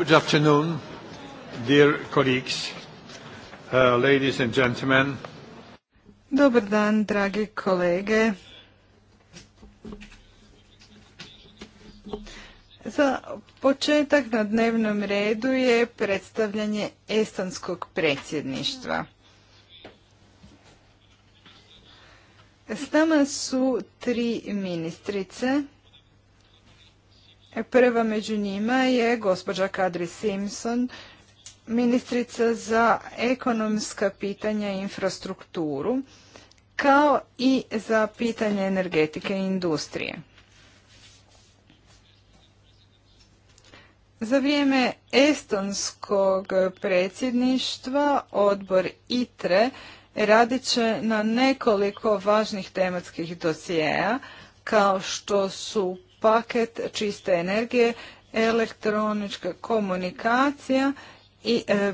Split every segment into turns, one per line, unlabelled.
Good afternoon, dear colleagues, uh, ladies and gentlemen. Dobar dan, dragi kolege. Za početak na dnevnom redu je predstavljanje estonskog predsjedništva. S nama su tri ministrice. Prva među njima je gospođa Kadri Simpson, ministrica za ekonomska pitanja i infrastrukturu, kao i za pitanje energetike i industrije. Za vrijeme estonskog predsjedništva odbor ITRE radit će na nekoliko važnih tematskih dosijeja kao što su paket čiste energije, elektronička komunikacija i e,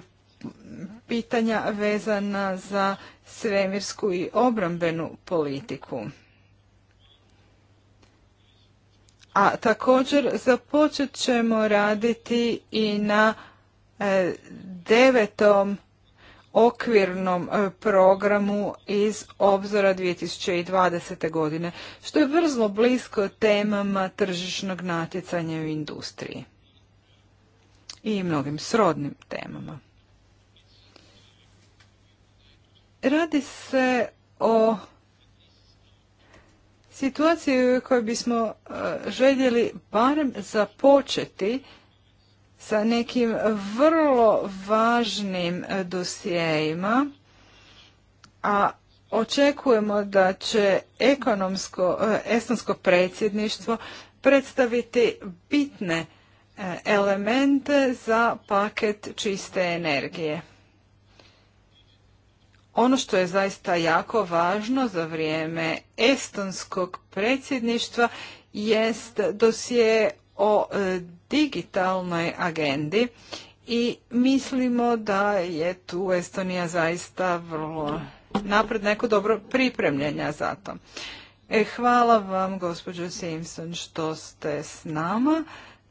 pitanja vezana za svemirsku i obrambenu politiku. A također započet ćemo raditi i na e, devetom okvirnom e, programu iz obzora 2020. godine, što je vrlo blisko temama tržišnog natjecanja u industriji i mnogim srodnim temama. Radi se o situaciji u kojoj bismo e, željeli barem započeti sa nekim vrlo važnim e, dosijejima a očekujemo da će ekonomsko, e, estonsko predsjedništvo predstaviti bitne e, elemente za paket čiste energije. Ono što je zaista jako važno za vrijeme estonskog predsjedništva jest dosje o digitalnoj agendi i mislimo da je tu Estonija zaista vrlo napred neko dobro pripremljenja za to. E, hvala vam gospođo Simpson što ste s nama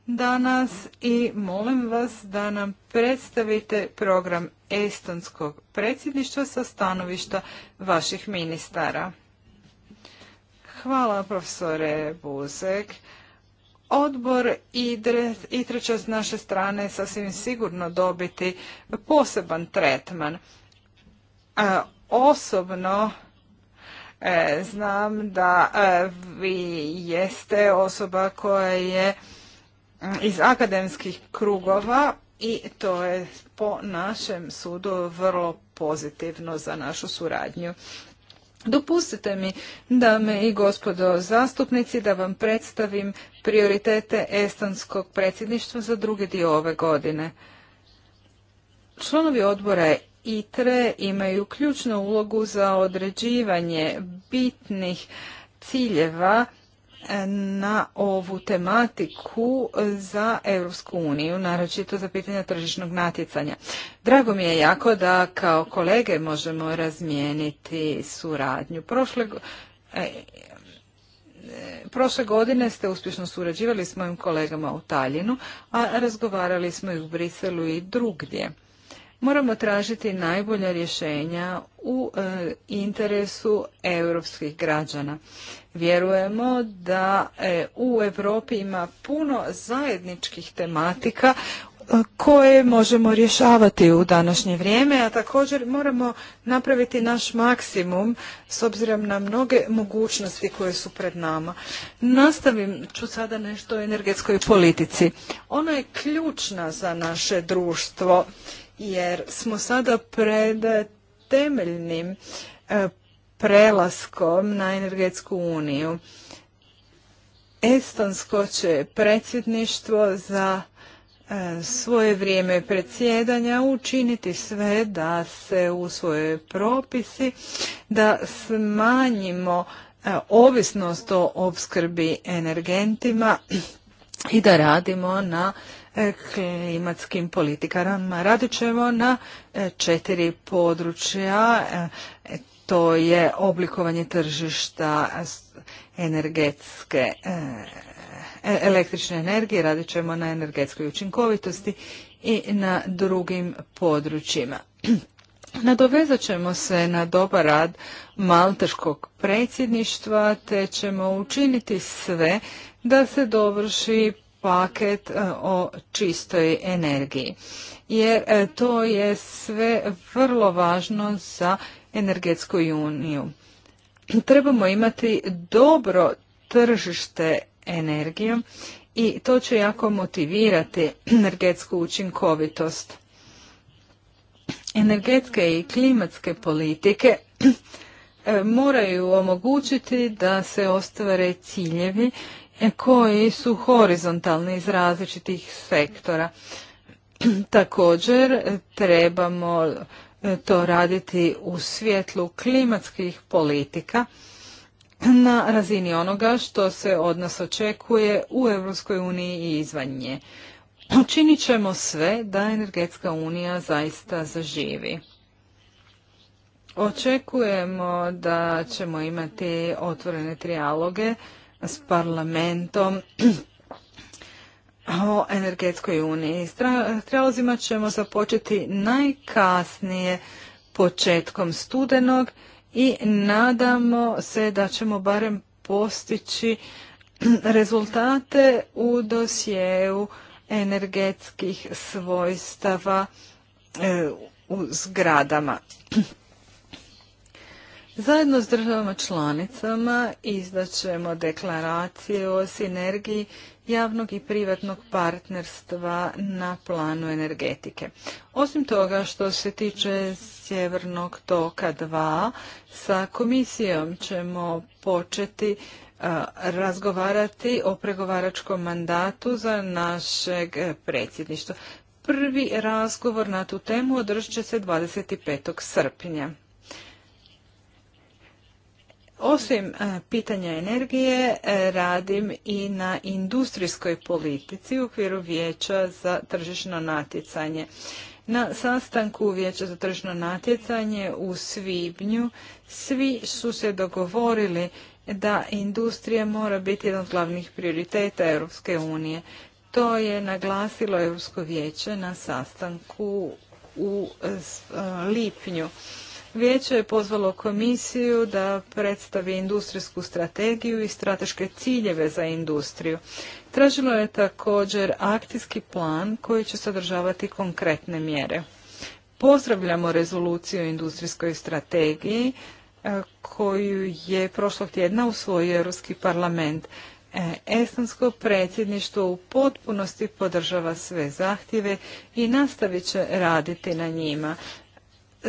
danas i molim vas da nam predstavite program Estonskog predsjedništva sa stanovišta vaših ministara. Hvala profesore Buzek. Odbor i treće s naše strane sasvim sigurno dobiti poseban tretman. E, osobno e, znam da e, vi jeste osoba koja je iz akademskih krugova i to je po našem sudu vrlo pozitivno za našu suradnju. Dopustite mi, dame i gospodo zastupnici, da vam predstavim prioritete Estonskog predsjedništva za drugi dio ove godine. Članovi odbora ITRE imaju ključnu ulogu za određivanje bitnih ciljeva na ovu tematiku za Europsku uniju, naročito za pitanja tržišnog natjecanja. Drago mi je jako da kao kolege možemo razmijeniti suradnju. E, e, prošle, godine ste uspješno surađivali s mojim kolegama u Taljinu, a razgovarali smo i u Briselu i drugdje. Moramo tražiti najbolja rješenja u e, interesu europskih građana. Vjerujemo da e, u Europi ima puno zajedničkih tematika e, koje možemo rješavati u današnje vrijeme, a također moramo napraviti naš maksimum s obzirom na mnoge mogućnosti koje su pred nama. Nastavim ću sada nešto o energetskoj politici. Ona je ključna za naše društvo jer smo sada pred temeljnim e, prelaskom na energetsku uniju. Estonsko će predsjedništvo za e, svoje vrijeme predsjedanja učiniti sve da se usvoje propisi, da smanjimo e, ovisnost o opskrbi energentima i da radimo na e, klimatskim politikama. Radit ćemo na četiri područja to je oblikovanje tržišta energetske e, e, električne energije, radit ćemo na energetskoj učinkovitosti i na drugim područjima. Nadovezat ćemo se na dobar rad malteškog predsjedništva te ćemo učiniti sve da se dovrši paket e, o čistoj energiji. Jer e, to je sve vrlo važno za energetsku uniju. Trebamo imati dobro tržište energijom i to će jako motivirati energetsku učinkovitost. Energetske i klimatske politike e, moraju omogućiti da se ostvare ciljevi koji su horizontalni iz različitih sektora. Također trebamo e, to raditi u svjetlu klimatskih politika na razini onoga što se od nas očekuje u Europskoj uniji i izvan nje. Učinit ćemo sve da energetska unija zaista zaživi. Očekujemo da ćemo imati otvorene trijaloge s parlamentom o energetskoj uniji. S trelozima ćemo započeti najkasnije početkom studenog i nadamo se da ćemo barem postići rezultate u dosjeu energetskih svojstava e, u zgradama. Zajedno s državama članicama izdaćemo deklaraciju o sinergiji javnog i privatnog partnerstva na planu energetike. Osim toga što se tiče Sjevernog toka 2, sa komisijom ćemo početi e, razgovarati o pregovaračkom mandatu za našeg predsjedništva. Prvi razgovor na tu temu održat će se 25. srpnja. Osim e, pitanja energije, e, radim i na industrijskoj politici u okviru vijeća za tržišno natjecanje. Na sastanku Vijeća za tržišno natjecanje u Svibnju svi su se dogovorili da industrija mora biti jedan od glavnih prioriteta Europske unije. To je naglasilo Europsko vijeće na sastanku u e, lipnju. Vijeće je pozvalo komisiju da predstavi industrijsku strategiju i strateške ciljeve za industriju. Tražilo je također akcijski plan koji će sadržavati konkretne mjere. Pozdravljamo rezoluciju o industrijskoj strategiji e, koju je prošlog tjedna usvojio Europski parlament. E, estonsko predsjedništvo u potpunosti podržava sve zahtjeve i nastavit će raditi na njima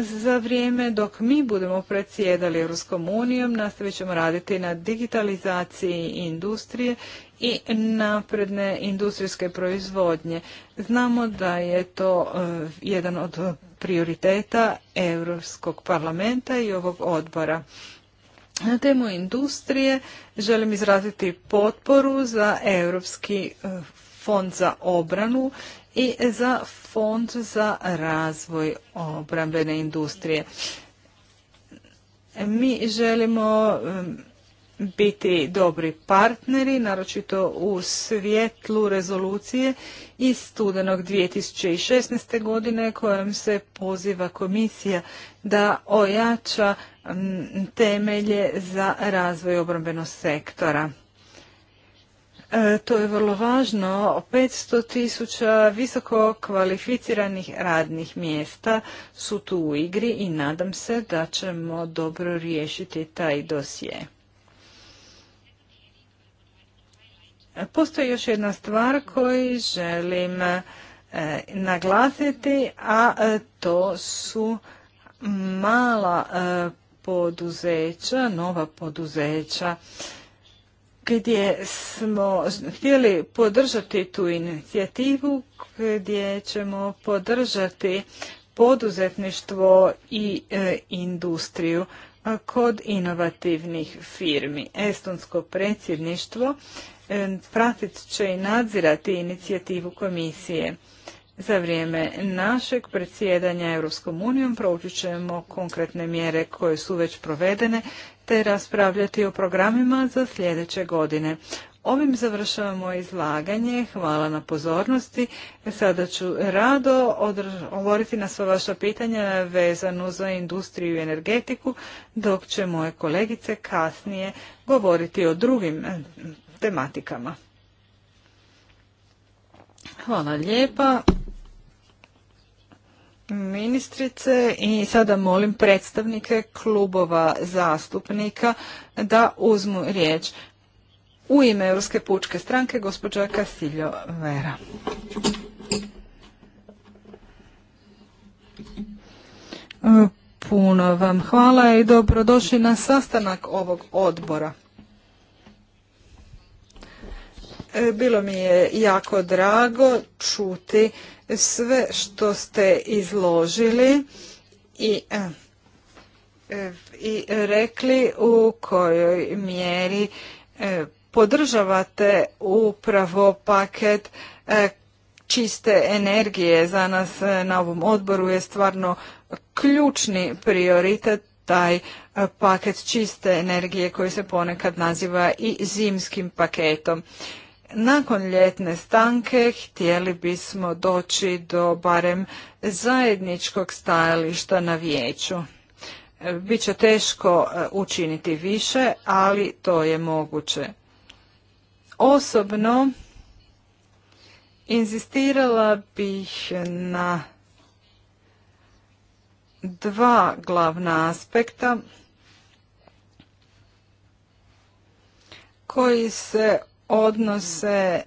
za vrijeme dok mi budemo predsjedali Europskom unijom nastavit ćemo raditi na digitalizaciji industrije i napredne industrijske proizvodnje. Znamo da je to e, jedan od prioriteta Europskog parlamenta i ovog odbora. Na temu industrije želim izraziti potporu za Europski e, fond za obranu i za Fond za razvoj obrambene industrije. Mi želimo um, biti dobri partneri, naročito u svjetlu rezolucije iz studenog 2016. godine kojom se poziva komisija da ojača um, temelje za razvoj obrambenog sektora. E, to je vrlo važno. 500 tisuća visoko kvalificiranih radnih mjesta su tu u igri i nadam se da ćemo dobro riješiti taj dosje. Postoji još jedna stvar koju želim e, naglasiti, a e, to su mala poduzeća, nova poduzeća gdje smo htjeli podržati tu inicijativu, gdje ćemo podržati poduzetništvo i e, industriju kod inovativnih firmi. Estonsko predsjedništvo e, pratit će i nadzirati inicijativu komisije. Za vrijeme našeg predsjedanja Europskom unijom proučit ćemo konkretne mjere koje su već provedene te raspravljati o programima za sljedeće godine. Ovim završavamo izlaganje. Hvala na pozornosti. Sada ću rado odgovoriti na sva vaša pitanja vezano za industriju i energetiku, dok će moje kolegice kasnije govoriti o drugim eh, tematikama. Hvala lijepa ministrice i sada molim predstavnike klubova zastupnika da uzmu riječ. U ime Europske pučke stranke gospođa Kasiljo Vera. Puno vam hvala i dobrodošli na sastanak ovog odbora. E, bilo mi je jako drago čuti sve što ste izložili i e, i rekli u kojoj mjeri e, podržavate upravo paket e, čiste energije za nas na ovom odboru je stvarno ključni prioritet taj paket čiste energije koji se ponekad naziva i zimskim paketom. Nakon ljetne stanke htjeli bismo doći do barem zajedničkog stajališta na vijeću. Biće teško e, učiniti više, ali to je moguće. Osobno inzistirala bih na dva glavna aspekta koji se odnose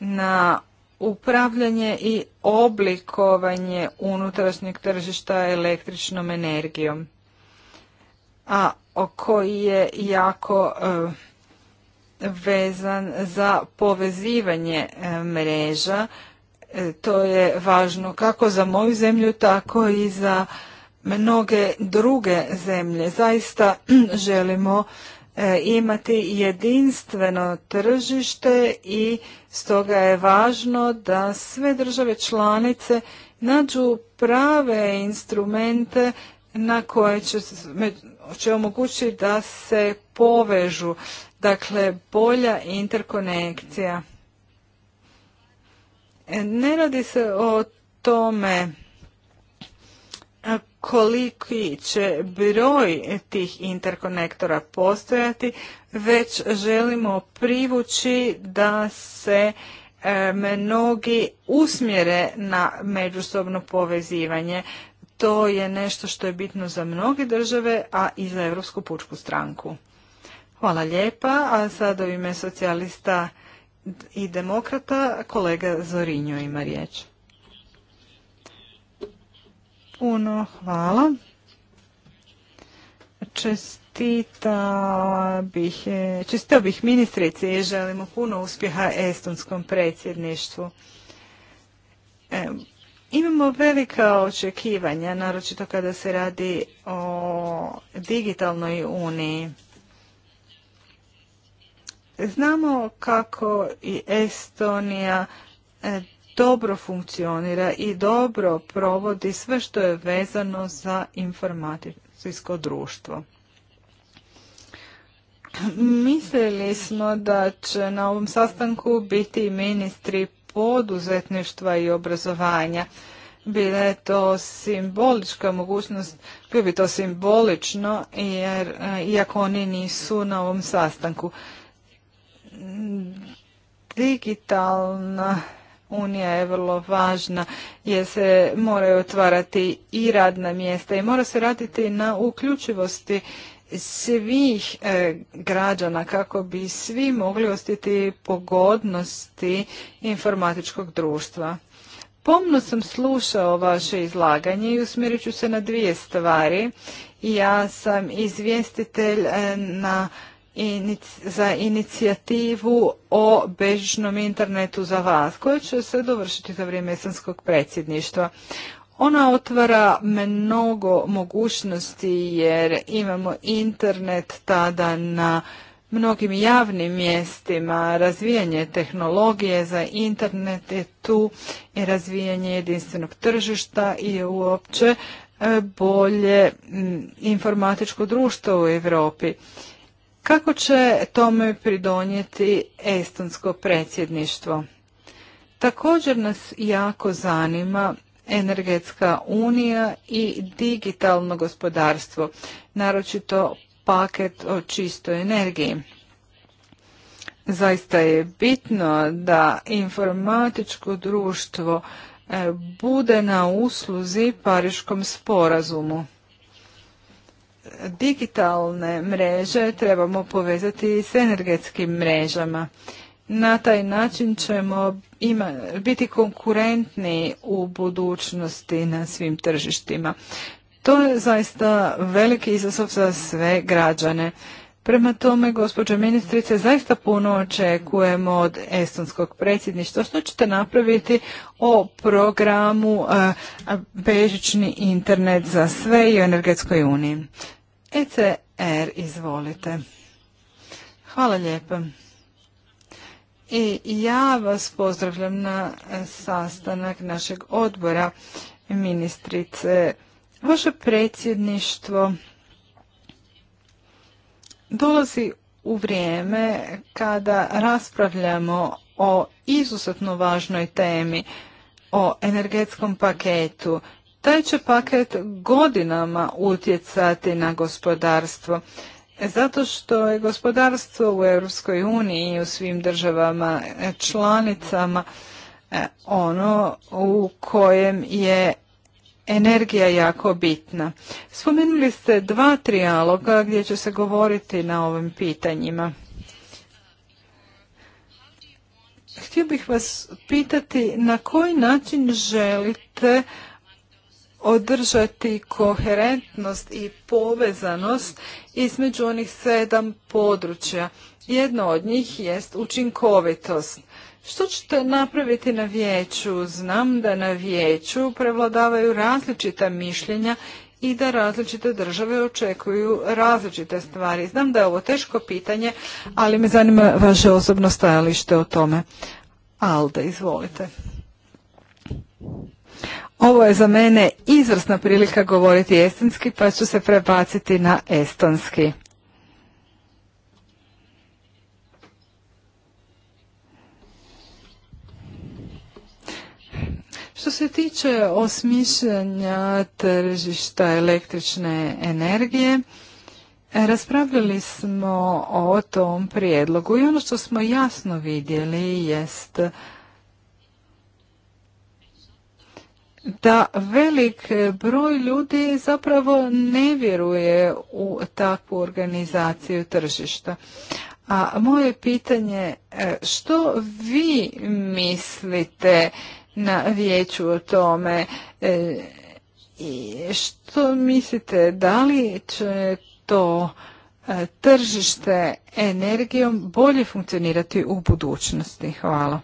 na upravljanje i oblikovanje unutrašnjeg tržišta električnom energijom, a koji je jako e, vezan za povezivanje e, mreža. E, to je važno kako za moju zemlju, tako i za mnoge druge zemlje. Zaista želimo E, imati jedinstveno tržište i stoga je važno da sve države članice nađu prave instrumente na koje će, će omogućiti da se povežu, dakle bolja interkonekcija. E, ne radi se o tome koliki će broj tih interkonektora postojati, već želimo privući da se e, mnogi usmjere na međusobno povezivanje. To je nešto što je bitno za mnoge države, a i za Europsku pučku stranku. Hvala lijepa, a sada u ime socijalista i demokrata kolega Zorinjo ima riječ. Puno hvala. Čestita bih, ministrici i želimo puno uspjeha estonskom predsjedništvu. E, imamo velika očekivanja, naročito kada se radi o digitalnoj uniji. Znamo kako i Estonija e, dobro funkcionira i dobro provodi sve što je vezano za informacijsko društvo. Mislili smo da će na ovom sastanku biti ministri poduzetništva i obrazovanja. Bila je to simbolička mogućnost, bilo bi to simbolično jer e, iako oni nisu na ovom sastanku. Digitalna unija je vrlo važna jer se moraju otvarati i radna mjesta i mora se raditi na uključivosti svih e, građana kako bi svi mogli ostiti pogodnosti informatičkog društva. Pomno sam slušao vaše izlaganje i usmjerit ću se na dvije stvari. Ja sam izvjestitelj e, na za inicijativu o bežičnom internetu za vas, koja će se dovršiti za vrijeme esanskog predsjedništva. Ona otvara mnogo mogućnosti jer imamo internet tada na mnogim javnim mjestima, razvijanje tehnologije za internet je tu i razvijanje jedinstvenog tržišta i uopće e, bolje informatičko društvo u Europi. Kako će tome pridonijeti estonsko predsjedništvo? Također nas jako zanima energetska unija i digitalno gospodarstvo, naročito paket o čistoj energiji. Zaista je bitno da informatičko društvo e, bude na usluzi Pariškom sporazumu digitalne mreže trebamo povezati s energetskim mrežama. Na taj način ćemo biti konkurentni u budućnosti na svim tržištima. To je zaista veliki izazov za sve građane. Prema tome, gospođo ministrice, zaista puno očekujemo od estonskog predsjedništva. Što ćete napraviti o programu e, Bežični internet za sve i o energetskoj uniji? ECR, izvolite. Hvala lijepo. I ja vas pozdravljam na e, sastanak našeg odbora, ministrice. Vaše predsjedništvo dolazi u vrijeme kada raspravljamo o izuzetno važnoj temi, o energetskom paketu. Taj će paket godinama utjecati na gospodarstvo. E, zato što je gospodarstvo u Europskoj uniji i u svim državama e, članicama e, ono u kojem je energija jako bitna. Spomenuli ste dva trijaloga gdje će se govoriti na ovim pitanjima. Htio bih vas pitati na koji način želite održati koherentnost i povezanost između onih sedam područja. Jedno od njih jest učinkovitost. Što ćete napraviti na vijeću? Znam da na vijeću prevladavaju različita mišljenja i da različite države očekuju različite stvari. Znam da je ovo teško pitanje, ali me zanima vaše osobno stajalište o tome. alda izvolite. Ovo je za mene izvrsna prilika govoriti estonski, pa ću se prebaciti na estonski. Što se tiče osmišljanja tržišta električne energije, Raspravljali smo o tom prijedlogu i ono što smo jasno vidjeli jest da velik broj ljudi zapravo ne vjeruje u takvu organizaciju tržišta. A moje pitanje, e, što vi mislite na vijeću o tome. E, što mislite, da li će to e, tržište energijom bolje funkcionirati u budućnosti? Hvala.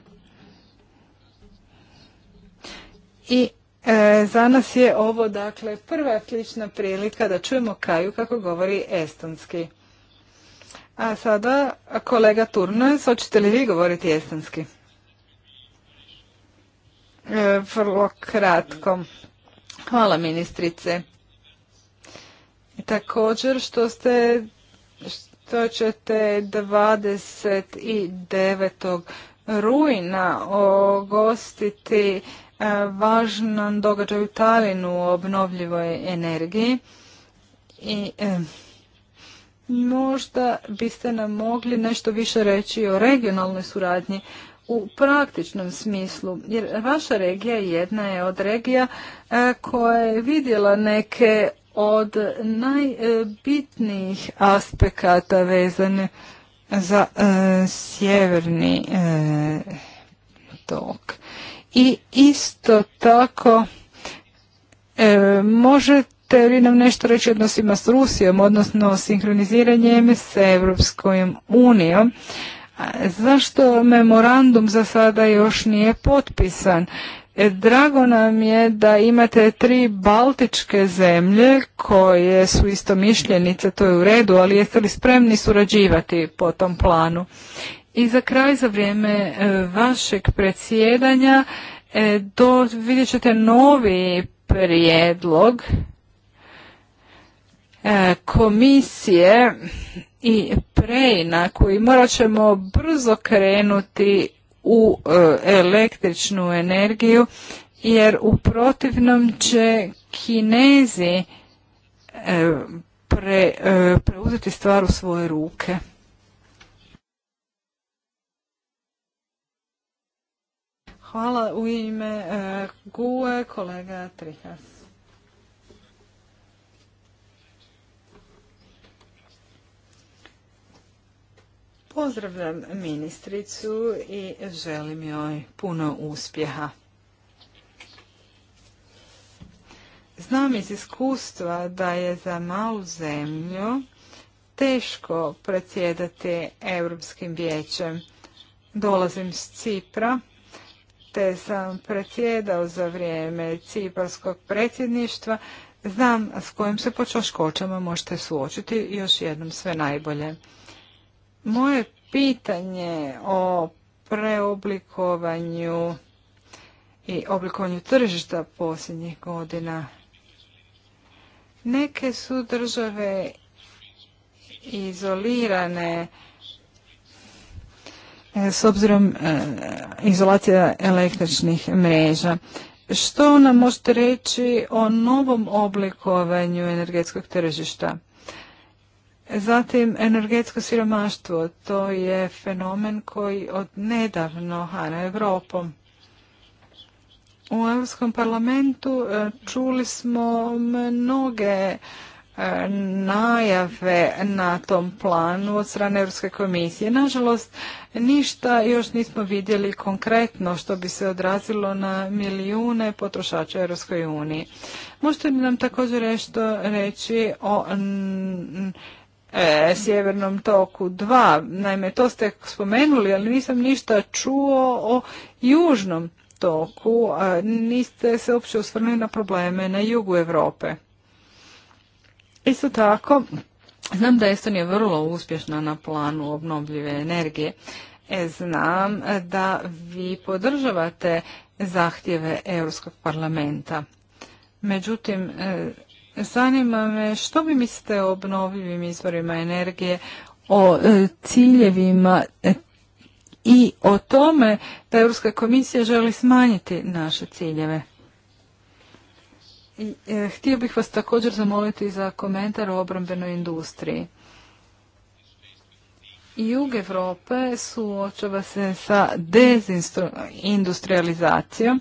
I e, za nas je ovo dakle prva slična prilika da čujemo Kaju kako govori estonski. A sada kolega Turnes, hoćete li vi govoriti estonski? E, vrlo kratko. Hvala ministrice. Također što ste što ćete 29. rujna ogostiti e, važan događaj u Talinu u obnovljivoj energiji i e, možda biste nam mogli nešto više reći o regionalnoj suradnji u praktičnom smislu, jer vaša regija jedna je od regija e, koja je vidjela neke od najbitnijih aspekata vezane za e, sjeverni e, tok. I isto tako e, možete li nam nešto reći odnosima s Rusijom, odnosno sinkroniziranjem s Europskom unijom, Zašto memorandum za sada još nije potpisan? E, drago nam je da imate tri baltičke zemlje koje su isto mišljenice, to je u redu, ali jeste li spremni surađivati po tom planu? I za kraj, za vrijeme e, vašeg predsjedanja, e, do, vidjet ćete novi prijedlog E, komisije i preinaku koji morat ćemo brzo krenuti u e, električnu energiju jer u protivnom će Kinezi e, preuzeti stvar u svoje ruke. Hvala u ime GUE kolega Trihas. Pozdravljam ministricu i želim joj puno uspjeha. Znam iz iskustva da je za malu zemlju teško predsjedati Europskim vijećem. Dolazim s Cipra, te sam predsjedao za vrijeme ciparskog predsjedništva. Znam s kojim se po možete suočiti. Još jednom sve najbolje. Moje pitanje o preoblikovanju i oblikovanju tržišta posljednjih godina. Neke su države izolirane e, s obzirom e, izolacija električnih mreža. Što nam možete reći o novom oblikovanju energetskog tržišta? Zatim energetsko siromaštvo, to je fenomen koji od nedavno hara Evropom. U Europskom parlamentu e, čuli smo mnoge e, najave na tom planu od strane Europske komisije. Nažalost, ništa još nismo vidjeli konkretno što bi se odrazilo na milijune potrošača Europskoj uniji. Možete li nam također nešto reći o e, Sjevernom toku dva. Naime, to ste spomenuli, ali nisam ništa čuo o Južnom toku. niste se uopće osvrnuli na probleme na jugu Europe. Isto tako, znam da je vrlo uspješna na planu obnovljive energije. E, znam da vi podržavate zahtjeve Europskog parlamenta. Međutim, e, Zanima me što vi mislite o obnovljivim izvorima energije, o e, ciljevima e, i o tome da Europska komisija želi smanjiti naše ciljeve. I, e, htio bih vas također zamoliti za komentar o obrambenoj industriji. Jug Europe suočava se sa dezindustrializacijom,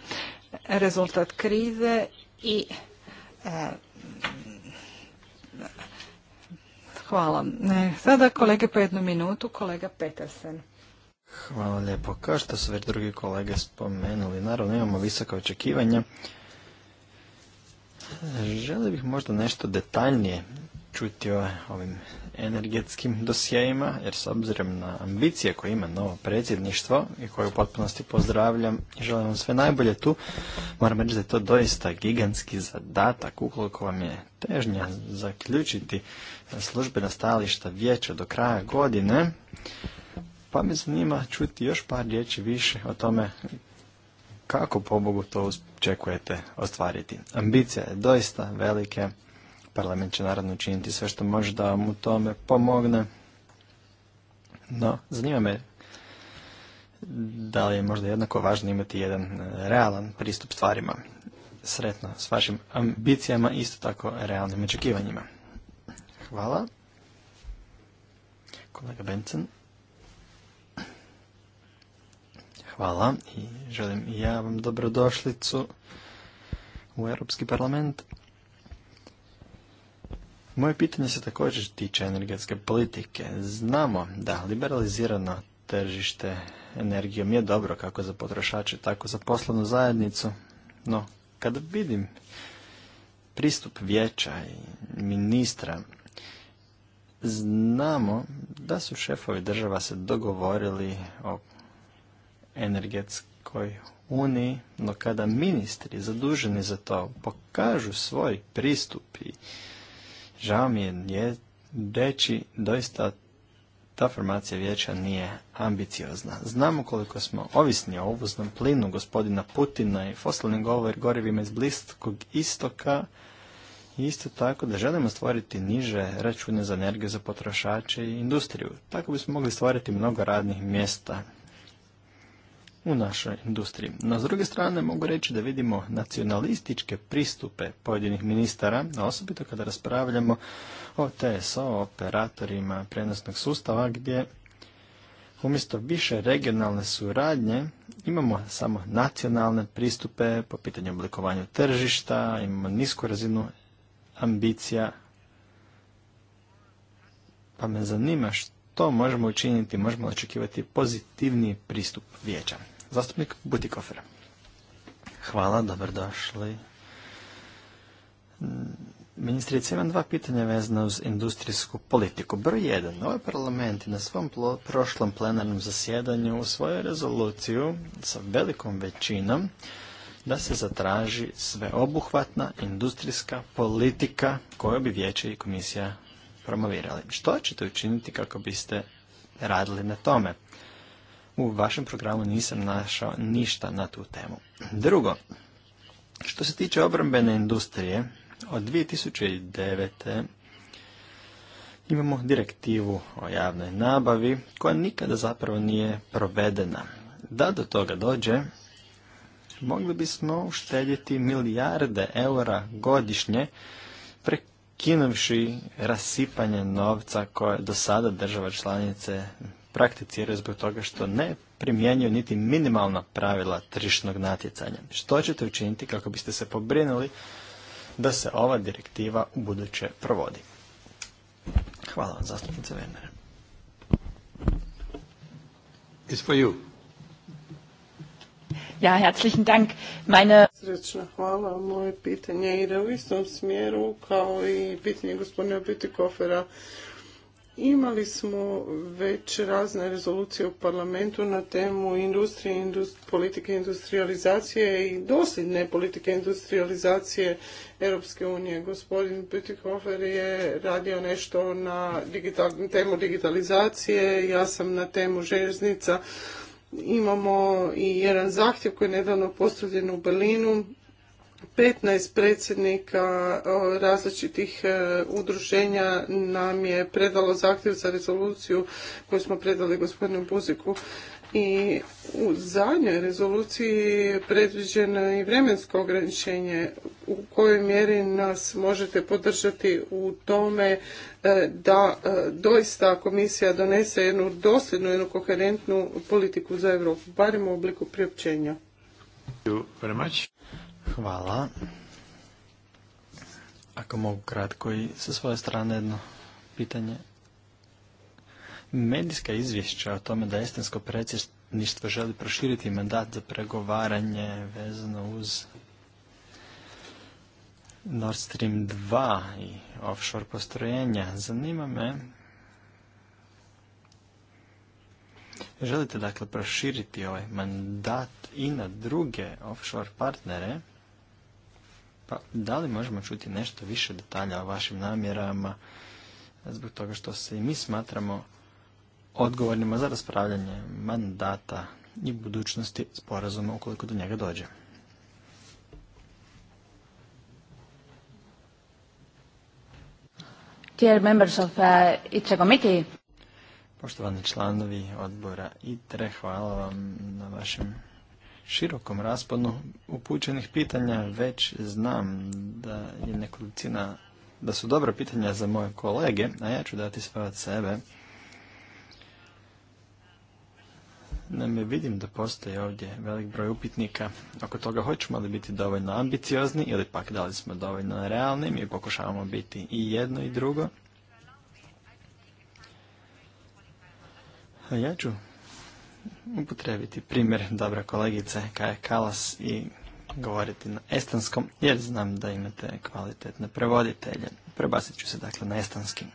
rezultat krize i Hvala. E, sada kolege po jednu minutu, kolega Petersen.
Hvala lijepo. Kao što su već drugi kolege spomenuli, naravno imamo visoka očekivanja. Želio bih možda nešto detaljnije čuti o ovim energetskim dosjejima, jer s obzirom na ambicije koje ima novo predsjedništvo i koje u potpunosti pozdravljam i želim vam sve najbolje tu, moram reći da je to doista gigantski zadatak ukoliko vam je težnja zaključiti službena stajališta vijeća do kraja godine, pa me zanima čuti još par riječi više o tome kako pobogu to očekujete ostvariti. Ambicija je doista velike Parlament će naravno učiniti sve što može da mu u tome pomogne. No, zanima me da li je možda jednako važno imati jedan e, realan pristup stvarima. Sretno s vašim ambicijama, isto tako realnim očekivanjima. Hvala. Kolega Bencen. Hvala i želim i ja vam dobrodošlicu u Europski parlament. Moje pitanje se također tiče energetske politike. Znamo da liberalizirano tržište energijom je dobro kako za potrošače, tako za poslovnu zajednicu, no kada vidim pristup vijeća i ministra, znamo da su šefovi država se dogovorili o energetskoj uniji, no kada ministri zaduženi za to pokažu svoj pristup i Žao mi je reći doista ta formacija vijeća nije ambiciozna. Znamo koliko smo ovisni o uvoznom plinu gospodina Putina i fosilnim gorivima iz bliskog istoka i isto tako da želimo stvoriti niže račune za energiju za potrošače i industriju. Tako bismo mogli stvoriti mnogo radnih mjesta u našoj industriji. No, s druge strane, mogu reći da vidimo nacionalističke pristupe pojedinih ministara, osobito kada raspravljamo o TSO, operatorima prenosnog sustava, gdje umjesto više regionalne suradnje imamo samo nacionalne pristupe po pitanju oblikovanja tržišta, imamo nisku razinu ambicija, pa me zanima što možemo učiniti, možemo očekivati pozitivni pristup vijeća. Zastupnik Butikofer. Hvala, dobrodošli. Mm, ministrice, imam dva pitanja vezana uz industrijsku politiku. Broj jedan, ovaj parlament je na svom prošlom plenarnom zasjedanju svojoj rezoluciju sa velikom većinom da se zatraži sveobuhvatna industrijska politika koju bi vijeće i komisija promovirali. Što ćete učiniti kako biste radili na tome? u vašem programu nisam našao ništa na tu temu. Drugo, što se tiče obrambene industrije, od 2009. imamo direktivu o javnoj nabavi koja nikada zapravo nije provedena. Da do toga dođe, mogli bismo uštedjeti milijarde eura godišnje prekinuvši rasipanje novca koje do sada država članice prakticiraju zbog toga što ne primjenjuju niti minimalna pravila tržišnog natjecanja. Što ćete učiniti kako biste se pobrinuli da se ova direktiva u buduće provodi? Hvala vam, zastupnice Venere. It's for you.
Ja, herzlichen Dank.
Meine... Srećna hvala. Moje pitanje ide u istom smjeru kao i pitanje gospodina Bitikofera. Imali smo već razne rezolucije u parlamentu na temu industrije, politike industrializacije i dosljedne politike industrializacije Europske unije. Gospodin Bütikofer je radio nešto na temu digitalizacije, ja sam na temu željeznica. Imamo i jedan zahtjev koji je nedavno postavljen u Berlinu 15 predsjednika različitih e, udruženja nam je predalo zahtjev za rezoluciju koju smo predali gospodinu Buziku. I u zadnjoj rezoluciji je predviđeno i vremensko ograničenje u kojoj mjeri nas možete podržati u tome e, da e, doista komisija donese jednu dosljednu, jednu koherentnu politiku za Europu, barem u obliku priopćenja.
Hvala. Ako mogu kratko i sa svoje strane jedno pitanje. Medijska izvješća o tome da estensko predsjedništvo želi proširiti mandat za pregovaranje vezano uz Nord Stream 2 i offshore postrojenja. Zanima me Želite dakle proširiti ovaj mandat i na druge offshore partnere pa, da li možemo čuti nešto više detalja o vašim namjerama, zbog toga što se i mi smatramo odgovornima za raspravljanje mandata i budućnosti sporazuma ukoliko do njega dođe.
Dear members of uh, committee.
Poštovani članovi odbora ITRE, hvala vam na vašem širokom rasponu upućenih pitanja već znam da je nekolicina, da su dobra pitanja za moje kolege, a ja ću dati sve od sebe. Naime, vidim da postoji ovdje velik broj upitnika oko toga hoćemo li biti dovoljno ambiciozni ili pak da li smo dovoljno realni, mi pokušavamo biti i jedno i drugo. A ja ću upotrebiti primjer dobra kolegice Kaja Kalas i govoriti na estanskom, jer znam da imate kvalitetne prevoditelje. Prebasit ću se dakle na estanskim.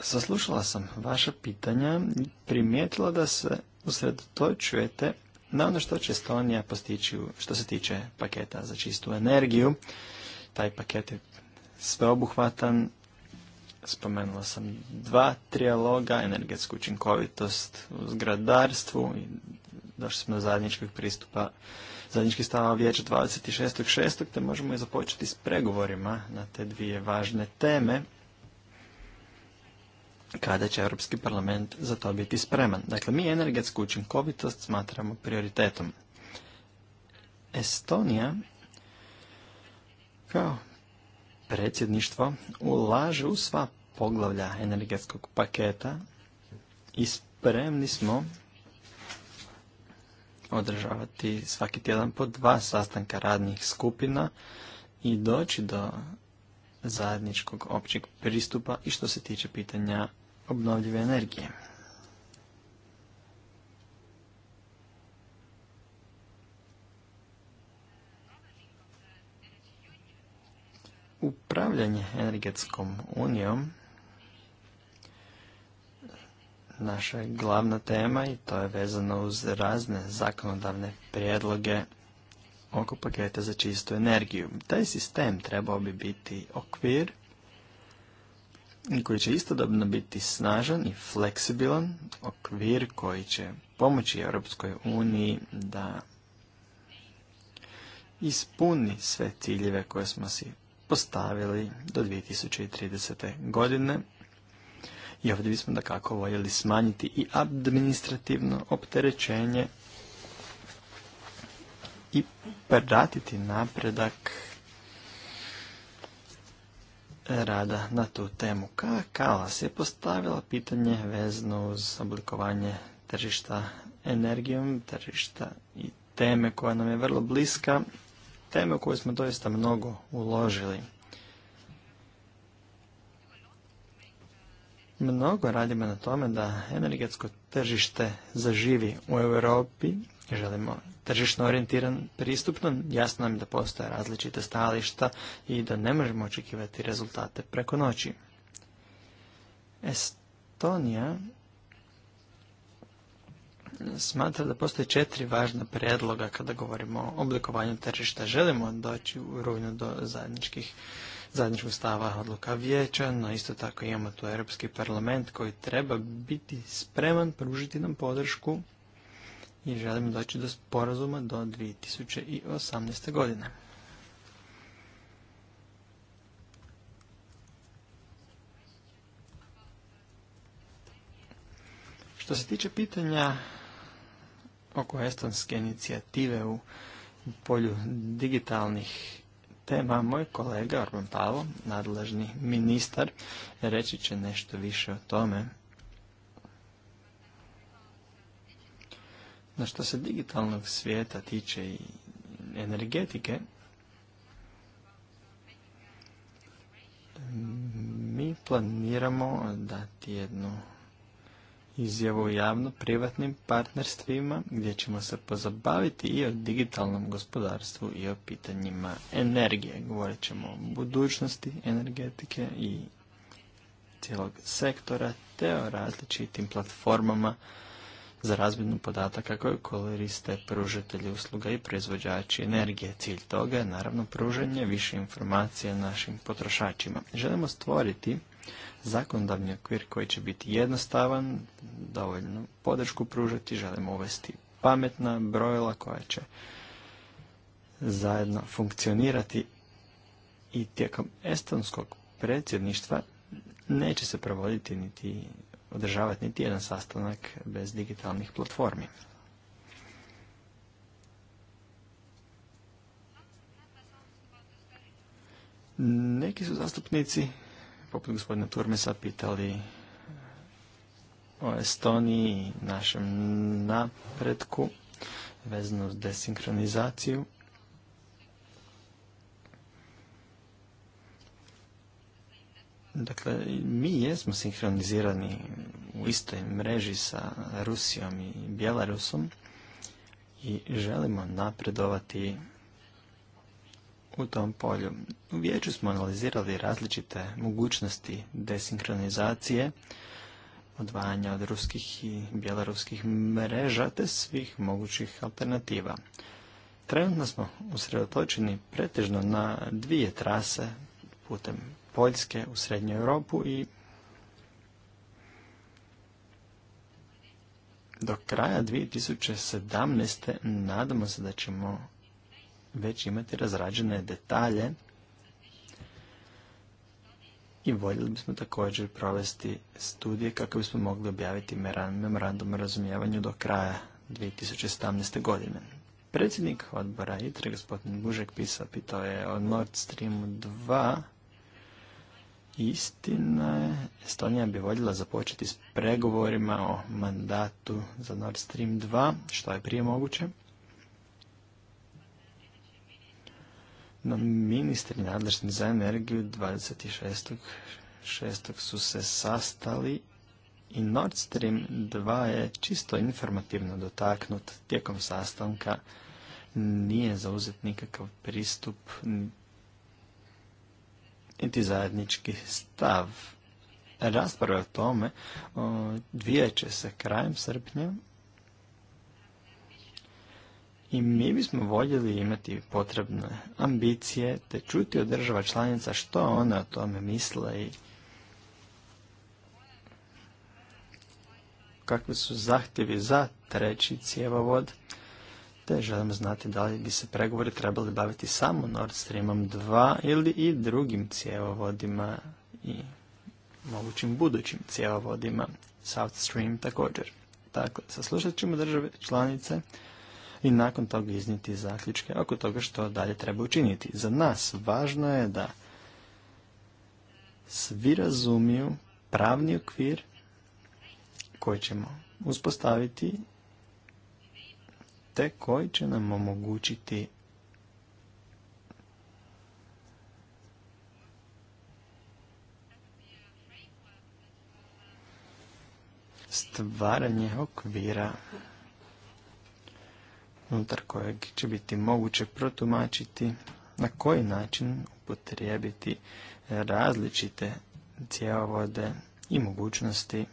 Saslušala sam vaša pitanja i primijetila da se usredotočujete na ono što će Estonija postići što se tiče paketa za čistu energiju. Taj paket je sveobuhvatan, Spomenula sam dva trijaloga, energetsku učinkovitost u zgradarstvu i došli smo do zajedničkog pristupa zajednički stava vijeća 26.6. te možemo i započeti s pregovorima na te dvije važne teme kada će Europski parlament za to biti spreman. Dakle, mi energetsku učinkovitost smatramo prioritetom. Estonija kao predsjedništvo ulaže u sva poglavlja energetskog paketa i spremni smo održavati svaki tjedan po dva sastanka radnih skupina i doći do zajedničkog općeg pristupa i što se tiče pitanja obnovljive energije. upravljanje energetskom unijom naša je glavna tema i to je vezano uz razne zakonodavne prijedloge oko paketa za čistu energiju. Taj sistem trebao bi biti okvir koji će istodobno biti snažan i fleksibilan, okvir koji će pomoći Europskoj uniji da ispuni sve ciljeve koje smo si postavili do 2030. godine. I ovdje bismo da kako voljeli smanjiti i administrativno opterećenje i pratiti napredak e, rada na tu temu. Ka se je postavila pitanje vezno uz oblikovanje tržišta energijom, tržišta i teme koja nam je vrlo bliska teme u koju smo doista mnogo uložili. Mnogo radimo na tome da energetsko tržište zaživi u Europi. Želimo tržišno orijentiran pristupno. jasno nam da postoje različite stališta i da ne možemo očekivati rezultate preko noći. Estonija smatra da postoje četiri važna predloga kada govorimo o oblikovanju tržišta. Želimo doći u rujnu do zajedničkih zajedničkog stava odluka vijeća, no isto tako imamo tu Europski parlament koji treba biti spreman pružiti nam podršku i želimo doći do sporazuma do 2018. godine. Što se tiče pitanja oko estonske inicijative u polju digitalnih tema. Moj kolega Orban Pavo, nadležni ministar, reći će nešto više o tome. Na što se digitalnog svijeta tiče i energetike, mi planiramo dati jednu izjavu javno-privatnim partnerstvima gdje ćemo se pozabaviti i o digitalnom gospodarstvu i o pitanjima energije. Govorit ćemo o budućnosti energetike i cijelog sektora te o različitim platformama za razmjenu podataka koje koriste pružatelji usluga i proizvođači energije. Cilj toga je naravno pružanje više informacija našim potrošačima. Želimo stvoriti zakonodavni okvir koji će biti jednostavan, dovoljno podršku pružati, želimo uvesti pametna brojila koja će zajedno funkcionirati i tijekom estonskog predsjedništva neće se provoditi niti održavati niti jedan sastanak bez digitalnih platformi. Neki su zastupnici poput gospodina Turmesa pitali o Estoniji i našem napretku vezano s desinkronizaciju. Dakle, mi jesmo sinkronizirani u istoj mreži sa Rusijom i Bjelarusom i želimo napredovati u tom polju. U vijeću smo analizirali različite mogućnosti desinkronizacije, odvajanja od ruskih i bjeloruskih mreža te svih mogućih alternativa. Trenutno smo usredotočeni pretežno na dvije trase putem Poljske u Srednju Europu i do kraja 2017. nadamo se da ćemo već imati razrađene detalje i voljeli bismo također provesti studije kako bismo mogli objaviti memorandum o razumijevanju do kraja 2017. godine. Predsjednik odbora ITRE, gospodin Bužek, pisa, pitao je o Nord Stream 2. Istina je, Estonija bi voljela započeti s pregovorima o mandatu za Nord Stream 2, što je prije moguće. No, ministri nadležni za energiju 26.6. su se sastali i Nord Stream 2 je čisto informativno dotaknut tijekom sastanka. Nije zauzet nikakav pristup niti zajednički stav. Rasprave o tome će se krajem srpnja i mi bismo voljeli imati potrebne ambicije te čuti od država članica što one o tome misle i kakvi su zahtjevi za treći cijevovod, te želim znati da li bi se pregovori trebali baviti samo Nord Streamom 2 ili i drugim cijevovodima i mogućim budućim cijevovodima, South Stream također. Tako, saslušat ćemo države članice i nakon toga iznijeti zaključke oko toga što dalje treba učiniti. Za nas važno je da svi razumiju pravni okvir koji ćemo uspostaviti te koji će nam omogućiti stvaranje okvira unutar kojeg će biti moguće protumačiti na koji način upotrijebiti različite cjevovode i mogućnosti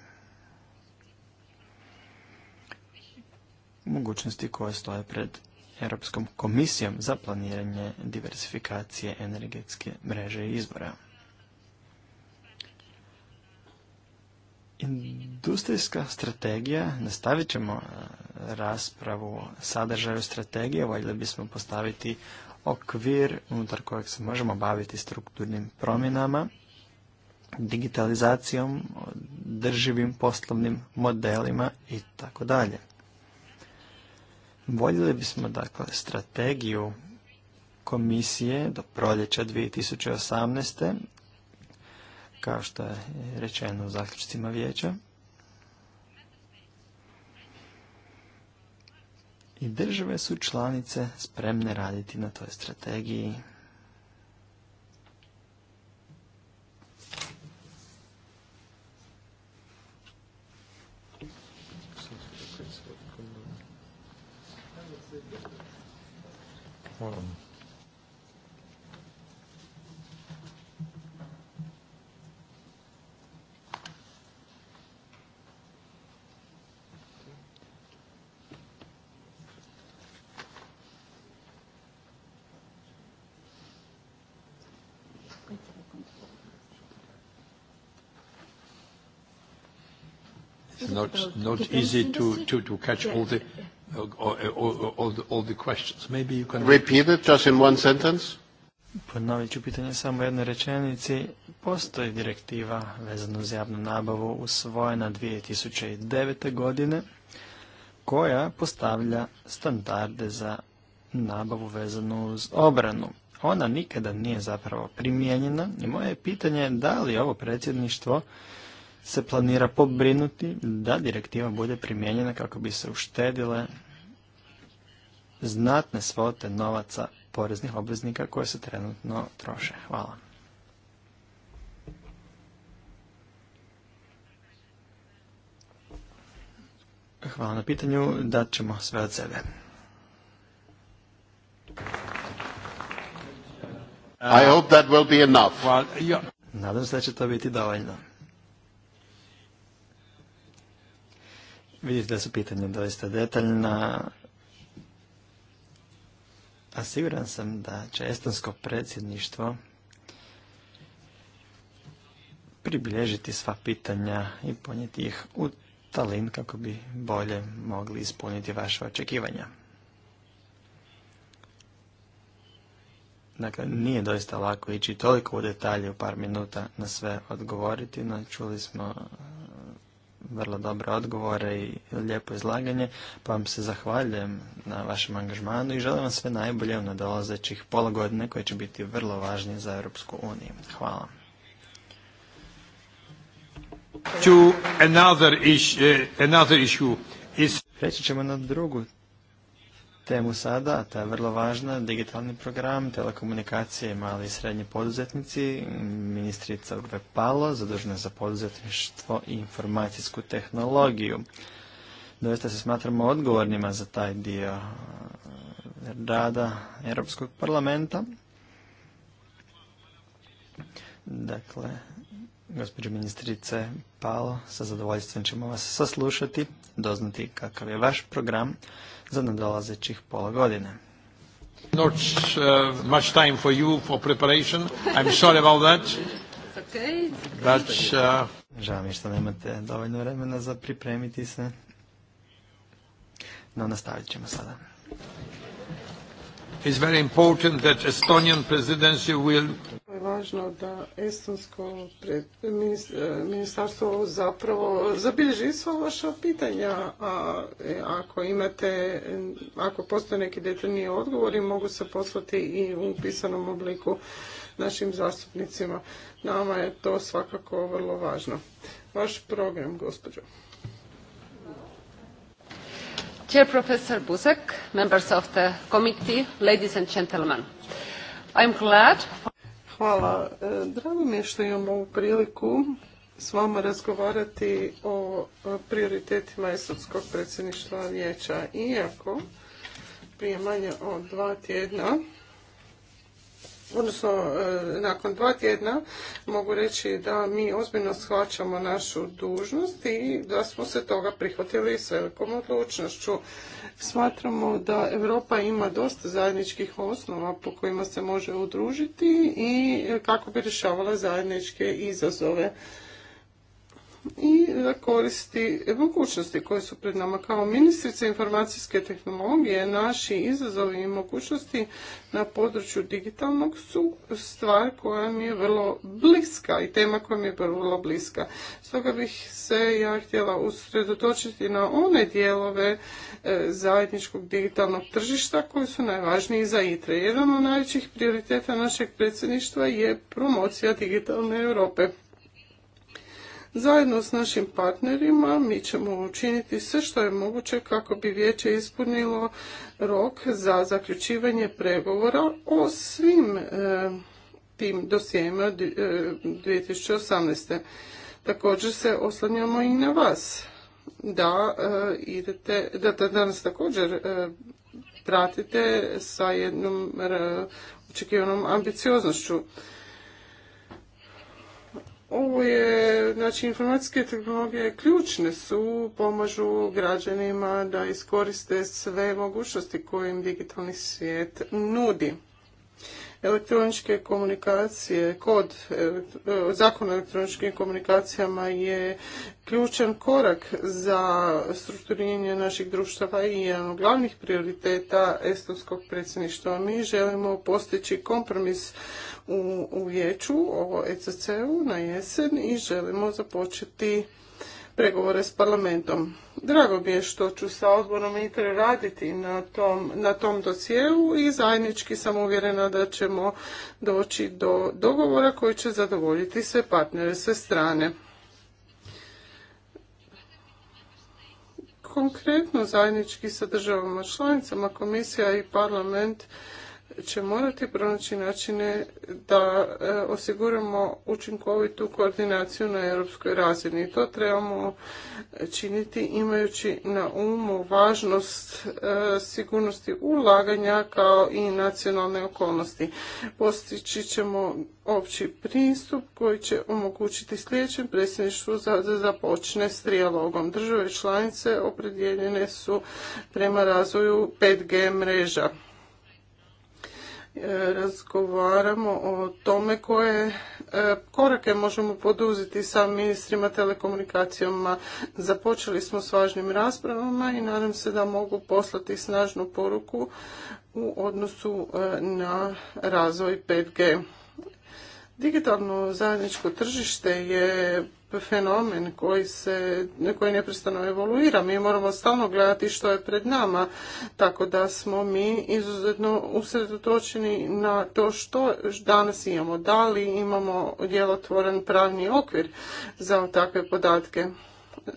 mogućnosti koje stoje pred Europskom komisijom za planiranje diversifikacije energetske mreže i izvora. Industrijska strategija, nastavit ćemo e, raspravu o sadržaju strategije, voljeli bismo postaviti okvir unutar kojeg se možemo baviti strukturnim promjenama, digitalizacijom, drživim poslovnim modelima i tako dalje. Voljeli bismo dakle strategiju komisije do proljeća 2018 kao što je rečeno u zaključcima vijeća. I države su članice spremne raditi na toj strategiji.
Hvala. not, not easy to, catch all the, questions.
Maybe you can... Repeat it just in one sentence? Ponovit ću pitanje samo jednoj rečenici. Postoji direktiva vezana uz javnu nabavu usvojena 2009. godine koja postavlja standarde za nabavu vezanu uz obranu. Ona nikada nije zapravo primijenjena i moje pitanje je da li ovo predsjedništvo se planira pobrinuti da direktiva bude primijenjena kako bi se uštedile znatne svote novaca poreznih obveznika koje se trenutno troše. Hvala. Hvala na pitanju, dat ćemo sve od sebe. Nadam se da će to biti dovoljno. Vidite da su pitanja doista detaljna, a siguran sam da će estonsko predsjedništvo približiti sva pitanja i ponijeti ih u Talin kako bi bolje mogli ispuniti vaše očekivanja. Dakle, nije doista lako ići toliko u detalje u par minuta na sve odgovoriti, no čuli smo vrlo dobre odgovore i lijepo izlaganje, pa vam se zahvaljujem na vašem angažmanu i želim vam sve najbolje u nadolazećih pola godine koje će biti vrlo važnije za Europsku uniju. Hvala. Eh, Reći ćemo na drugu temu sada, a ta je vrlo važna, digitalni program, telekomunikacije, mali i srednji poduzetnici, ministrica Urve Palo, zadužena za poduzetništvo i informacijsku tehnologiju. Doista se smatramo odgovornima za taj dio eh, rada Europskog parlamenta. Dakle, Gospođo ministrice Palo, sa zadovoljstvom ćemo vas saslušati, doznati kakav je vaš program za nadolazećih pola godine. Not uh,
much time for you for preparation. I'm sorry about that. But,
uh, Žao mi što nemate dovoljno vremena za pripremiti se. No, nastavit ćemo sada.
It's very important that Estonian presidency will važno da Estonsko e, ministarstvo zapravo zabilježi sva vaša pitanja, a e, ako imate, ako postoje neki detaljniji odgovori, mogu se poslati i u pisanom obliku našim zastupnicima. Nama je to svakako vrlo važno. Vaš program, gospođo. Chair Professor Buzek, members of the committee, ladies and gentlemen, I'm glad Hvala. Pa, e, drago mi je što imam ovu priliku s vama razgovarati o prioritetima Esotskog predsjedništva vijeća. Iako prije manje od dva tjedna odnosno e, nakon dva tjedna mogu reći da mi ozbiljno shvaćamo našu dužnost i da smo se toga prihvatili s velikom odlučnošću. Smatramo da Europa ima dosta zajedničkih osnova po kojima se može udružiti i kako bi rješavala zajedničke izazove i da koristi mogućnosti koje su pred nama. Kao ministrice informacijske tehnologije naši izazovi i mogućnosti na području digitalnog su stvar koja mi je vrlo bliska i tema koja mi je vrlo bliska. Stoga bih se ja htjela usredotočiti na one dijelove e, zajedničkog digitalnog tržišta koji su najvažniji za ITRE. Jedan od najvećih prioriteta našeg predsjedništva je promocija digitalne Europe Zajedno s našim partnerima mi ćemo učiniti sve što je moguće kako bi vijeće ispunilo rok za zaključivanje pregovora o svim e, tim dosijema e, 2018. Također se oslanjamo i na vas da e, idete, da, da danas također e, pratite sa jednom e, očekivanom ambicioznošću. Ovo je, znači informacijske tehnologije ključne su, pomažu građanima da iskoriste sve mogućnosti koje im digitalni svijet nudi. Elektroničke komunikacije, kod e, zakon o elektroničkim komunikacijama je ključan korak za strukturiranje naših društava i jedan od glavnih prioriteta estonskog predsjedništva. Mi želimo postići kompromis u, u vijeću o ECC-u na jesen i želimo započeti pregovore s parlamentom. Drago mi je što ću sa odborom i raditi na tom, na tom i zajednički sam uvjerena da ćemo doći do dogovora koji će zadovoljiti sve partnere sve strane. Konkretno zajednički sa državama članicama komisija i parlament će morati pronaći načine da e, osiguramo učinkovitu koordinaciju na europskoj razini. To trebamo činiti imajući na umu važnost e, sigurnosti ulaganja kao i nacionalne okolnosti. Postići ćemo opći pristup koji će omogućiti sljedećem predsjedništvu da započne s trijalogom. Države članice opredjeljene su prema razvoju 5G mreža razgovaramo o tome koje e, korake možemo poduzeti sa ministrima telekomunikacijama. Započeli smo s važnim raspravama i nadam se da mogu poslati snažnu poruku u odnosu e, na razvoj 5G. Digitalno zajedničko tržište je fenomen koji se, koji neprestano evoluira. Mi moramo stalno gledati što je pred nama, tako da smo mi izuzetno usredotočeni na to što danas imamo. Da li imamo djelotvoren pravni okvir za takve podatke?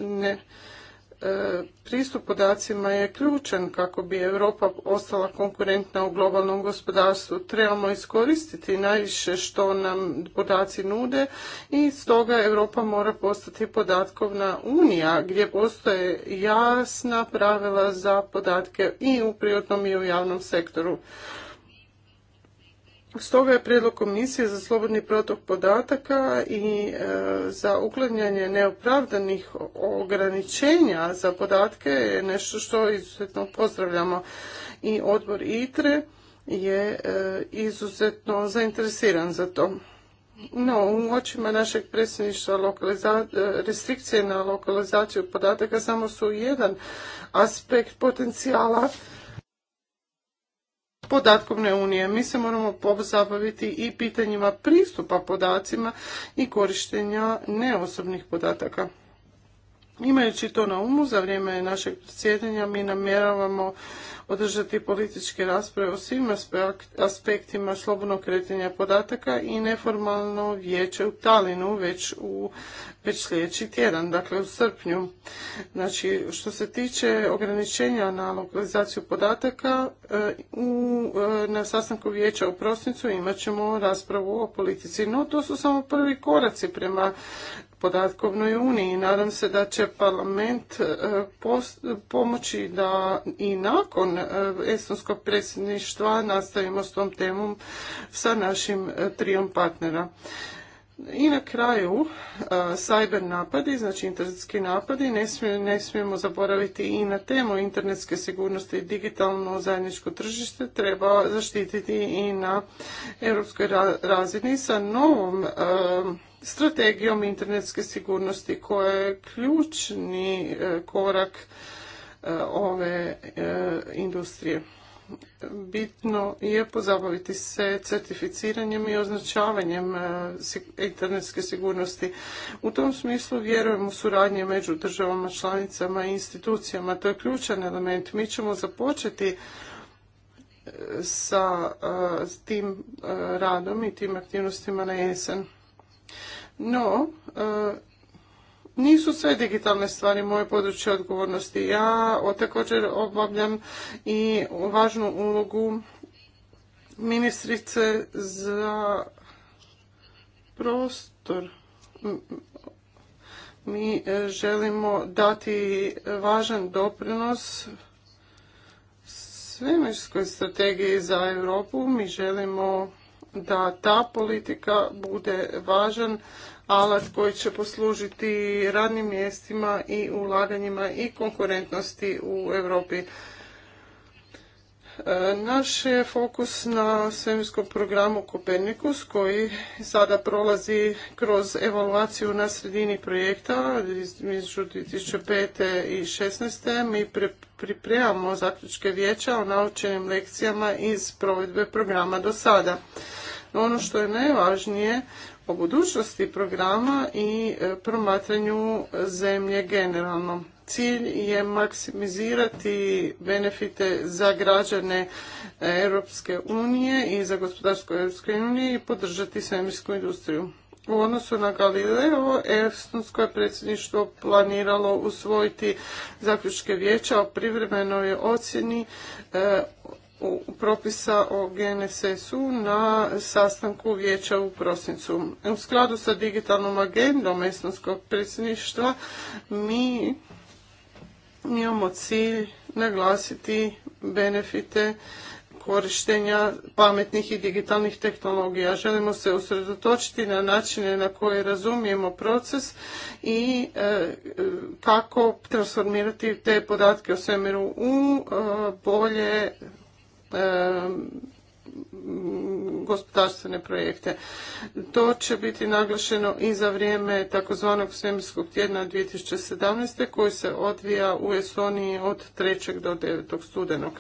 Ne E, pristup podacima je ključan kako bi Europa ostala konkurentna u globalnom gospodarstvu. Trebamo iskoristiti najviše što nam podaci nude i stoga Europa mora postati podatkovna unija gdje postoje jasna pravila za podatke i u privatnom i u javnom sektoru. Stoga je prijedlog komisije za slobodni protok podataka i e, za uklanjanje neopravdanih ograničenja za podatke je nešto što izuzetno pozdravljamo i odbor ITRE je e, izuzetno zainteresiran za to. No, u očima našeg predsjedništva e, restrikcije na lokalizaciju podataka samo su jedan aspekt potencijala podatkovne unije. Mi se moramo pozabaviti i pitanjima pristupa podacima i korištenja neosobnih podataka. Imajući to na umu, za vrijeme našeg predsjedanja mi namjeravamo održati političke rasprave o svim aspektima slobodnog kretanja podataka i neformalno vijeće u Talinu već u već sljedeći tjedan, dakle u srpnju. Znači, što se tiče ograničenja na lokalizaciju podataka, e, u, e, na sastanku vijeća u prosincu imat ćemo raspravu o politici. No, to su samo prvi koraci prema podatkovnoj uniji. Nadam se da će parlament e, pomoći da i nakon e, estonskog predsjedništva nastavimo s tom temom sa našim e, trijom partnera. I na kraju, e, cyber napadi, znači internetski napadi, ne, ne smijemo zaboraviti i na temu internetske sigurnosti i digitalno zajedničko tržište treba zaštititi i na europskoj razini sa novom e, strategijom internetske sigurnosti koja je ključni e, korak ove industrije bitno je pozabaviti se certificiranjem i označavanjem e, internetske sigurnosti. U tom smislu vjerujemo u suradnje među državama, članicama i institucijama. To je ključan element. Mi ćemo započeti e, sa e, tim radom i tim aktivnostima na jesen. No, nisu sve digitalne stvari moje područje odgovornosti. Ja također obavljam i važnu ulogu ministrice za prostor. Mi e, želimo dati važan doprinos svemirskoj strategiji za Europu. Mi želimo da ta politika bude važan alat koji će poslužiti radnim mjestima i ulaganjima i konkurentnosti u Europi. E, naš je fokus na svemirskom programu Kopernikus koji sada prolazi kroz evaluaciju na sredini projekta između 2005. i 2016. Mi pripremamo zaključke vijeća o naučenim lekcijama iz provedbe programa do sada. Ono što je najvažnije o budućnosti programa i e, promatranju zemlje generalno. Cilj je maksimizirati benefite za građane e, Europske unije i za gospodarstvo Europske unije i podržati svemirsku industriju. U odnosu na Galileo, Estonsko je predsjedništvo planiralo usvojiti zaključke vijeća o privremenoj ocjeni e, propisa o GNSS-u na sastanku vijeća u prosincu. U skladu sa digitalnom agendom estonskog predsjedništva mi imamo cilj naglasiti benefite korištenja pametnih i digitalnih tehnologija. Želimo se usredotočiti na načine na koje razumijemo proces i e, e, kako transformirati te podatke o svemiru u e, bolje gospodarstvene projekte. To će biti naglašeno i za vrijeme takozvanog svemirskog tjedna 2017. koji se odvija u Estoniji od 3. do 9. studenog.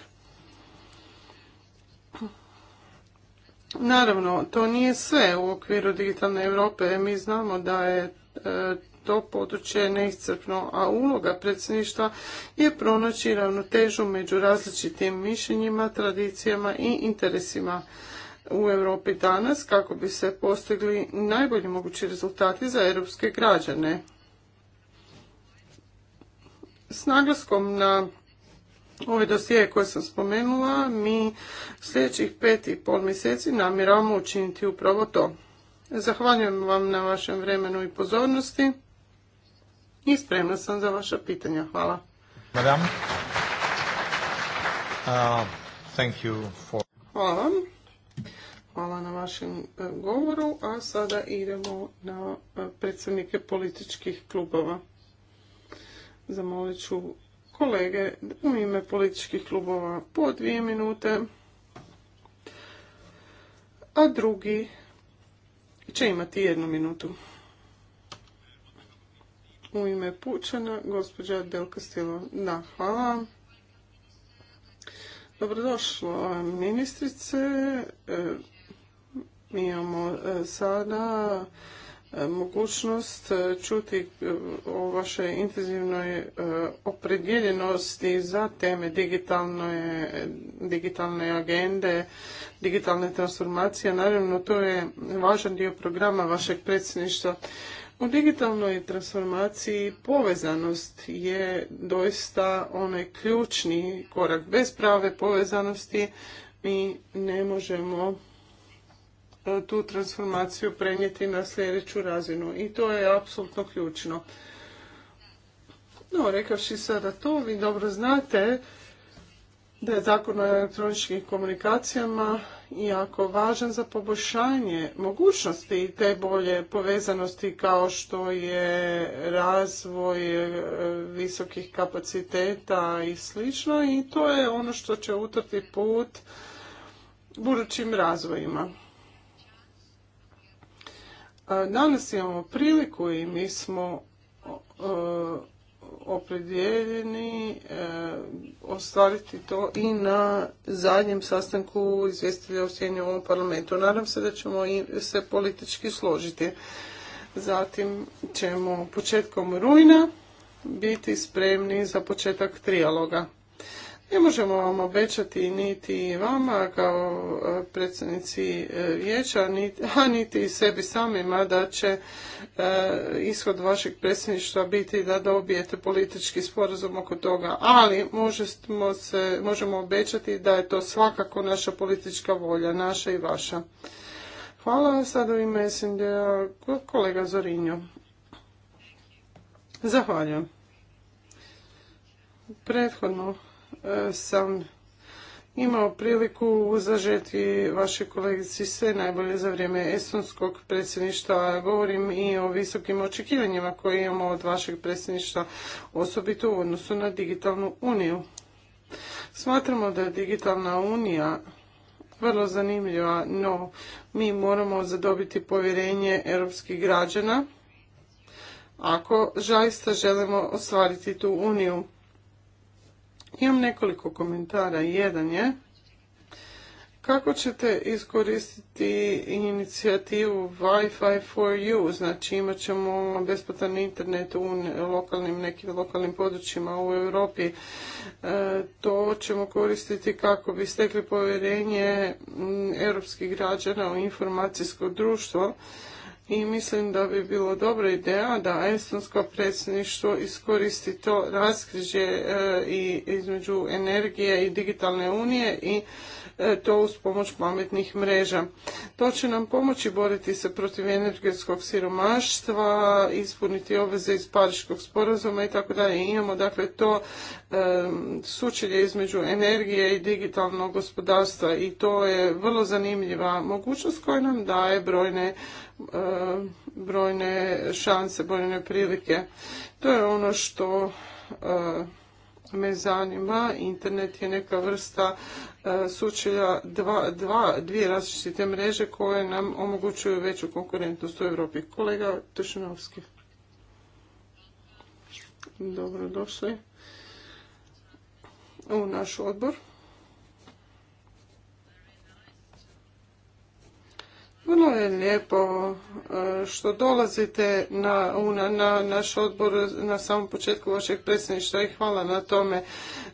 Naravno, to nije sve u okviru digitalne Europe. Mi znamo da je to područje je neiscrpno, a uloga predsjedništva je pronaći ravnotežu među različitim mišljenjima, tradicijama i interesima u Europi danas kako bi se postigli najbolji mogući rezultati za europske građane. S naglaskom na ove dosije koje sam spomenula, mi sljedećih pet i pol mjeseci namiramo učiniti upravo to. Zahvaljujem vam na vašem vremenu i pozornosti i spremna sam za vaša pitanja. Hvala.
Uh,
Hvala vam. Hvala na vašem e, govoru, a sada idemo na e, predsjednike političkih klubova. Zamolit ću kolege u ime političkih klubova po dvije minute, a drugi će imati jednu minutu u ime Pučana, gospođa Del Castillo. Da, hvala. Dobrodošlo, ministrice. E, mi imamo e, sada e, mogućnost čuti o vašoj intenzivnoj opredjeljenosti za teme digitalne, digitalne agende, digitalne transformacije. Naravno, to je važan dio programa vašeg predsjedništva. U digitalnoj transformaciji povezanost je doista onaj ključni korak. Bez prave povezanosti mi ne možemo e, tu transformaciju prenijeti na sljedeću razinu i to je apsolutno ključno. No, rekavši sada to, vi dobro znate da je zakon o elektroničkim komunikacijama jako važan za poboljšanje mogućnosti te bolje povezanosti kao što je razvoj e, visokih kapaciteta i slično i to je ono što će utrti put budućim razvojima. E, danas imamo priliku i mi smo opredjeljeni e, ostvariti to i na zadnjem sastanku izvjestitelja o sjenju u ovom parlamentu. Nadam se da ćemo se politički složiti. Zatim ćemo početkom rujna biti spremni za početak trijaloga. Ne možemo vam obećati niti vama kao e, predsjednici e, vijeća, a niti sebi samima da će e, ishod vašeg predsjedništva biti da dobijete politički sporazum oko toga, ali možemo, se, možemo obećati da je to svakako naša politička volja, naša i vaša. Hvala, sad u ime snd kolega Zorinjo. Zahvaljujem. Prethodno sam imao priliku uzažeti vaše kolegici sve najbolje za vrijeme estonskog predsjedništva. Govorim i o visokim očekivanjima koje imamo od vašeg predsjedništva, osobito u odnosu na digitalnu uniju. Smatramo da je digitalna unija vrlo zanimljiva, no mi moramo zadobiti povjerenje europskih građana ako zaista želimo ostvariti tu uniju. Imam nekoliko komentara. Jedan je kako ćete iskoristiti inicijativu Wi-Fi for you, znači imat ćemo besplatan internet u lokalnim, nekim lokalnim područjima u Europi. E, to ćemo koristiti kako bi stekli povjerenje europskih građana u informacijsko društvo i mislim da bi bilo dobra ideja da estonsko predsjedništvo iskoristi to raskrižje e, i između energije i digitalne unije i E, to uz pomoć pametnih mreža. To će nam pomoći boriti se protiv energetskog siromaštva, ispuniti obveze iz Pariškog sporazuma i tako dalje. Imamo dakle to e, sučelje između energije i digitalnog gospodarstva i to je vrlo zanimljiva mogućnost koja nam daje brojne e, brojne šanse, brojne prilike. To je ono što me zanima. Internet je neka vrsta e, sučelja dvije različite mreže koje nam omogućuju veću konkurentnost u Europi. Kolega dobro Dobrodošli u naš odbor. Vrlo je lijepo e, što dolazite na, na, naš odbor na samom početku vašeg predsjedništva i hvala na tome.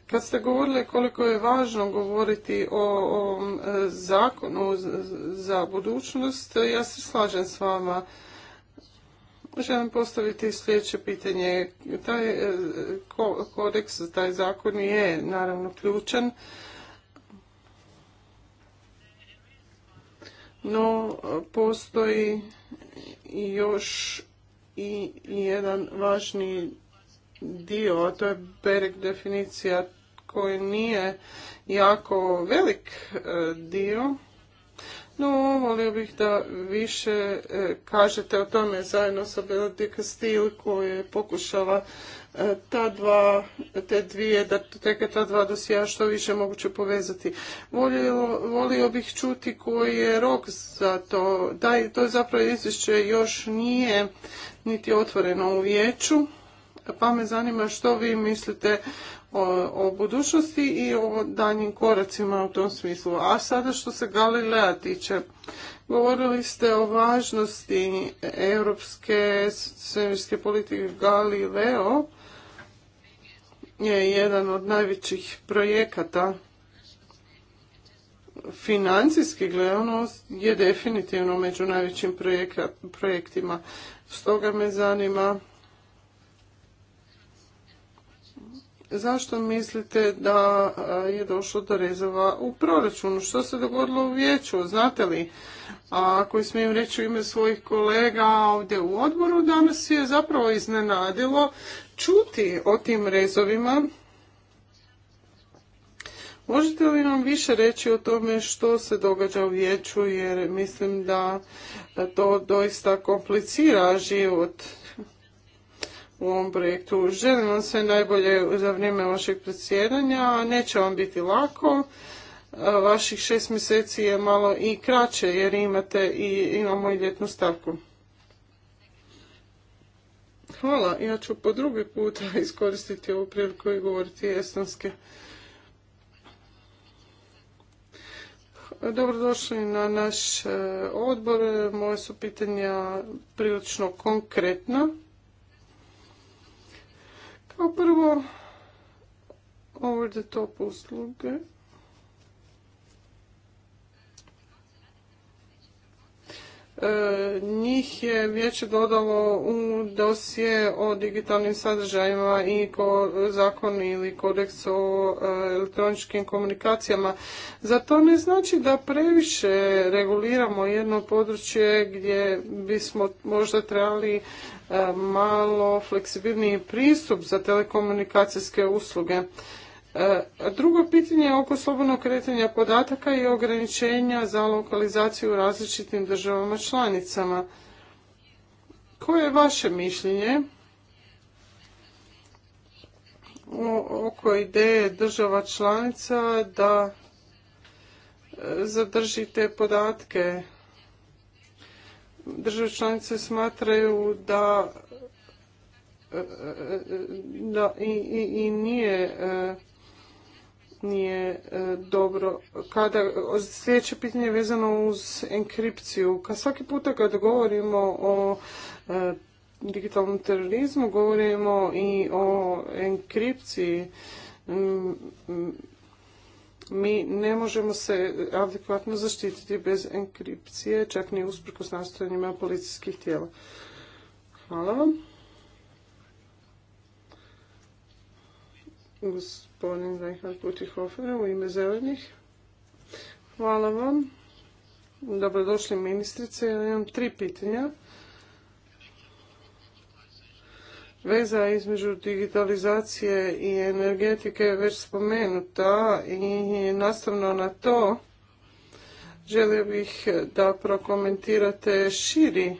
Kad ste govorili koliko je važno govoriti o, o e, zakonu za budućnost, ja se slažem s vama. Želim postaviti sljedeće pitanje. Taj e, kodeks, taj zakon je naravno ključan No, postoji još i jedan važni dio, a to je bereg definicija koji nije jako velik e, dio. No, volio bih da više e, kažete o tome zajedno sa Belodika Stil koji pokušala ta dva, te dvije, da teka ta dva dosija što više moguće povezati. Volio, volio bih čuti koji je rok za to. Da, to je zapravo izvješće još nije niti otvoreno u vijeću, pa me zanima što vi mislite o, budućnosti i o danjim koracima u tom smislu. A sada što se Galilea tiče, Govorili ste o važnosti europske svemirske politike Galileo je jedan od najvećih projekata financijski gledano je definitivno među najvećim projektima. Stoga me zanima zašto mislite da je došlo do rezova u proračunu? Što se dogodilo u vijeću? Znate li a ako smijem reći u ime svojih kolega ovdje u odboru, danas je zapravo iznenadilo čuti o tim rezovima. Možete li nam više reći o tome što se događa u vijeću, jer mislim da to doista komplicira život u ovom projektu. Želim vam sve najbolje za vrijeme vašeg predsjedanja, neće vam biti lako vaših šest mjeseci je malo i kraće jer imate i imamo i ljetnu stavku. Hvala, ja ću po drugi put iskoristiti ovu priliku i govoriti estonske. Dobrodošli na naš e, odbor. Moje su pitanja prilično konkretna. Kao prvo, over the top usluge. E, njih je vijeće dodalo u dosje o digitalnim sadržajima i ko, zakon ili kodeks o e, elektroničkim komunikacijama. Za to ne znači da previše reguliramo jedno područje gdje bismo možda trebali e, malo fleksibilniji pristup za telekomunikacijske usluge. E, drugo pitanje je oko slobodnog kretanja podataka i ograničenja za lokalizaciju u različitim državama članicama. Koje je vaše mišljenje oko ideje država članica da e, zadrži te podatke? Države članice smatraju da e, i nije nije e, dobro. Kada, sljedeće pitanje je vezano uz enkripciju. Kad svaki puta kad govorimo o e, digitalnom terorizmu, govorimo i o enkripciji. Mm, mm, mi ne možemo se adekvatno zaštititi bez enkripcije, čak ni usprkos nastojanjima policijskih tijela. Hvala vam. gospodin Reinhard Butihofer u ime zelenih. Hvala vam. Dobrodošli ministrice. Ja imam tri pitanja. Veza između digitalizacije i energetike je već spomenuta i nastavno na to želio bih da prokomentirate širi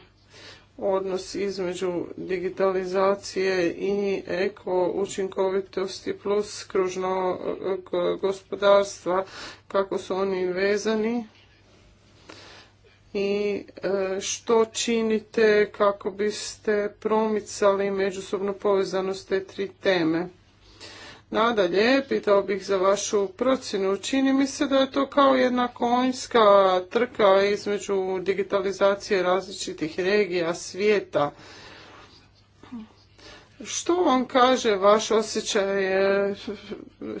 odnos između digitalizacije i eko učinkovitosti plus kružno eh, gospodarstva, kako su oni vezani i eh, što činite kako biste promicali međusobnu povezanost te tri teme. Nadalje, pitao bih za vašu procjenu. Čini mi se da je to kao jedna konjska trka između digitalizacije različitih regija svijeta. Što vam kaže vaš osjećaj e,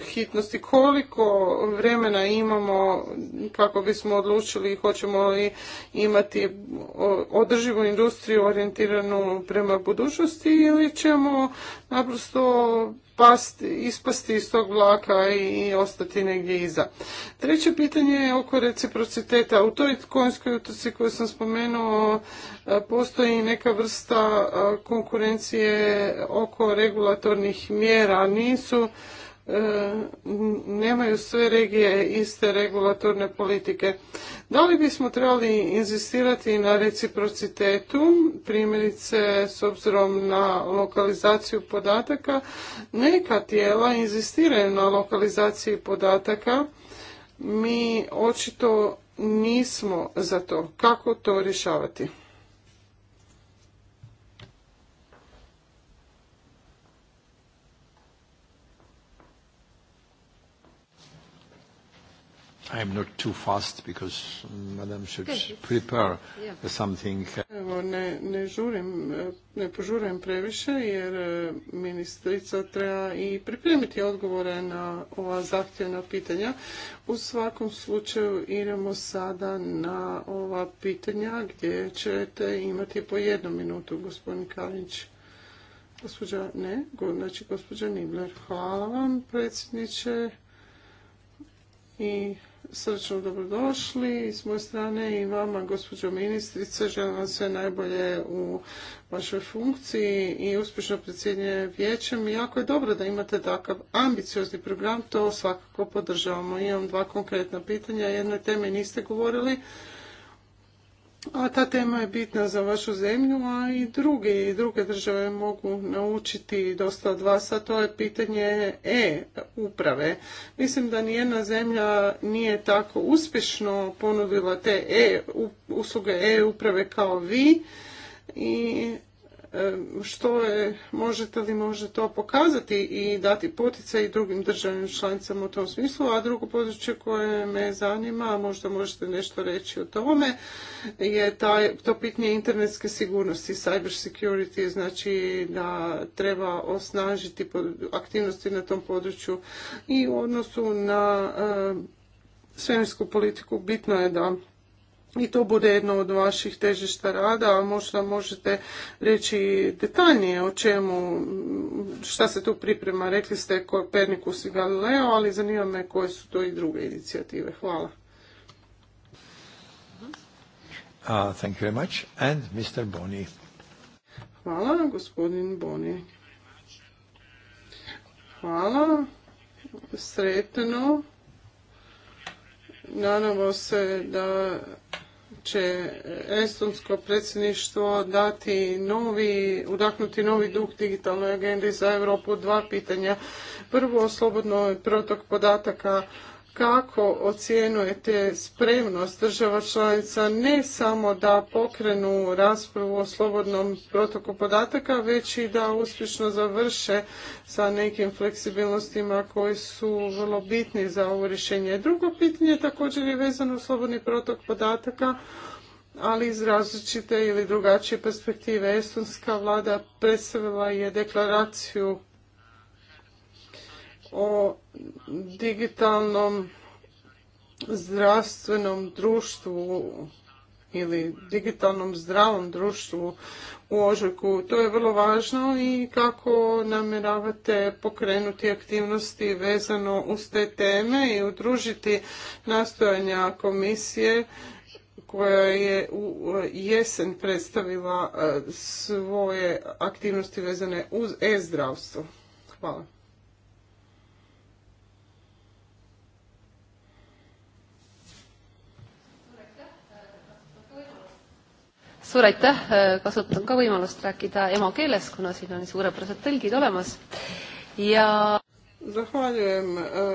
hitnosti? Koliko vremena imamo kako bismo odlučili hoćemo li imati održivu industriju orijentiranu prema budućnosti ili ćemo naprosto ispasti iz tog vlaka i, ostati negdje iza. Treće pitanje je oko reciprociteta. U toj konjskoj utoci koju sam spomenuo e, postoji neka vrsta e, konkurencije oko regulatornih mjera. Nisu nemaju sve regije iste regulatorne politike. Da li bismo trebali inzistirati na reciprocitetu, primjerice s obzirom na lokalizaciju podataka? Neka tijela inzistiraju na lokalizaciji podataka, mi očito nismo za to. Kako to rješavati?
I'm not too fast because um, should prepare something.
Evo, ne, ne žurim, ne previše jer e, ministrica treba i pripremiti odgovore na ova zahtjevna pitanja. U svakom slučaju idemo sada na ova pitanja gdje ćete imati po jednu minutu, gospodin Kalić. Gospođa, ne, znači gospođa Nibler. Hvala vam, predsjedniče. I srčno dobrodošli. s moje strane i vama, gospođo ministrice, želim vam sve najbolje u vašoj funkciji i uspješno predsjednje vijećem. Jako je dobro da imate takav ambiciozni program, to svakako podržavamo. Imam dva konkretna pitanja. Jedno teme niste govorili, a ta tema je bitna za vašu zemlju, a i druge i druge države mogu naučiti dosta od vas, a to je pitanje e-uprave. Mislim da nijedna zemlja nije tako uspješno ponudila te e usluge e-uprave kao vi i E, što je, možete li možda to pokazati i dati poticaj i drugim državnim članicama u tom smislu, a drugo područje koje me zanima, a možda možete nešto reći o tome, je taj, to pitanje internetske sigurnosti, cyber security, znači da treba osnažiti aktivnosti na tom području i u odnosu na e, svemirsku politiku bitno je da i to bude jedno od vaših težišta rada, a možda možete reći detaljnije o čemu, šta se tu priprema. Rekli ste Kopernikus i Galileo, ali zanima me koje su to i druge inicijative. Hvala.
Uh, thank you very much. And Mr.
Hvala, gospodin Boni. Hvala. Sretno. Nadamo se da će estonsko predsjedništvo dati novi, udahnuti novi duh digitalnoj agendi za Europu. Dva pitanja. Prvo, slobodno protok podataka kako ocjenjujete spremnost država članica ne samo da pokrenu raspravu o slobodnom protoku podataka, već i da uspješno završe sa nekim fleksibilnostima koji su vrlo bitni za ovo rješenje. Drugo pitanje također je vezano u slobodni protok podataka, ali iz različite ili drugačije perspektive. Estonska vlada predstavila je deklaraciju o digitalnom zdravstvenom društvu ili digitalnom zdravom društvu u ožujku. To je vrlo važno i kako namjeravate pokrenuti aktivnosti vezano uz te teme i udružiti nastojanja komisije koja je u jesen predstavila e, svoje aktivnosti vezane uz e-zdravstvo. Hvala. suur aitäh, kasutan ka võimalust rääkida emakeeles, kuna siin on suurepärased ja Zahvaljujem.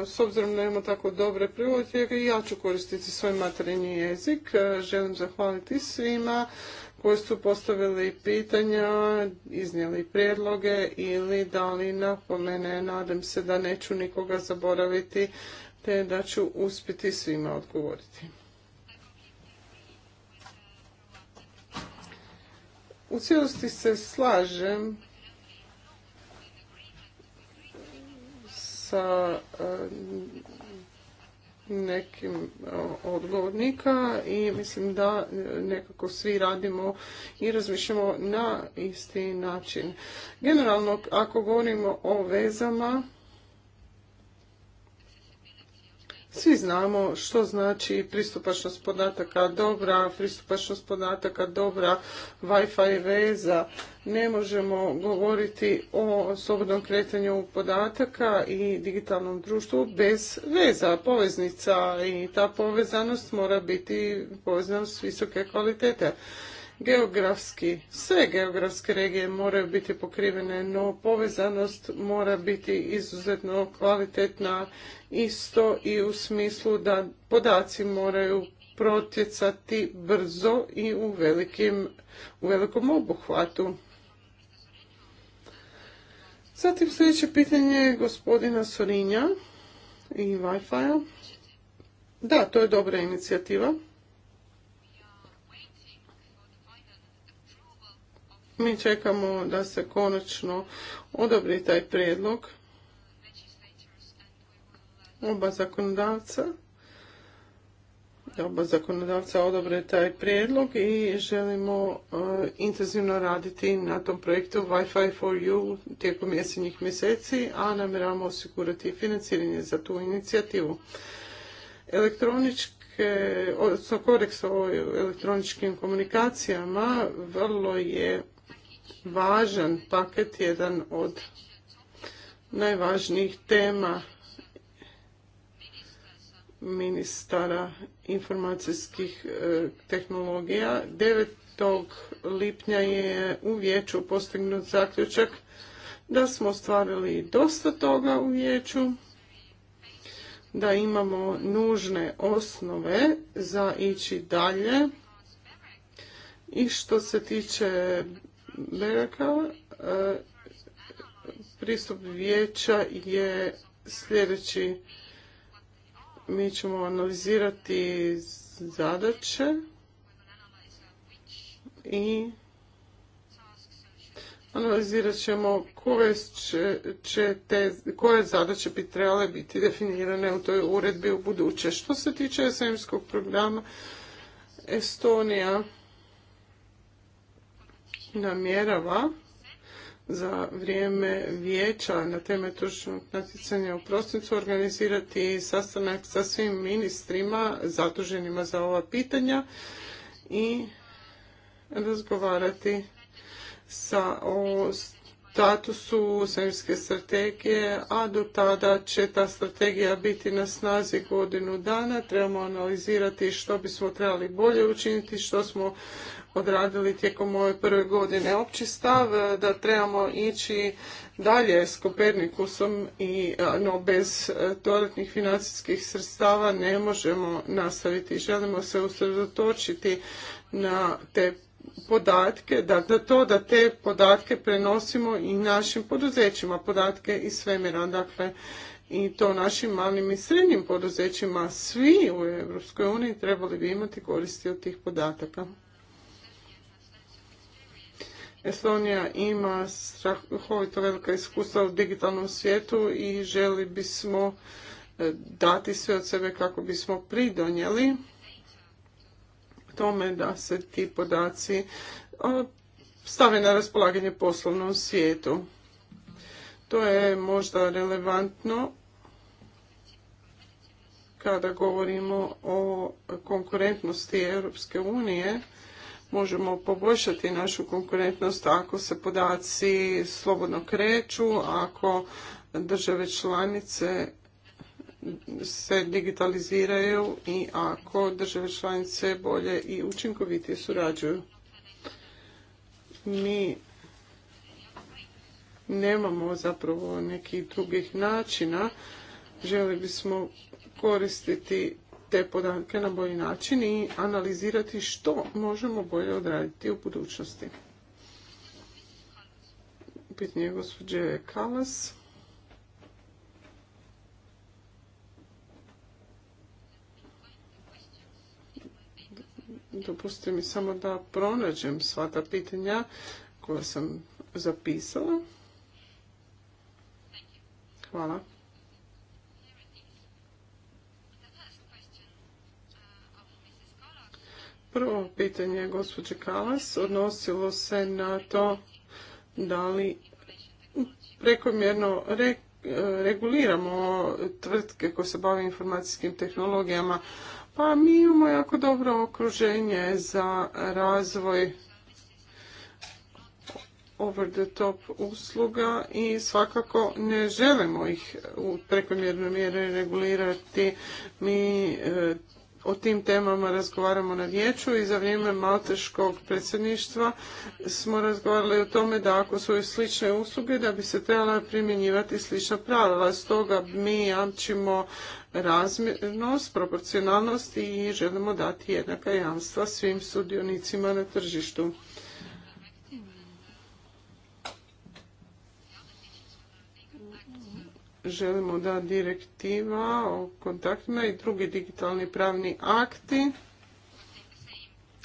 S obzirom da imamo tako dobre privodnje, ja ću koristiti svoj materinji jezik. Želim zahvaliti svima koji su postavili pitanja, iznijeli prijedloge ili dali napomene. Nadam se da neću nikoga zaboraviti te da ću uspjeti svima odgovoriti. U cijelosti se slažem sa e, nekim e, odgovornika i mislim da e, nekako svi radimo i razmišljamo na isti način. Generalno, ako govorimo o vezama, Svi znamo što znači pristupačnost podataka dobra, pristupačnost podataka dobra, Wi-Fi veza. Ne možemo govoriti o slobodnom kretanju podataka i digitalnom društvu bez veza, poveznica i ta povezanost mora biti povezanost visoke kvalitete. Geografski, sve geografske regije moraju biti pokrivene, no povezanost mora biti izuzetno kvalitetna isto i u smislu da podaci moraju protjecati brzo i u, velikim, u velikom obuhvatu. Zatim sljedeće pitanje je gospodina Sorinja i Wi-Fi-a. Da, to je dobra inicijativa. Mi čekamo da se konačno odobri taj prijedlog oba zakonodavca oba zakonodavca odobre taj prijedlog i želimo e, intenzivno raditi na tom projektu Wi-Fi for you tijekom jesenjih mjeseci, a namjeravamo osigurati financiranje za tu inicijativu. Elektroničke, odnosno kodeks o elektroničkim komunikacijama vrlo je važan paket, jedan od najvažnijih tema ministara informacijskih e, tehnologija. 9. lipnja je u vijeću postignut zaključak da smo ostvarili dosta toga u vijeću, da imamo nužne osnove za ići dalje i što se tiče Beraka. E, pristup vijeća je sljedeći. Mi ćemo analizirati zadaće i analizirat ćemo koje, zadaće bi trebale biti definirane u toj uredbi u buduće. Što se tiče SM-skog programa, Estonija namjerava za vrijeme vijeća na teme tržišnog natjecanja u prosincu organizirati sastanak sa svim ministrima zaduženima za ova pitanja i razgovarati sa o statusu zemljske strategije, a do tada će ta strategija biti na snazi godinu dana. Trebamo analizirati što bismo trebali bolje učiniti, što smo odradili tijekom ove prve godine. Opći stav e, da trebamo ići dalje s Kopernikusom i e, no, bez e, dodatnih financijskih sredstava ne možemo nastaviti. Želimo se usredotočiti na te podatke, da, da to da te podatke prenosimo i našim poduzećima, podatke iz svemira. Dakle, i to našim malim i srednjim poduzećima, svi u Europskoj uniji trebali bi imati koristi od tih podataka. Estonija ima strahovito velika iskustva u digitalnom svijetu i želi bismo e, dati sve od sebe kako bismo pridonjeli tome da se ti podaci stave na raspolaganje poslovnom svijetu. To je možda relevantno kada govorimo o konkurentnosti Europske unije možemo poboljšati našu konkurentnost ako se podaci slobodno kreću, ako države članice se digitaliziraju i ako države članice bolje i učinkovitije surađuju. Mi nemamo zapravo nekih drugih načina. Želi bismo koristiti te podatke na bolji način i analizirati što možemo bolje odraditi u budućnosti. Pitanje je gospođe Kalas. Dopustite mi samo da pronađem sva ta pitanja koja sam zapisala. Hvala. Prvo pitanje gospođe Kalas odnosilo se na to da li prekomjerno reguliramo tvrtke koje se bave informacijskim tehnologijama. Pa mi imamo jako dobro okruženje za razvoj over the top usluga i svakako ne želimo ih u prekomjernoj mjeri regulirati. Mi e, o tim temama razgovaramo na vijeću i za vrijeme malteškog predsjedništva smo razgovarali o tome da ako su slične usluge da bi se trebala primjenjivati slična pravila. Stoga mi jamčimo razmjernost, proporcionalnost i želimo dati jednaka jamstva svim sudionicima na tržištu. želimo da direktiva o kontaktima i drugi digitalni pravni akti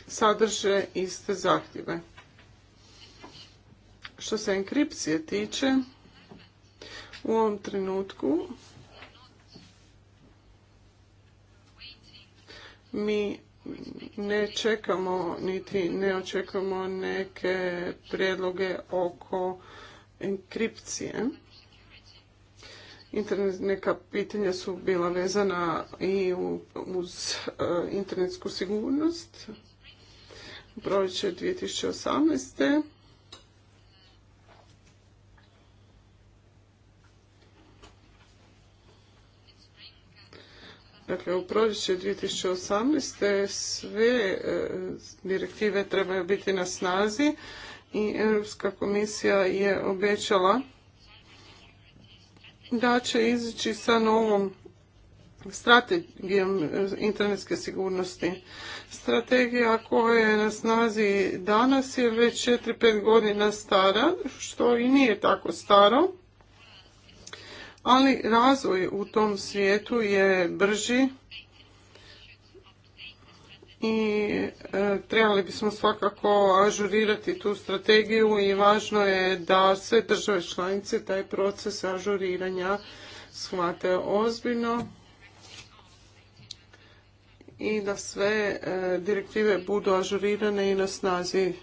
sadrže iste zahtjeve. Što se enkripcije tiče, u ovom trenutku mi ne čekamo niti ne očekujemo neke prijedloge oko enkripcije Internet, neka pitanja su bila vezana i uz e, internetsku sigurnost. u Proljeće 2018. Dakle, u proljeće 2018. sve e, direktive trebaju biti na snazi i Europska komisija je obećala da će izići sa novom strategijom internetske sigurnosti. Strategija koja je na snazi danas je već 4-5 godina stara, što i nije tako staro, ali razvoj u tom svijetu je brži i e, trebali bismo svakako ažurirati tu strategiju i važno je da sve države članice taj proces ažuriranja shvate ozbiljno i da sve e, direktive budu ažurirane i na snazi.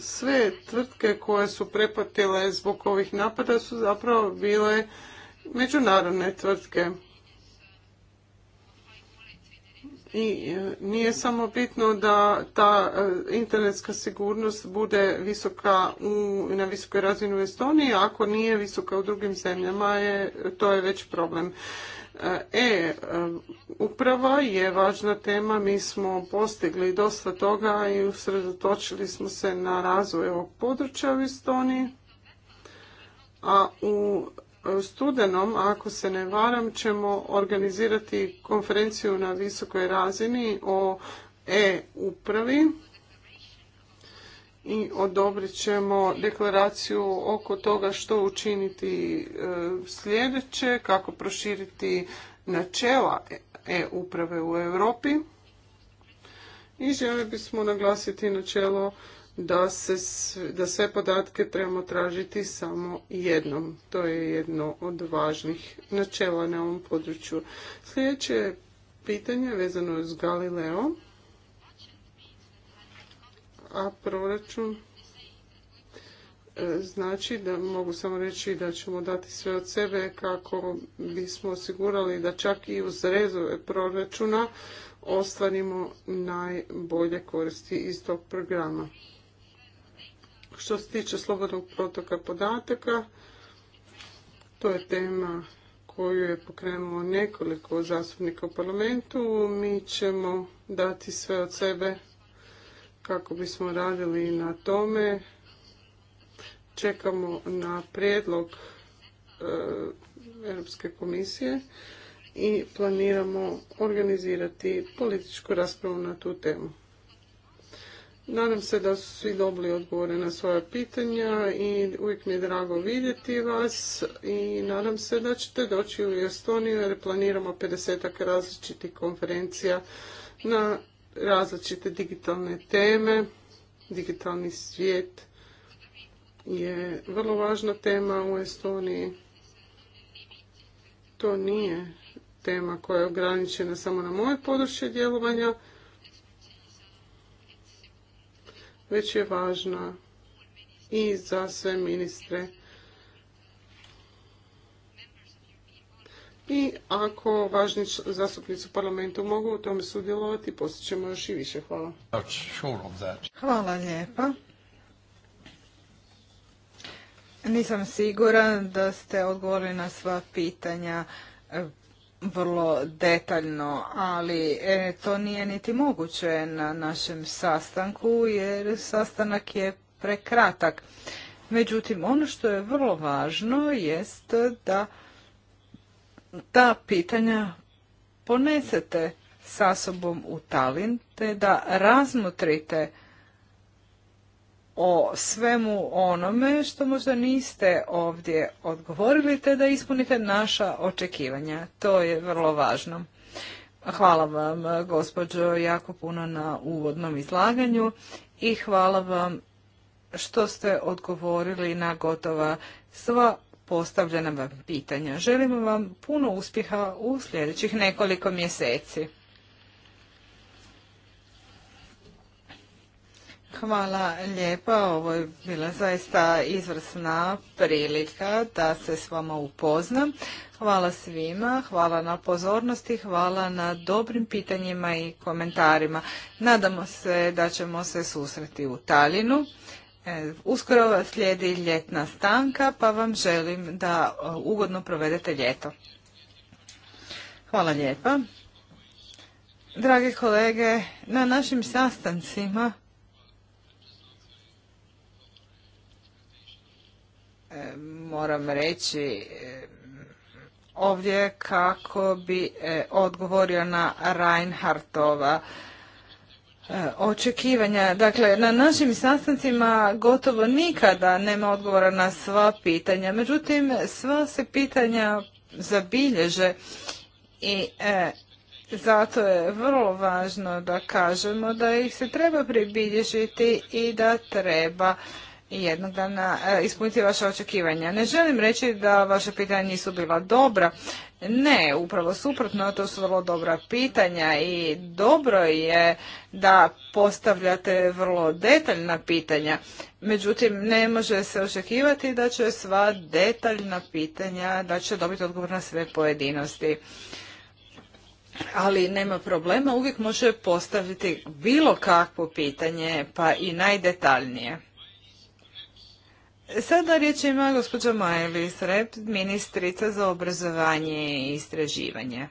Sve tvrtke koje su prepatile zbog ovih napada su zapravo bile međunarodne tvrtke i e, nije samo bitno da ta e, internetska sigurnost bude visoka u, na visokoj razini u Estoniji, ako nije visoka u drugim zemljama je, to je već problem. E, e uprava je važna tema, mi smo postigli dosta toga i usredotočili smo se na razvoj ovog područja u Estoniji, a u studenom, ako se ne varam, ćemo organizirati konferenciju na visokoj razini o e-upravi i odobrit ćemo deklaraciju oko toga što učiniti e, sljedeće, kako proširiti načela e-uprave u Europi. I želi bismo naglasiti načelo da, se, da sve podatke trebamo tražiti samo jednom. To je jedno od važnih načela na ovom području. Sljedeće pitanje vezano je s Galileo. A proračun e, znači da mogu samo reći da ćemo dati sve od sebe kako bismo osigurali da čak i uz rezove proračuna ostvarimo najbolje koristi iz tog programa. Što se tiče slobodnog protoka podataka, to je tema koju je pokrenulo nekoliko zastupnika u parlamentu. Mi ćemo dati sve od sebe kako bismo radili na tome. Čekamo na prijedlog eh, Europske komisije i planiramo organizirati političku raspravu na tu temu. Nadam se da su svi dobili odgovore na svoja pitanja i uvijek mi je drago vidjeti vas i nadam se da ćete doći u Estoniju jer planiramo 50 različitih konferencija na različite digitalne teme. Digitalni svijet je vrlo važna tema u Estoniji. To nije tema koja je ograničena samo na moje područje djelovanja, već je važna i za sve ministre. I ako važni zastupnici u parlamentu mogu u tome sudjelovati, poslije ćemo još i više. Hvala.
Hvala lijepa. Nisam siguran da ste odgovorili na sva pitanja vrlo detaljno, ali e, to nije niti moguće na našem sastanku jer sastanak je prekratak. Međutim, ono što je vrlo važno jest da ta pitanja ponesete sa sobom u Talin te da razmotrite o svemu onome što možda niste ovdje odgovorili te da ispunite naša očekivanja. To je vrlo važno. Hvala vam gospođo jako puno na uvodnom izlaganju i hvala vam što ste odgovorili na gotova sva postavljena vam pitanja. Želimo vam puno uspjeha u sljedećih nekoliko mjeseci. Hvala lijepa. Ovo je bila zaista izvrsna prilika da se s vama upoznam. Hvala svima, hvala na pozornosti, hvala na dobrim pitanjima i komentarima. Nadamo se da ćemo se susreti u Talinu. E, uskoro slijedi ljetna stanka, pa vam želim da e, ugodno provedete ljeto. Hvala lijepa. Dragi kolege, na našim sastancima E, moram reći e, ovdje kako bi e, odgovorio na Reinhartova očekivanja. Dakle, na našim sastancima gotovo nikada nema odgovora na sva pitanja. Međutim, sva se pitanja zabilježe i zato je vrlo važno da kažemo da ih se treba pribilježiti i da treba jednog dana e, ispuniti vaše očekivanja. Ne želim reći da vaše pitanja nisu bila dobra. Ne, upravo suprotno, to su vrlo dobra pitanja i dobro je da postavljate vrlo detaljna pitanja. Međutim, ne može se očekivati da će sva detaljna pitanja, da će dobiti odgovor na sve pojedinosti. Ali nema problema, uvijek može postaviti bilo kakvo pitanje, pa i najdetaljnije. Sada riječ ima gospođa Majlis Rep, ministrica za obrazovanje i istraživanje.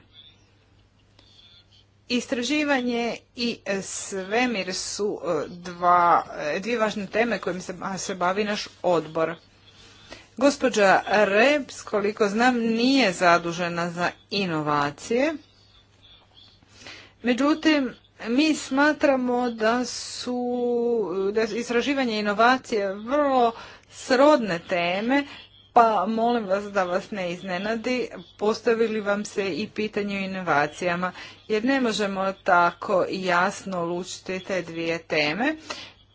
Istraživanje i svemir su e, e, dvije važne teme kojim se, bavi naš odbor. Gospođa Reps, koliko znam, nije zadužena za inovacije. Međutim, mi smatramo da su da istraživanje inovacije vrlo srodne teme, pa molim vas da vas ne iznenadi, postavili vam se i pitanje o inovacijama, jer ne možemo tako jasno lučiti te dvije teme.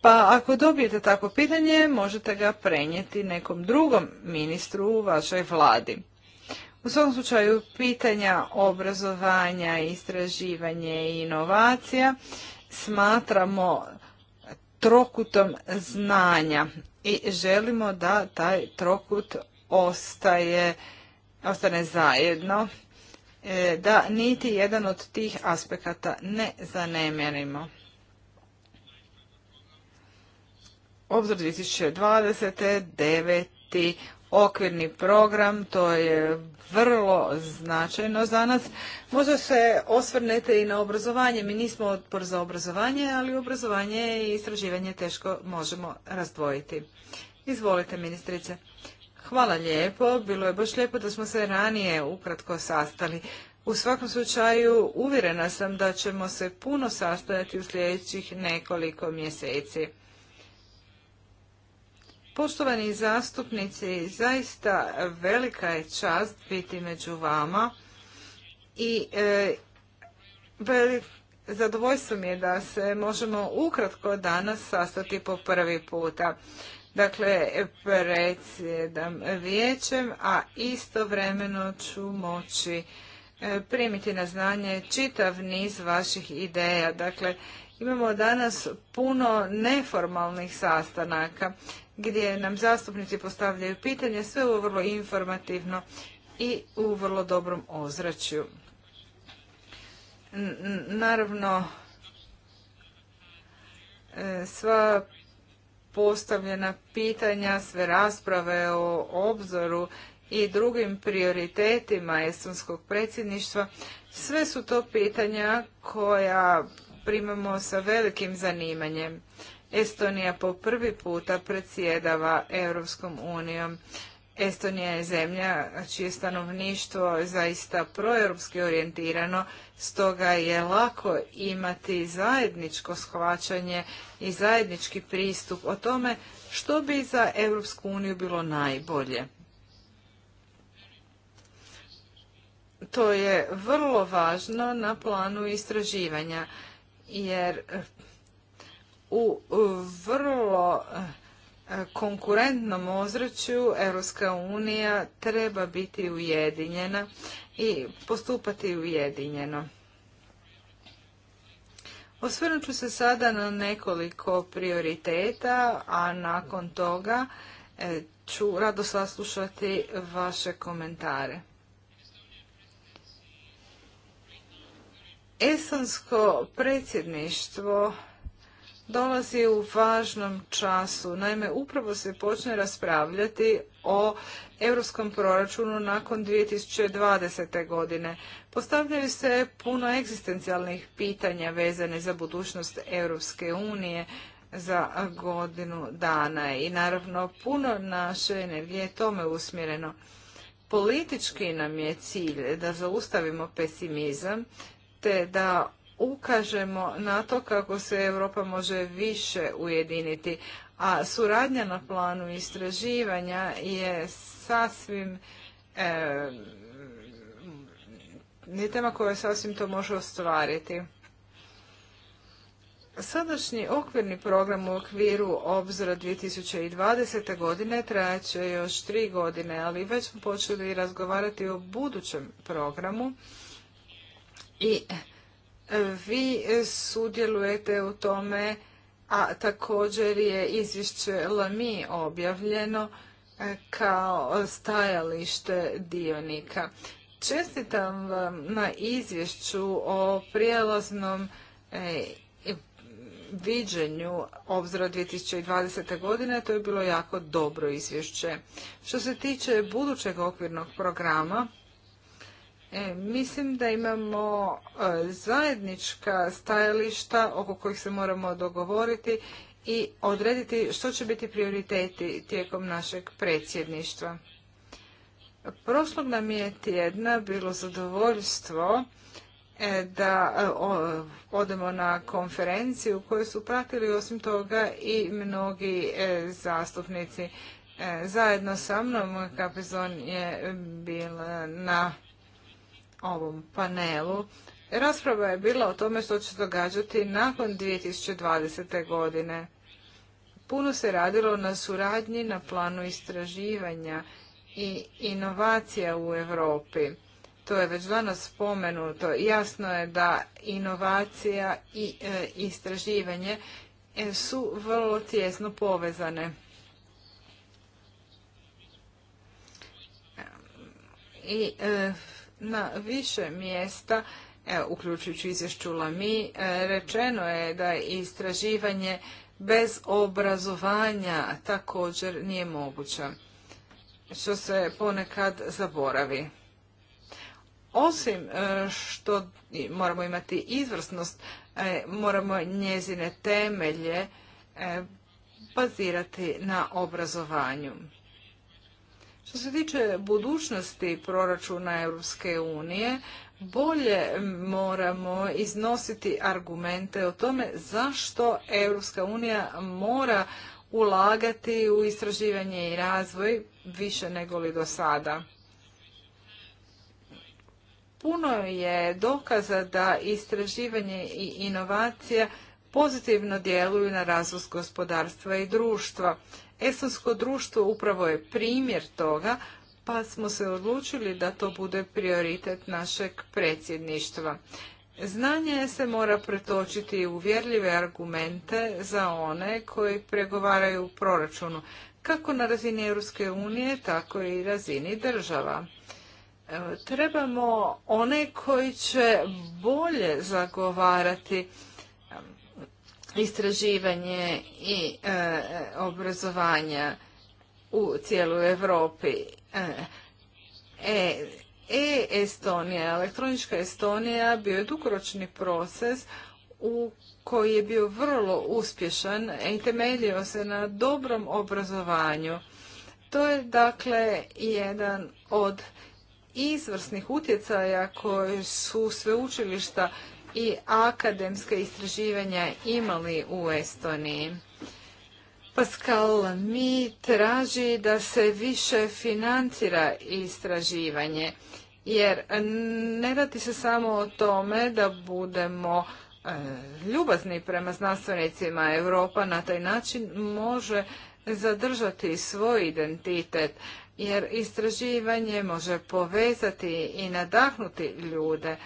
Pa ako dobijete tako pitanje, možete ga prenijeti nekom drugom ministru u vašoj vladi. U svom slučaju pitanja obrazovanja, istraživanje i inovacija smatramo trokutom znanja i želimo da taj trokut ostaje, ostane zajedno, e, da niti jedan od tih aspekata ne zanemjerimo. Obzor 2020. deveti okvirni program, to je vrlo značajno za nas. Možda se osvrnete i na obrazovanje, mi nismo odpor za obrazovanje, ali obrazovanje i istraživanje teško možemo razdvojiti. Izvolite ministrice. Hvala lijepo, bilo je baš lijepo da smo se ranije ukratko sastali. U svakom slučaju uvjerena sam da ćemo se puno sastajati u sljedećih nekoliko mjeseci. Poštovani zastupnici, zaista velika je čast biti među vama i e, zadovoljstvo mi je da se možemo ukratko danas sastati po prvi puta. Dakle, predsjedam vijećem, a istovremeno ću moći e, primiti na znanje čitav niz vaših ideja. Dakle, imamo danas puno neformalnih sastanaka gdje nam zastupnici postavljaju pitanje, sve ovo vrlo informativno i u vrlo dobrom ozračju. Naravno, e, sva postavljena pitanja, sve rasprave o obzoru i drugim prioritetima estonskog predsjedništva, sve su to pitanja koja primamo sa velikim zanimanjem. Estonija po prvi puta predsjedava Europskom unijom. Estonija je zemlja čije stanovništvo zaista proeuropski orijentirano, stoga je lako imati zajedničko shvaćanje i zajednički pristup o tome što bi za Europsku uniju bilo najbolje. To je vrlo važno na planu istraživanja, jer u vrlo e, konkurentnom ozračju Europska unija treba biti ujedinjena i postupati ujedinjeno. Osvrnut ću se sada na nekoliko prioriteta, a nakon toga e, ću rado saslušati vaše komentare. Estonsko predsjedništvo dolazi u važnom času. Naime, upravo se počne raspravljati o europskom proračunu nakon 2020. godine. Postavljaju se puno egzistencijalnih pitanja vezane za budućnost Europske unije za godinu dana i naravno puno naše energije je tome usmjereno. Politički nam je cilj da zaustavimo pesimizam te da ukažemo na to kako se Europa može više ujediniti, a suradnja na planu istraživanja je sasvim e, je tema koja sasvim to može ostvariti. Sadašnji okvirni program u okviru obzora 2020. godine trajaće još tri godine, ali već smo počeli razgovarati o budućem programu i vi sudjelujete u tome, a također je izvješće LAMI objavljeno e, kao stajalište dionika. Čestitam vam na izvješću o prijelaznom e, viđenju obzora 2020. godine, to je bilo jako dobro izvješće. Što se tiče budućeg okvirnog programa, E, mislim da imamo e, zajednička stajališta oko kojih se moramo dogovoriti i odrediti što će biti prioriteti tijekom našeg predsjedništva. Prošlog nam je tjedna bilo zadovoljstvo e, da odemo na konferenciju koju su pratili osim toga i mnogi zastupnici. Zajedno sa mnom Kapizon je bila na ovom panelu. Rasprava je bila o tome što će se događati nakon 2020. godine. Puno se radilo na suradnji na planu istraživanja i inovacija u Europi. To je već danas spomenuto. Jasno je da inovacija i e, istraživanje e, su vrlo tjesno povezane. I e, na više mjesta, e, uključujući izvješću Lami, e, rečeno je da istraživanje bez obrazovanja također nije moguće, što se ponekad zaboravi. Osim e, što moramo imati izvrsnost, moramo njezine temelje bazirati na obrazovanju. Što se tiče budućnosti proračuna Europske unije, bolje moramo iznositi argumente o tome zašto Europska unija mora ulagati u istraživanje i razvoj više nego li do sada. Puno je dokaza da istraživanje i inovacija pozitivno djeluju na razvoj gospodarstva i društva. Estonsko društvo upravo je primjer toga, pa smo se odlučili da to bude prioritet našeg predsjedništva. Znanje se mora pretočiti u vjerljive argumente za one koji pregovaraju u proračunu, kako na razini Europske unije, tako i razini država. E, trebamo one koji će bolje zagovarati istraživanje i e, obrazovanja u cijelu Europi. E, e, Estonija, elektronička Estonija bio je dugoročni proces u koji je bio vrlo uspješan i temeljio se na dobrom obrazovanju. To je dakle jedan od izvrsnih utjecaja koje su sveučilišta i akademska istraživanja imali u Estoniji. Pascal mi traži da se više financira istraživanje, jer ne radi se samo o tome da budemo e, ljubazni prema znanstvenicima. Europa na taj način može zadržati svoj identitet, jer istraživanje može povezati i nadahnuti ljude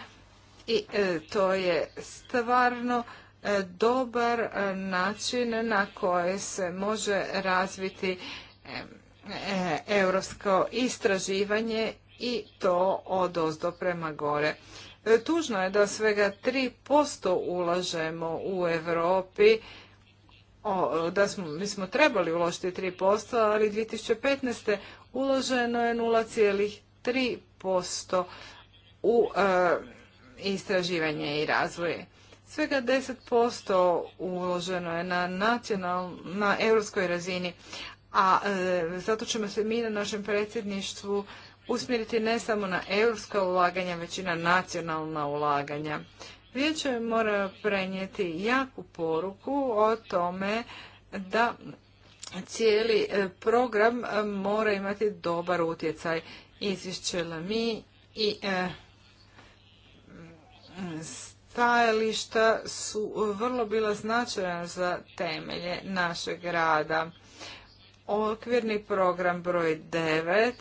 i e, to je stvarno e, dobar e, način na koji se može razviti europsko istraživanje i to od ozdo prema gore. Tužno je da svega 3% ulažemo u Europi, da smo, mi smo trebali uložiti 3%, ali 2015. uloženo je 0,3% u istraživanje i razvoj. Svega 10% uloženo je na, na europskoj razini, a e, zato ćemo se mi na našem predsjedništvu usmjeriti ne samo na europska ulaganja, već i na nacionalna ulaganja. Vijeće mora prenijeti jaku poruku o tome da cijeli e, program e, mora imati dobar utjecaj. Izvišće mi i stajališta su vrlo bila značajna za temelje našeg rada. Okvirni program broj 9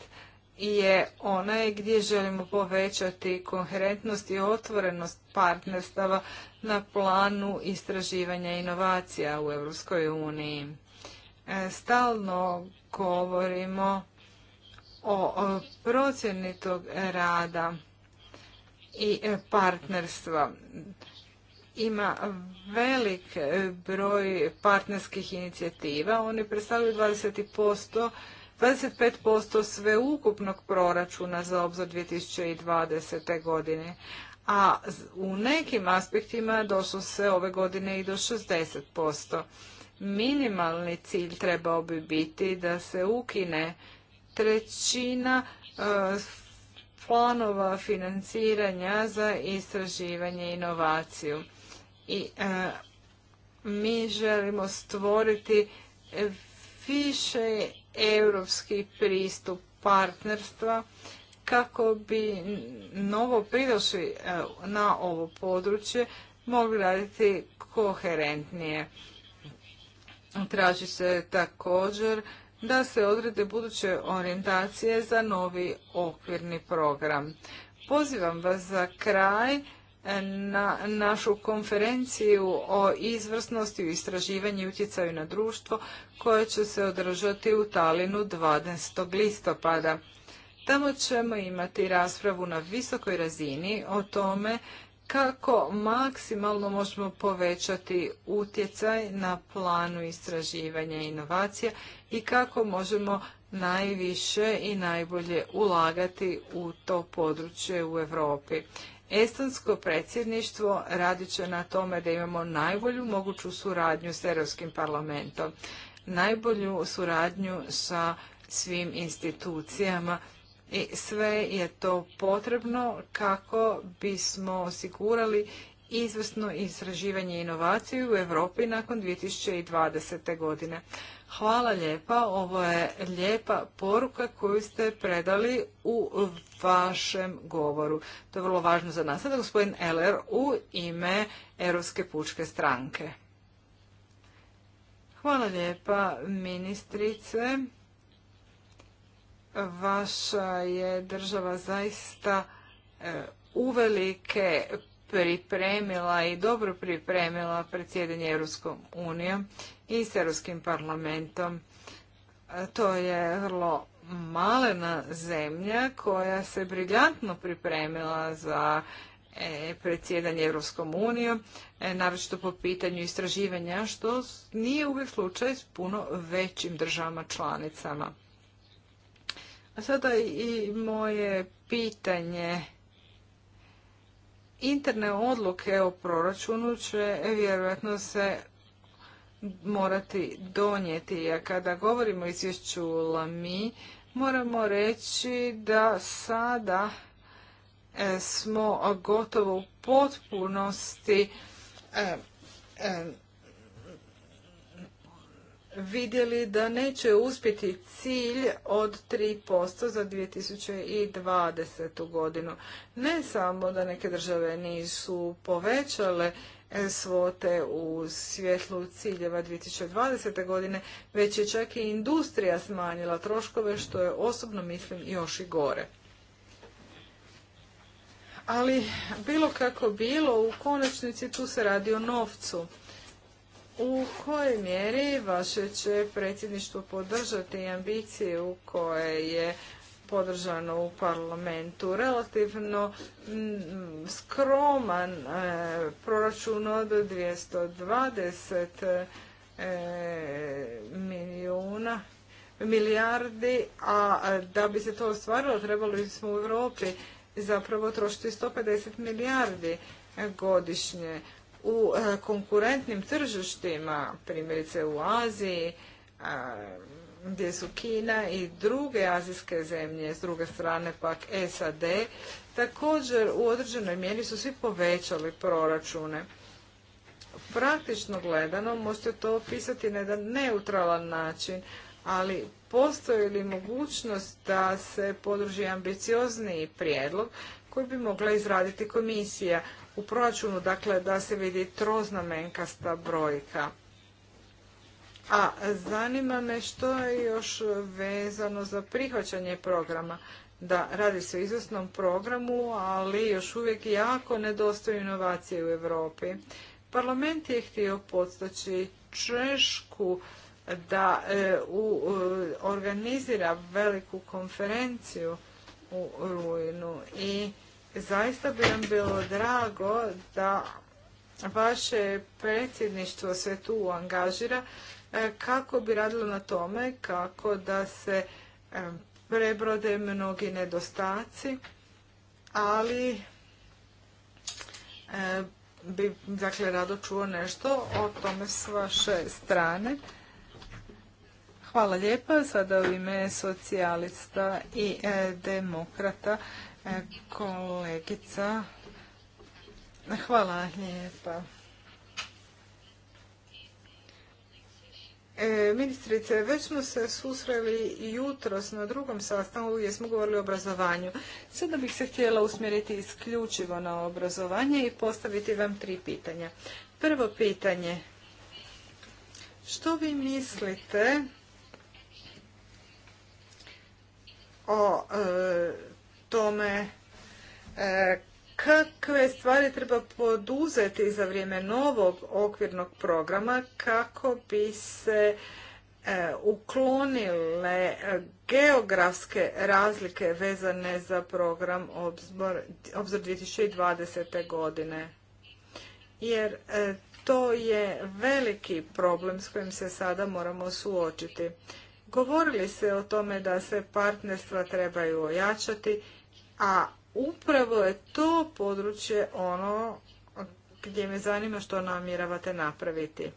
je onaj gdje želimo povećati koherentnost i otvorenost partnerstava na planu istraživanja inovacija u Europskoj e, Stalno govorimo o procjenitog rada i e, partnerstva. Ima velik e, broj partnerskih inicijativa, oni predstavljaju 20%, 25% sveukupnog proračuna za obzor 2020. godine, a u nekim aspektima došlo se ove godine i do 60%. Minimalni cilj trebao bi biti da se ukine trećina e, planova financiranja za istraživanje i inovaciju. I e, mi želimo stvoriti više europski pristup partnerstva kako bi novo pridošli e, na ovo područje mogli raditi koherentnije. Traži se također da se odrede buduće orijentacije za novi okvirni program. Pozivam vas za kraj e, na našu konferenciju o izvrsnosti u istraživanju i utjecaju na društvo koje će se održati u Talinu 12. listopada. Tamo ćemo imati raspravu na visokoj razini o tome kako maksimalno možemo povećati utjecaj na planu istraživanja i inovacija i kako možemo najviše i najbolje ulagati u to područje u Europi. Estonsko predsjedništvo radit će na tome da imamo najbolju moguću suradnju s Europskim parlamentom, najbolju suradnju sa svim institucijama i sve je to potrebno kako bismo osigurali izvrsno istraživanje i inovaciju u Europi nakon 2020. godine. Hvala lijepa, ovo je lijepa poruka koju ste predali u vašem govoru. To je vrlo važno za nas. Sada gospodin Eller u ime Europske pučke stranke. Hvala lijepa ministrice. Vaša je država zaista e, uvelike pripremila i dobro pripremila predsjedanje Europskom unijom i s Europskim parlamentom. To je vrlo malena zemlja koja se briljantno pripremila za e, predsjedanje Europskom unijom, e, naročito po pitanju istraživanja, što nije uvijek slučaj s puno većim državama članicama. A sada i moje pitanje interne odluke o proračunu će vjerojatno se morati donijeti. A kada govorimo o izvješću LAMI, moramo reći da sada e, smo gotovo u potpunosti e, e, vidjeli da neće uspjeti cilj od 3% za 2020. godinu. Ne samo da neke države nisu povećale e, svote u svjetlu ciljeva 2020. godine, već je čak i industrija smanjila troškove, što je osobno mislim još i gore. Ali bilo kako bilo, u konačnici tu se radi o novcu u kojoj mjeri vaše će predsjedništvo podržati ambiciju koje je podržano u parlamentu. Relativno mm, skroman e, proračun od 220 e, milijuna milijardi, a da bi se to ostvarilo trebali bismo u Europi zapravo trošiti 150 milijardi godišnje u e, konkurentnim tržištima, primjerice u Aziji, e, gdje su Kina i druge azijske zemlje, s druge strane pak SAD, također u određenoj mjeri su svi povećali proračune. Praktično gledano možete to opisati na jedan neutralan način, ali postoji li mogućnost da se podrži ambiciozniji prijedlog koji bi mogla izraditi komisija, u proračunu, dakle da se vidi troznamenkasta brojka. A zanima me što je još vezano za prihvaćanje programa. Da, radi se o izvrsnom programu, ali još uvijek jako nedostaju inovacije u Europi. Parlament je htio podstaći Češku da e, organizira veliku konferenciju u Rujnu i Zaista bi nam bilo drago da vaše predsjedništvo se tu angažira e, kako bi radilo na tome kako da se e, prebrode mnogi nedostaci, ali e, bi dakle rado čuo nešto o tome s vaše strane. Hvala lijepa. Sada u ime socijalista i demokrata E, kolegica. Hvala lijepa. E, ministrice, već smo se susreli jutros na drugom sastanku gdje smo govorili o obrazovanju. Sada bih se htjela usmjeriti isključivo na obrazovanje i postaviti vam tri pitanja. Prvo pitanje. Što vi mislite o e, tome e, kakve stvari treba poduzeti za vrijeme novog okvirnog programa kako bi se e, uklonile geografske razlike vezane za program Obzor 2020. godine. Jer e, to je veliki problem s kojim se sada moramo suočiti. Govorili se o tome da se partnerstva trebaju ojačati a upravo je to područje ono gdje me zanima što namjeravate napraviti.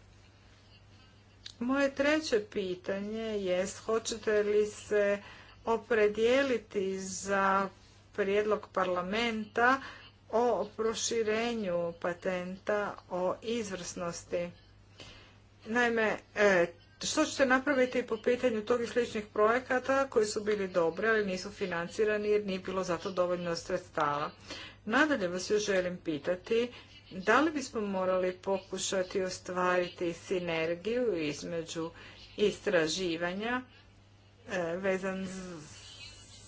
Moje treće pitanje je hoćete li se opredijeliti za prijedlog parlamenta o proširenju patenta o izvrsnosti. Naime, e, što ćete napraviti po pitanju tog i sličnih projekata koji su bili dobri, ali nisu financirani jer nije bilo zato dovoljno sredstava? Nadalje vas još želim pitati da li bismo morali pokušati ostvariti sinergiju između istraživanja e, vezan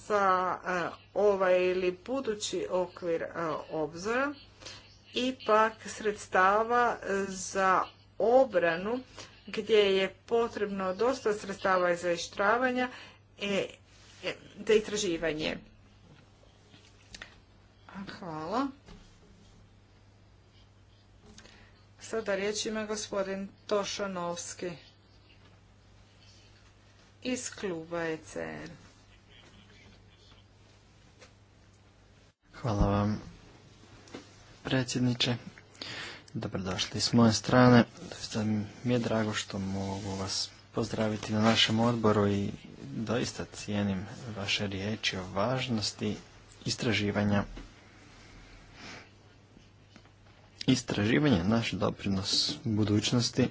sa e, ovaj ili budući okvir e, obzora, i pak sredstava za obranu gdje je potrebno dosta sredstava za ištravanja, e, e, za istraživanje. Hvala. Sada riječ ima gospodin Tošanovski iz kluba ECR.
Hvala vam, predsjedniče. Dobrodošli s moje strane. Doista mi je drago što mogu vas pozdraviti na našem odboru i doista cijenim vaše riječi o važnosti istraživanja. Istraživanje naš doprinos budućnosti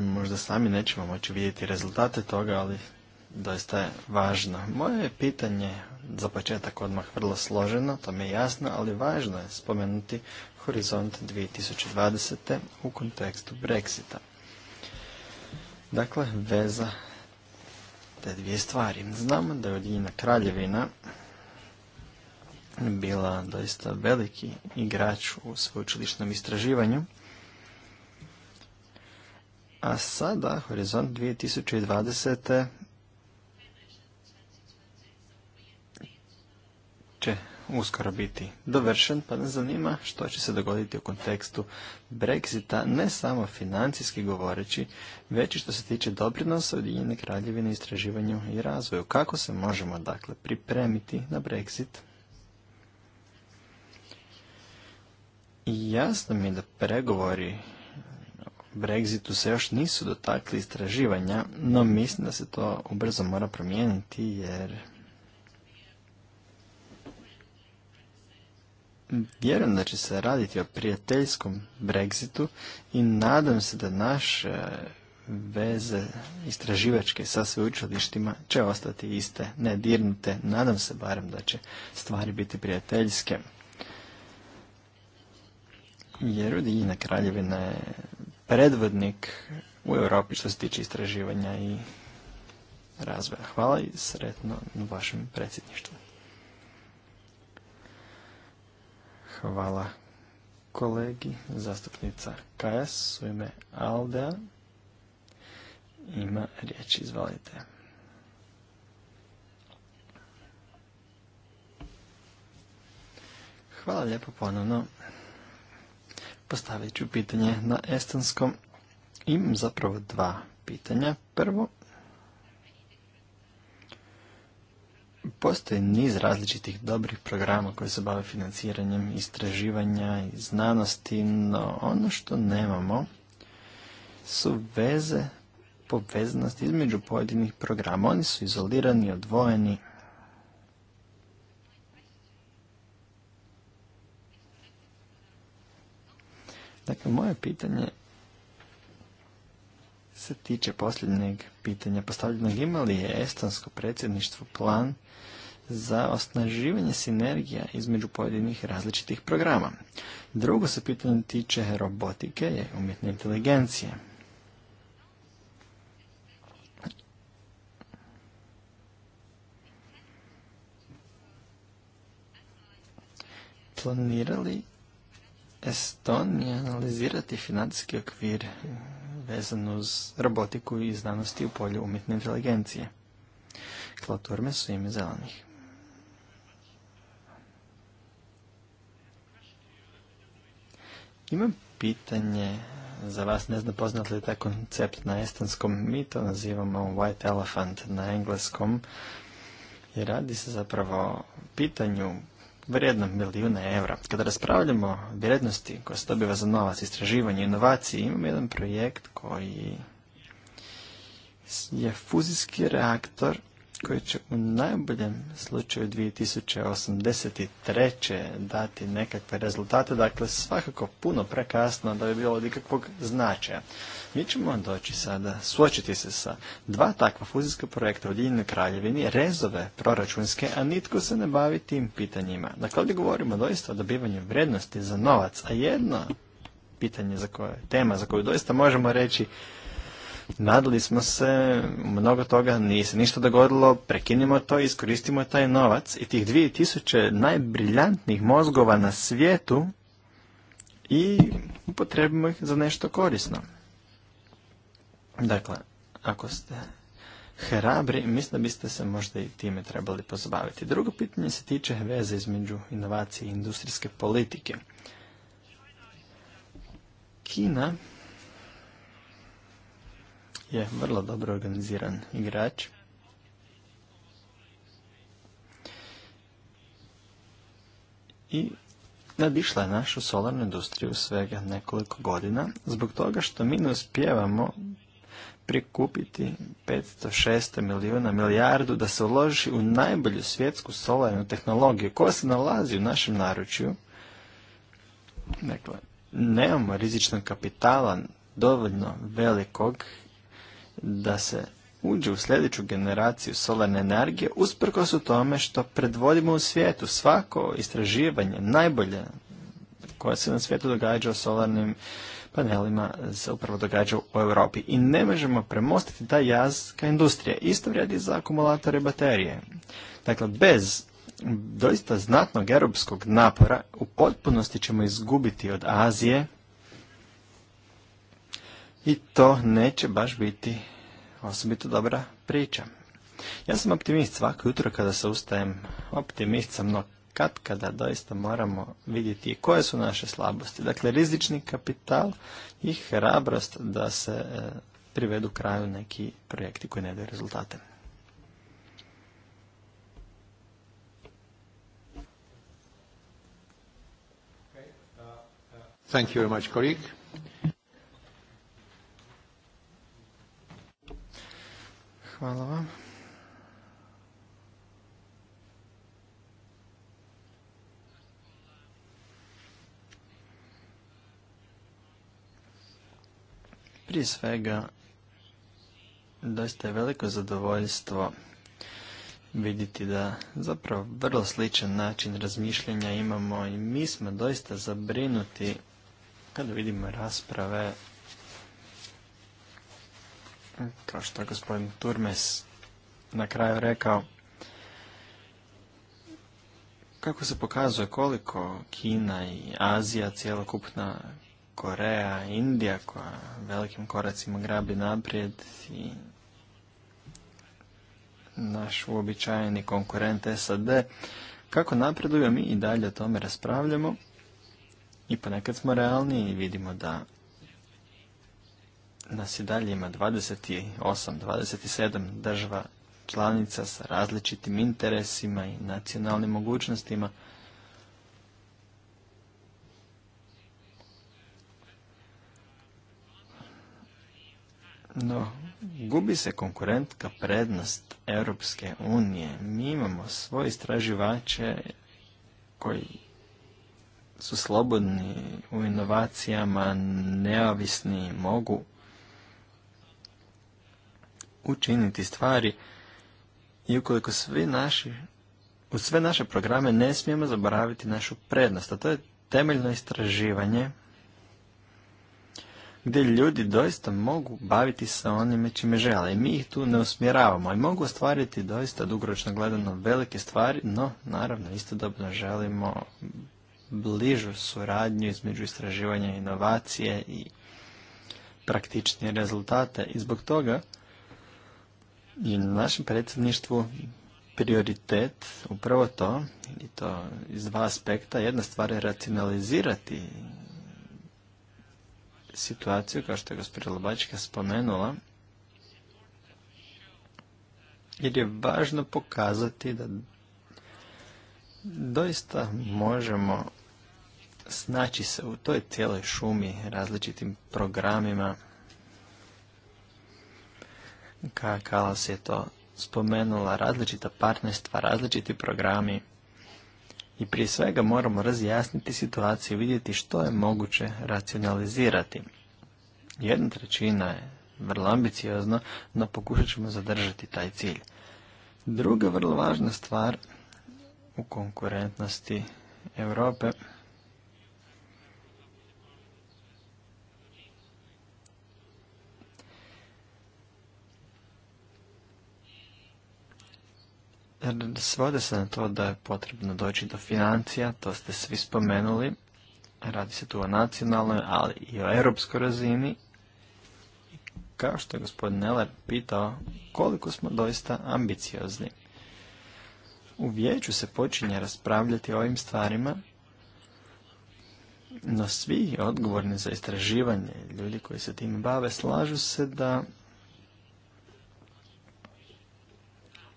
Možda sami nećemo moći vidjeti rezultate toga, ali doista je važno. Moje pitanje za početak odmah vrlo složeno, to mi je jasno, ali važno je spomenuti horizont 2020. u kontekstu Brexita. Dakle, veza te dvije stvari. Znamo da je Ujedinjena kraljevina bila doista veliki igrač u sveučilišnom istraživanju a sada, horizont 2020. će uskoro biti dovršen, pa ne zanima što će se dogoditi u kontekstu Brexita, ne samo financijski govoreći, već i što se tiče doprinosa Ujedinjene kraljevine istraživanju i razvoju. Kako se možemo, dakle, pripremiti na Brexit? jasno mi je da pregovori Brexitu se još nisu dotakli istraživanja, no mislim da se to ubrzo mora promijeniti jer vjerujem da će se raditi o prijateljskom Brexitu i nadam se da naše veze istraživačke sa sveučilištima će ostati iste, ne dirnute. Nadam se barem da će stvari biti prijateljske. Jer Ujedinjena kraljevina je predvodnik u Europi što se tiče istraživanja i razvoja. Hvala i sretno vašem predsjedništvu. Hvala kolegi, zastupnica KS, u ime Aldea. Ima riječ, izvalite. Hvala lijepo ponovno. Postavit ću pitanje na estonskom. Imam zapravo dva pitanja. Prvo, postoji niz različitih dobrih programa koji se bave financiranjem istraživanja i znanosti, no ono što nemamo su veze, povezanost između pojedinih programa. Oni su izolirani, odvojeni. Dakle, moje pitanje se tiče posljednjeg pitanja postavljenog ima li je estonsko predsjedništvo plan za osnaživanje sinergija između pojedinih različitih programa. Drugo se pitanje tiče robotike i umjetne inteligencije. Planirali Estonije analizirati financijski okvir eh, vezan uz robotiku i znanosti u polju umjetne inteligencije. Klaturme su ime zelenih. Imam pitanje za vas, ne znam poznat li taj koncept na estonskom, mi to nazivamo white elephant na engleskom, i radi se zapravo o pitanju vrijedno milijuna evra. Kada raspravljamo o vrijednosti koja se dobiva za novac, istraživanje, inovacije, imamo jedan projekt koji je fuzijski reaktor koji će u najboljem slučaju 2083. dati nekakve rezultate, dakle svakako puno prekasno da bi bilo od ikakvog značaja. Mi ćemo doći sada, suočiti se sa dva takva fuzijska projekta u Ujedinjenoj kraljevini, rezove proračunske, a nitko se ne bavi tim pitanjima. Dakle, ovdje govorimo doista o dobivanju vrednosti za novac, a jedno pitanje za koje, tema za koju doista možemo reći nadali smo se, mnogo toga nije se ništa dogodilo, prekinimo to, iskoristimo taj novac i tih 2000 najbriljantnih mozgova na svijetu i upotrebimo ih za nešto korisno. Dakle, ako ste hrabri, mislim da biste se možda i time trebali pozabaviti. Drugo pitanje se tiče veze između inovacije i industrijske politike. Kina je vrlo dobro organiziran igrač. I nadišla je našu solarnu industriju svega nekoliko godina zbog toga što mi ne uspijevamo prikupiti 506 600 milijuna milijardu da se uloži u najbolju svjetsku solarnu tehnologiju koja se nalazi u našem naručju. Dakle, nemamo rizičnog kapitala dovoljno velikog da se uđe u sljedeću generaciju solarne energije usprkos su tome što predvodimo u svijetu svako istraživanje najbolje koje se na svijetu događa o solarnim panelima se upravo događa u Europi i ne možemo premostiti taj jaz ka industrije. Isto vrijedi za akumulatore baterije. Dakle, bez doista znatnog europskog napora u potpunosti ćemo izgubiti od Azije i to neće baš biti osobito dobra priča. Ja sam optimist svako jutro kada se ustajem optimist sam, no kad kada doista moramo vidjeti koje su naše slabosti. Dakle, rizični kapital i hrabrost da se e, privedu kraju neki projekti koji ne daju rezultate. Thank you very much, Hvala vam. Prije svega, doista je veliko zadovoljstvo vidjeti da zapravo vrlo sličan način razmišljanja imamo i mi smo doista zabrinuti kada vidimo rasprave kao što je gospodin Turmes na kraju rekao kako se pokazuje koliko Kina i Azija, cjelokupna Koreja, Indija koja velikim koracima grabi naprijed i naš uobičajeni konkurent SAD. Kako napreduje mi i dalje o tome raspravljamo i ponekad smo realni i vidimo da nas i dalje ima 28, 27 država članica sa različitim interesima i nacionalnim mogućnostima No, gubi se konkurentka prednost Europske unije. Mi imamo svoje istraživače koji su slobodni u inovacijama, neovisni, mogu učiniti stvari i ukoliko svi naši, u sve naše programe ne smijemo zaboraviti našu prednost, a to je temeljno istraživanje gdje ljudi doista mogu baviti sa onime čime žele. I mi ih tu ne usmjeravamo i mogu ostvariti doista dugoročno gledano velike stvari, no naravno istodobno želimo bližu suradnju između istraživanja inovacije i praktičnije rezultate. I zbog toga i na našem predsjedništvu prioritet upravo to, i to iz dva aspekta. Jedna stvar je racionalizirati situaciju, kao što je gospođa Lobačka spomenula, jer je važno pokazati da doista možemo snaći se u toj cijeloj šumi različitim programima. Kakala se je to spomenula, različita partnerstva, različiti programi. I prije svega moramo razjasniti situaciju i vidjeti što je moguće racionalizirati. Jedna trećina je vrlo ambiciozna, no pokušat ćemo zadržati taj cilj. Druga vrlo važna stvar u konkurentnosti Europe Svode se na to da je potrebno doći do financija, to ste svi spomenuli. Radi se tu o nacionalnoj, ali i o europskoj razini. Kao što je gospodin Neller pitao, koliko smo doista ambiciozni. U vijeću se počinje raspravljati o ovim stvarima, no svi odgovorni za istraživanje, ljudi koji se tim bave, slažu se da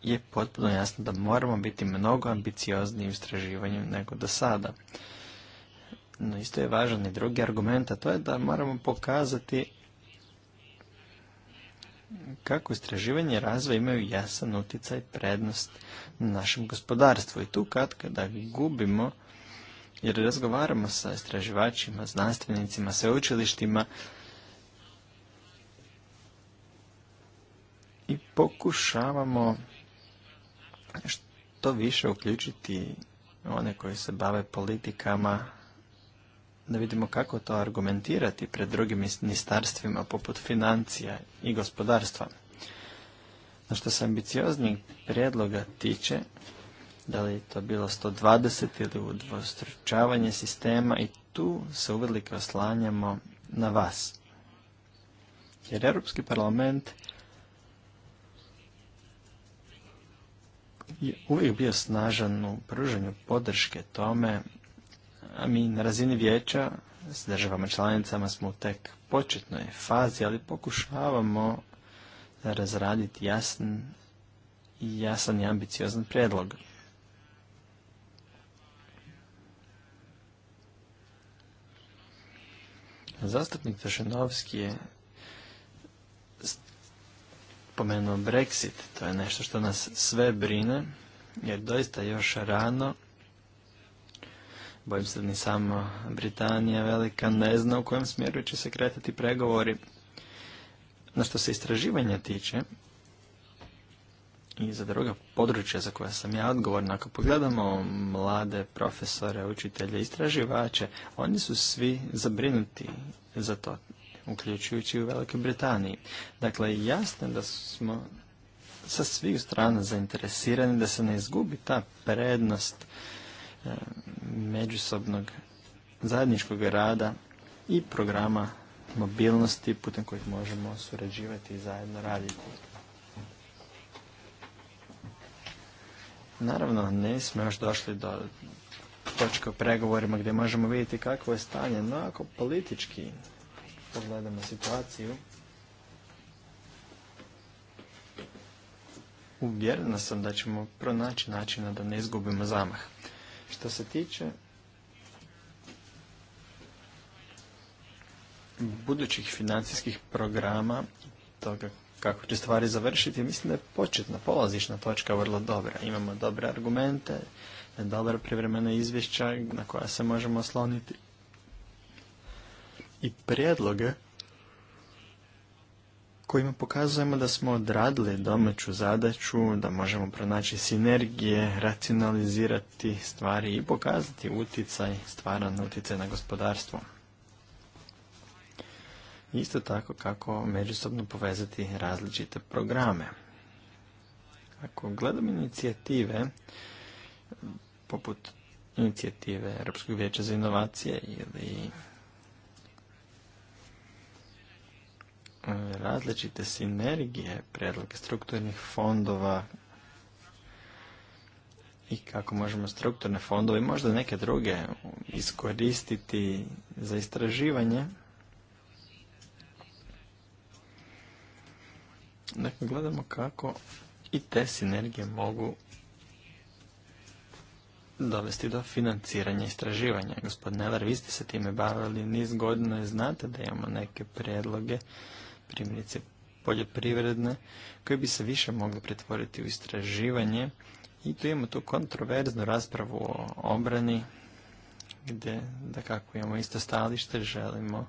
je potpuno jasno da moramo biti mnogo ambiciozniji u istraživanju nego do sada. No isto je važan i drugi argument, a to je da moramo pokazati kako istraživanje i razvoj imaju jasan utjecaj prednost na našem gospodarstvu. I tu kad kada gubimo, jer razgovaramo sa istraživačima, znanstvenicima, sveučilištima i pokušavamo što više uključiti one koji se bave politikama da vidimo kako to argumentirati pred drugim ministarstvima poput financija i gospodarstva. Na što se ambicioznijih prijedloga tiče, da li je to bilo 120 ili udvostručavanje sistema i tu se uvelike oslanjamo na vas. Jer Europski parlament je uvijek bio snažan u pružanju podrške tome, a mi na razini vijeća s državama članicama smo u tek početnoj fazi, ali pokušavamo razraditi jasan, jasan i ambiciozan prijedlog. Zastupnik Tošenovski je spomenuo Brexit. To je nešto što nas sve brine, jer doista još rano, bojim se da ni samo Britanija velika ne zna u kojem smjeru će se kretati pregovori. Na što se istraživanja tiče, i za druga područja za koja sam ja odgovorna, ako pogledamo mlade profesore, učitelje, istraživače, oni su svi zabrinuti za to uključujući i u Velikoj Britaniji. Dakle, jasno da smo sa svih strana zainteresirani da se ne izgubi ta prednost e, međusobnog zajedničkog rada i programa mobilnosti putem kojih možemo surađivati i zajedno raditi. Naravno, smo još došli do točke o pregovorima gdje možemo vidjeti kakvo je stanje, no ako politički na situaciju, uvjerena sam da ćemo pronaći načina da ne izgubimo zamah. Što se tiče budućih financijskih programa, toga kako će stvari završiti, mislim da je početna, polazišna točka vrlo dobra. Imamo dobre argumente, dobra privremena izvješća na koja se možemo osloniti i prijedloge kojima pokazujemo da smo odradili domaću zadaću, da možemo pronaći sinergije, racionalizirati stvari i pokazati utjecaj, stvaran utjecaj na gospodarstvo. Isto tako kako međusobno povezati različite programe. Ako gledamo inicijative, poput inicijative Europskog vijeća za inovacije ili različite sinergije predloge strukturnih fondova i kako možemo strukturne fondove i možda neke druge iskoristiti za istraživanje. Dakle, gledamo kako i te sinergije mogu dovesti do financiranja istraživanja. Gospod Nelar, vi ste se time bavili niz godina i znate da imamo neke predloge primjerice poljoprivredne, koje bi se više mogli pretvoriti u istraživanje. I tu imamo tu kontroverznu raspravu o obrani, gdje, da kako imamo isto stalište, želimo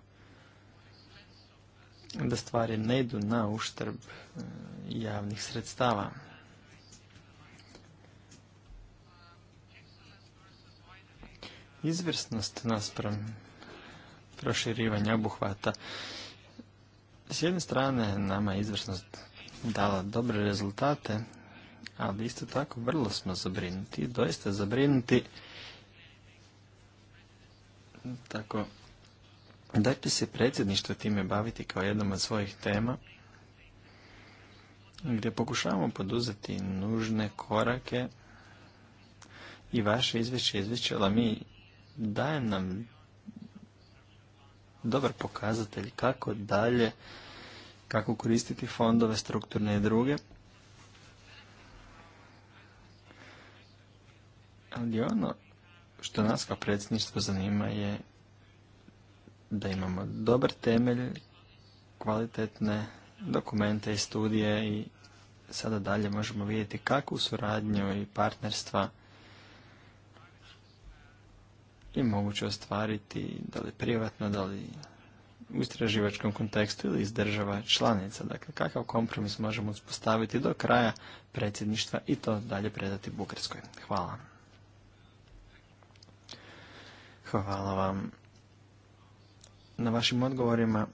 da stvari ne idu na uštrb e, javnih sredstava. Izvrsnost naspram proširivanja obuhvata s jedne strane nama je izvrsnost dala dobre rezultate, ali isto tako vrlo smo zabrinuti, doista zabrinuti tako da će se predsjedništvo time baviti kao jednom od svojih tema gdje pokušavamo poduzeti nužne korake i vaše izvješće izvješće, ali mi daje nam dobar pokazatelj kako dalje kako koristiti fondove strukturne i druge. Ali ono što nas kao predsjedništvo zanima je da imamo dobar temelj, kvalitetne dokumente i studije i sada dalje možemo vidjeti kakvu suradnju i partnerstva i moguće ostvariti, da li privatno, da li u istraživačkom kontekstu ili iz država članica. Dakle, kakav kompromis možemo uspostaviti do kraja predsjedništva i to dalje predati Bugarskoj. Hvala. Hvala vam na vašim odgovorima.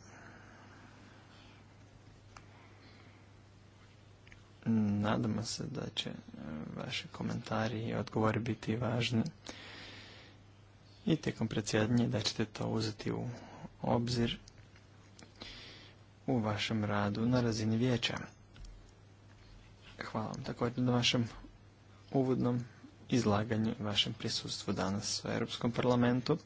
Nadamo se da će e, vaši komentari i odgovori biti važni i tijekom predsjednje da ćete to uzeti u obzir u vašem radu na razini vijeća. Hvala vam također na vašem uvodnom izlaganju i vašem prisustvu danas u Europskom parlamentu.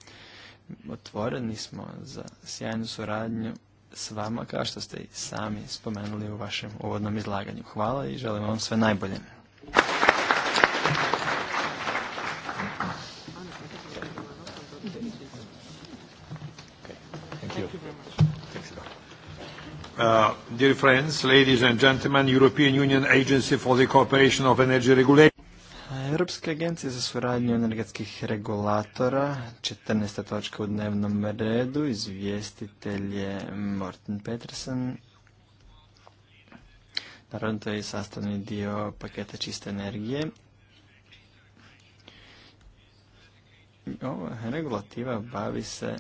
Otvoreni smo za sjajnu suradnju s vama, kao što ste i sami spomenuli u vašem uvodnom izlaganju. Hvala i želim vam sve najbolje. Dear friends, ladies and gentlemen, European Union Agency for the Cooperation of
Energy Regulation.
Europske agencije za suradnju energetskih regulatora, 14. točka u dnevnom redu, izvjestitelj je Morten Petersen. Naravno, to je i sastavni dio paketa čiste energije. Ova regulativa bavi se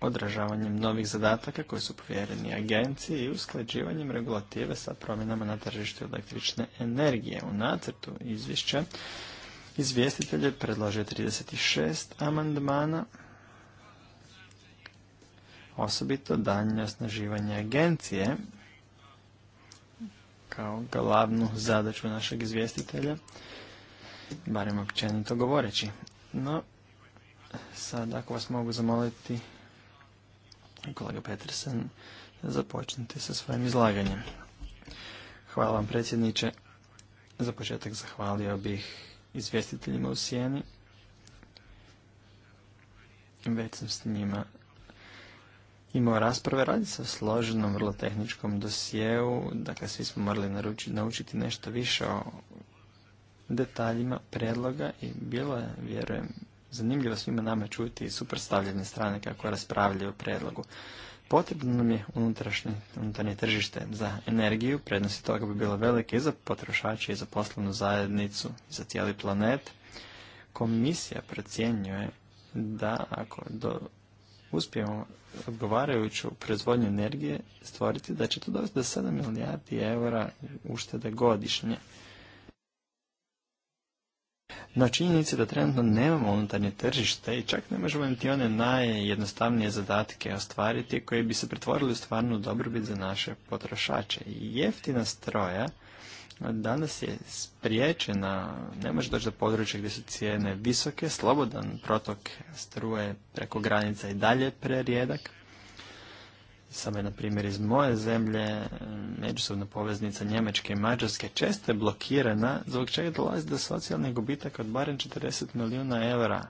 odražavanjem novih zadataka koji su povjereni agenciji i usklađivanjem regulative sa promjenama na tržištu električne energije. U nacrtu izvješća izvjestitelj je predložio 36 amandmana, osobito daljnje osnaživanje agencije kao glavnu zadaću našeg izvjestitelja, barem općenito govoreći. No, sad ako vas mogu zamoliti kolega Petersen, započnite sa svojim izlaganjem. Hvala vam predsjedniče. Za početak zahvalio bih izvjestiteljima u Sijeni. Već sam s njima imao rasprave. Radi se o složenom, vrlo tehničkom dosjeu. Dakle, svi smo morali naučiti nešto više o detaljima predloga i bilo je, vjerujem, Zanimljivo svima nama čuti i suprotstavljene strane kako raspravljaju o predlogu. Potrebno nam je unutarnje tržište za energiju, prednosti toga bi bilo velike i za potrošače i za poslovnu zajednicu i za cijeli planet. Komisija procjenjuje da ako do, uspijemo odgovarajuću proizvodnju energije stvoriti, da će to dovesti do 7 milijardi eura uštede godišnje na činjenici da trenutno nemamo unutarnje tržište i čak ne možemo niti one najjednostavnije zadatke ostvariti koje bi se pretvorili u stvarnu dobrobit za naše potrošače. Jeftina stroja danas je spriječena, ne može doći do područja gdje su cijene visoke, slobodan protok struje preko granica i dalje prerijedak. Samo je, na primjer, iz moje zemlje međusobna poveznica Njemačke i Mađarske često je blokirana, zbog čega dolazi do socijalnih gubitaka od barem 40 milijuna eura.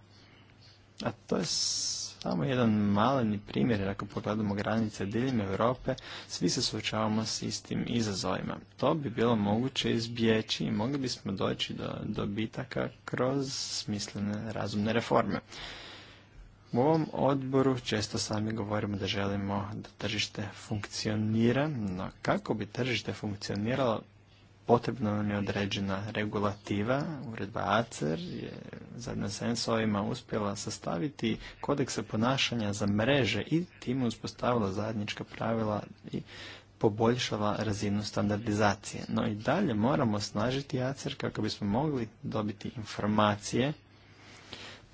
A to je samo jedan maleni primjer, jer ako pogledamo granice diljem Europe, svi se suočavamo s istim izazovima. To bi bilo moguće izbjeći i mogli bismo doći do dobitaka kroz smislene razumne reforme. U ovom odboru često sami govorimo da želimo da tržište funkcionira, no kako bi tržište funkcioniralo, potrebno nam je određena regulativa. Uredba ACER je zajedno sensovima, uspjela sastaviti kodekse ponašanja za mreže i time uspostavila zajednička pravila i poboljšala razinu standardizacije. No i dalje moramo snažiti ACER kako bismo mogli dobiti informacije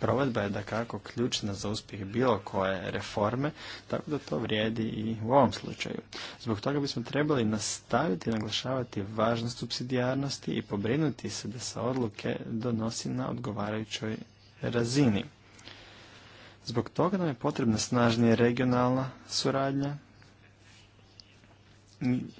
provedba je da kako ključna za uspjeh bilo koje reforme, tako da to vrijedi i u ovom slučaju. Zbog toga bismo trebali nastaviti naglašavati važnost subsidijarnosti i pobrinuti se da se odluke donosi na odgovarajućoj razini. Zbog toga nam je potrebna snažnija regionalna suradnja,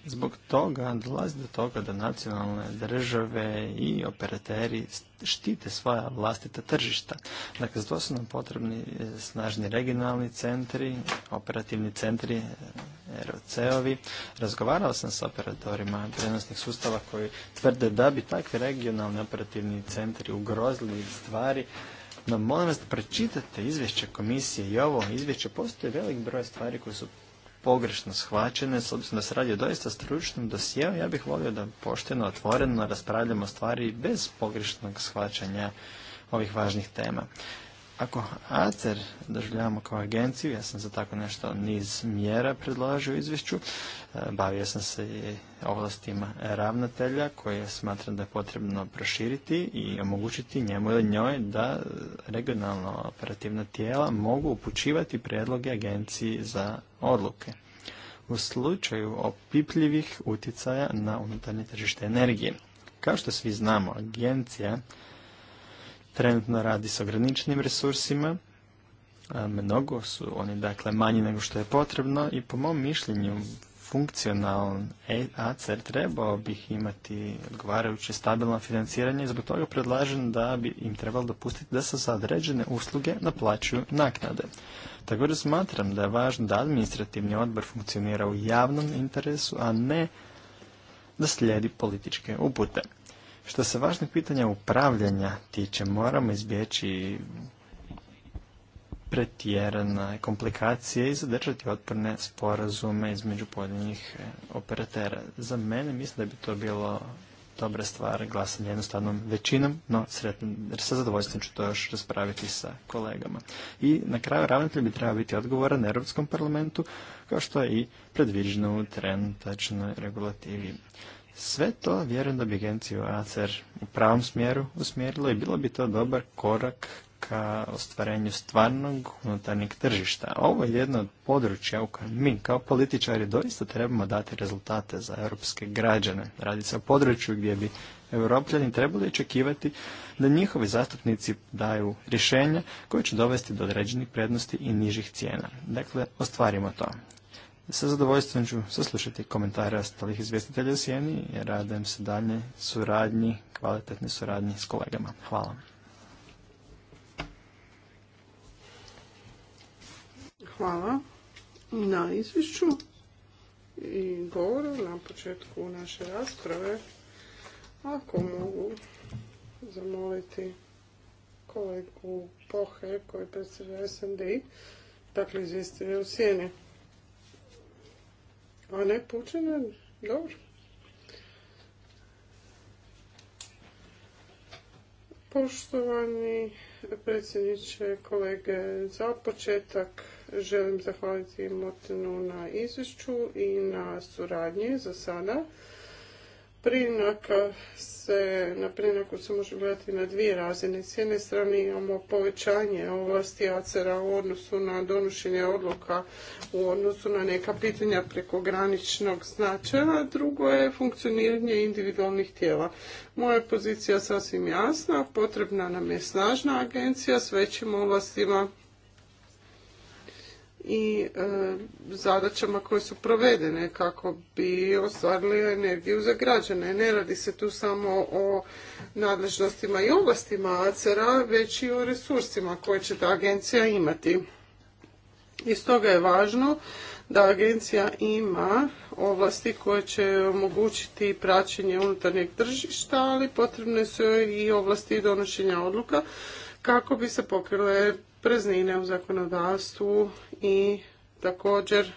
zbog toga dolazi do toga da nacionalne države i operateri štite svoja vlastita tržišta. Dakle, zato su nam potrebni e, snažni regionalni centri, operativni centri, e, ROC-ovi. Razgovarao sam s operatorima prenosnih sustava koji tvrde da bi takvi regionalni operativni centri ugrozili stvari no molim vas da pročitate izvješće komisije i ovo izvješće postoje velik broj stvari koje su pogrešno shvaćene, s obzirom da se radi o doista stručnom dosijeu, ja bih volio da pošteno, otvoreno raspravljamo stvari bez pogrešnog shvaćanja ovih važnih tema. Ako ACER doživljavamo kao agenciju, ja sam za tako nešto niz mjera predlažio izvješću, e, bavio sam se i ovlastima ravnatelja koje smatram da je potrebno proširiti i omogućiti njemu ili njoj da regionalno operativna tijela mogu upućivati predloge agenciji za odluke u slučaju opipljivih utjecaja na unutarnje tržište energije. Kao što svi znamo, agencija trenutno radi s ograničenim resursima, e, mnogo su oni dakle manji nego što je potrebno i po mom mišljenju funkcionalan ACER trebao bih imati odgovarajuće stabilno financiranje i zbog toga predlažem da bi im trebalo dopustiti da se za određene usluge naplaćuju naknade. Također smatram da je važno da administrativni odbor funkcionira u javnom interesu, a ne da slijedi političke upute. Što se važnih pitanja upravljanja tiče, moramo izbjeći pretjerane komplikacije i zadržati otporne sporazume između pojedinih e, operatera. Za mene mislim da bi to bilo dobra stvar glasanje jednostavnom većinom, no sretno, sa zadovoljstvom ću to još raspraviti sa kolegama. I na kraju ravnatelj bi trebao biti odgovoran Europskom parlamentu, kao što je i predviđeno u trenutačnoj regulativi. Sve to vjerujem da bi agenciju ACER u pravom smjeru usmjerilo i bilo bi to dobar korak ka ostvarenju stvarnog unutarnjeg tržišta. Ovo je jedno od područja u kojem mi kao političari doista trebamo dati rezultate za europske građane. Radi se o području gdje bi europljani trebali očekivati da njihovi zastupnici daju rješenja koje će dovesti do određenih prednosti i nižih cijena. Dakle, ostvarimo to. Sa zadovoljstvom ću saslušati komentare ostalih izvjestitelja u Sjeni i radujem se dalje suradnji, kvalitetne suradnji s kolegama. Hvala.
Hvala na izvješću i govoru na početku naše rasprave. Ako mogu zamoliti kolegu Pohe koji predstavlja SMD, dakle izvjestitelja u Sjeni. A ne pučene? Dobro. Poštovani predsjedniče, kolege, za početak želim zahvaliti Motinu na izvješću i na suradnji za sada prinaka se, na prinaku se može gledati na dvije razine. S jedne strane imamo povećanje ovlasti ACER-a u odnosu na donošenje odluka u odnosu na neka pitanja prekograničnog značaja, a drugo je funkcioniranje individualnih tijela. Moja pozicija sasvim jasna, potrebna nam je snažna agencija s većim ovlastima i e, zadaćama koje su provedene kako bi ostvarili energiju za građane. Ne radi se tu samo o nadležnostima i ovlastima ACER-a, već i o resursima koje će ta agencija imati. I stoga je važno da agencija ima ovlasti koje će omogućiti praćenje unutarnjeg tržišta, ali potrebne su i ovlasti donošenja odluka kako bi se pokrile prznine u zakonodavstvu i također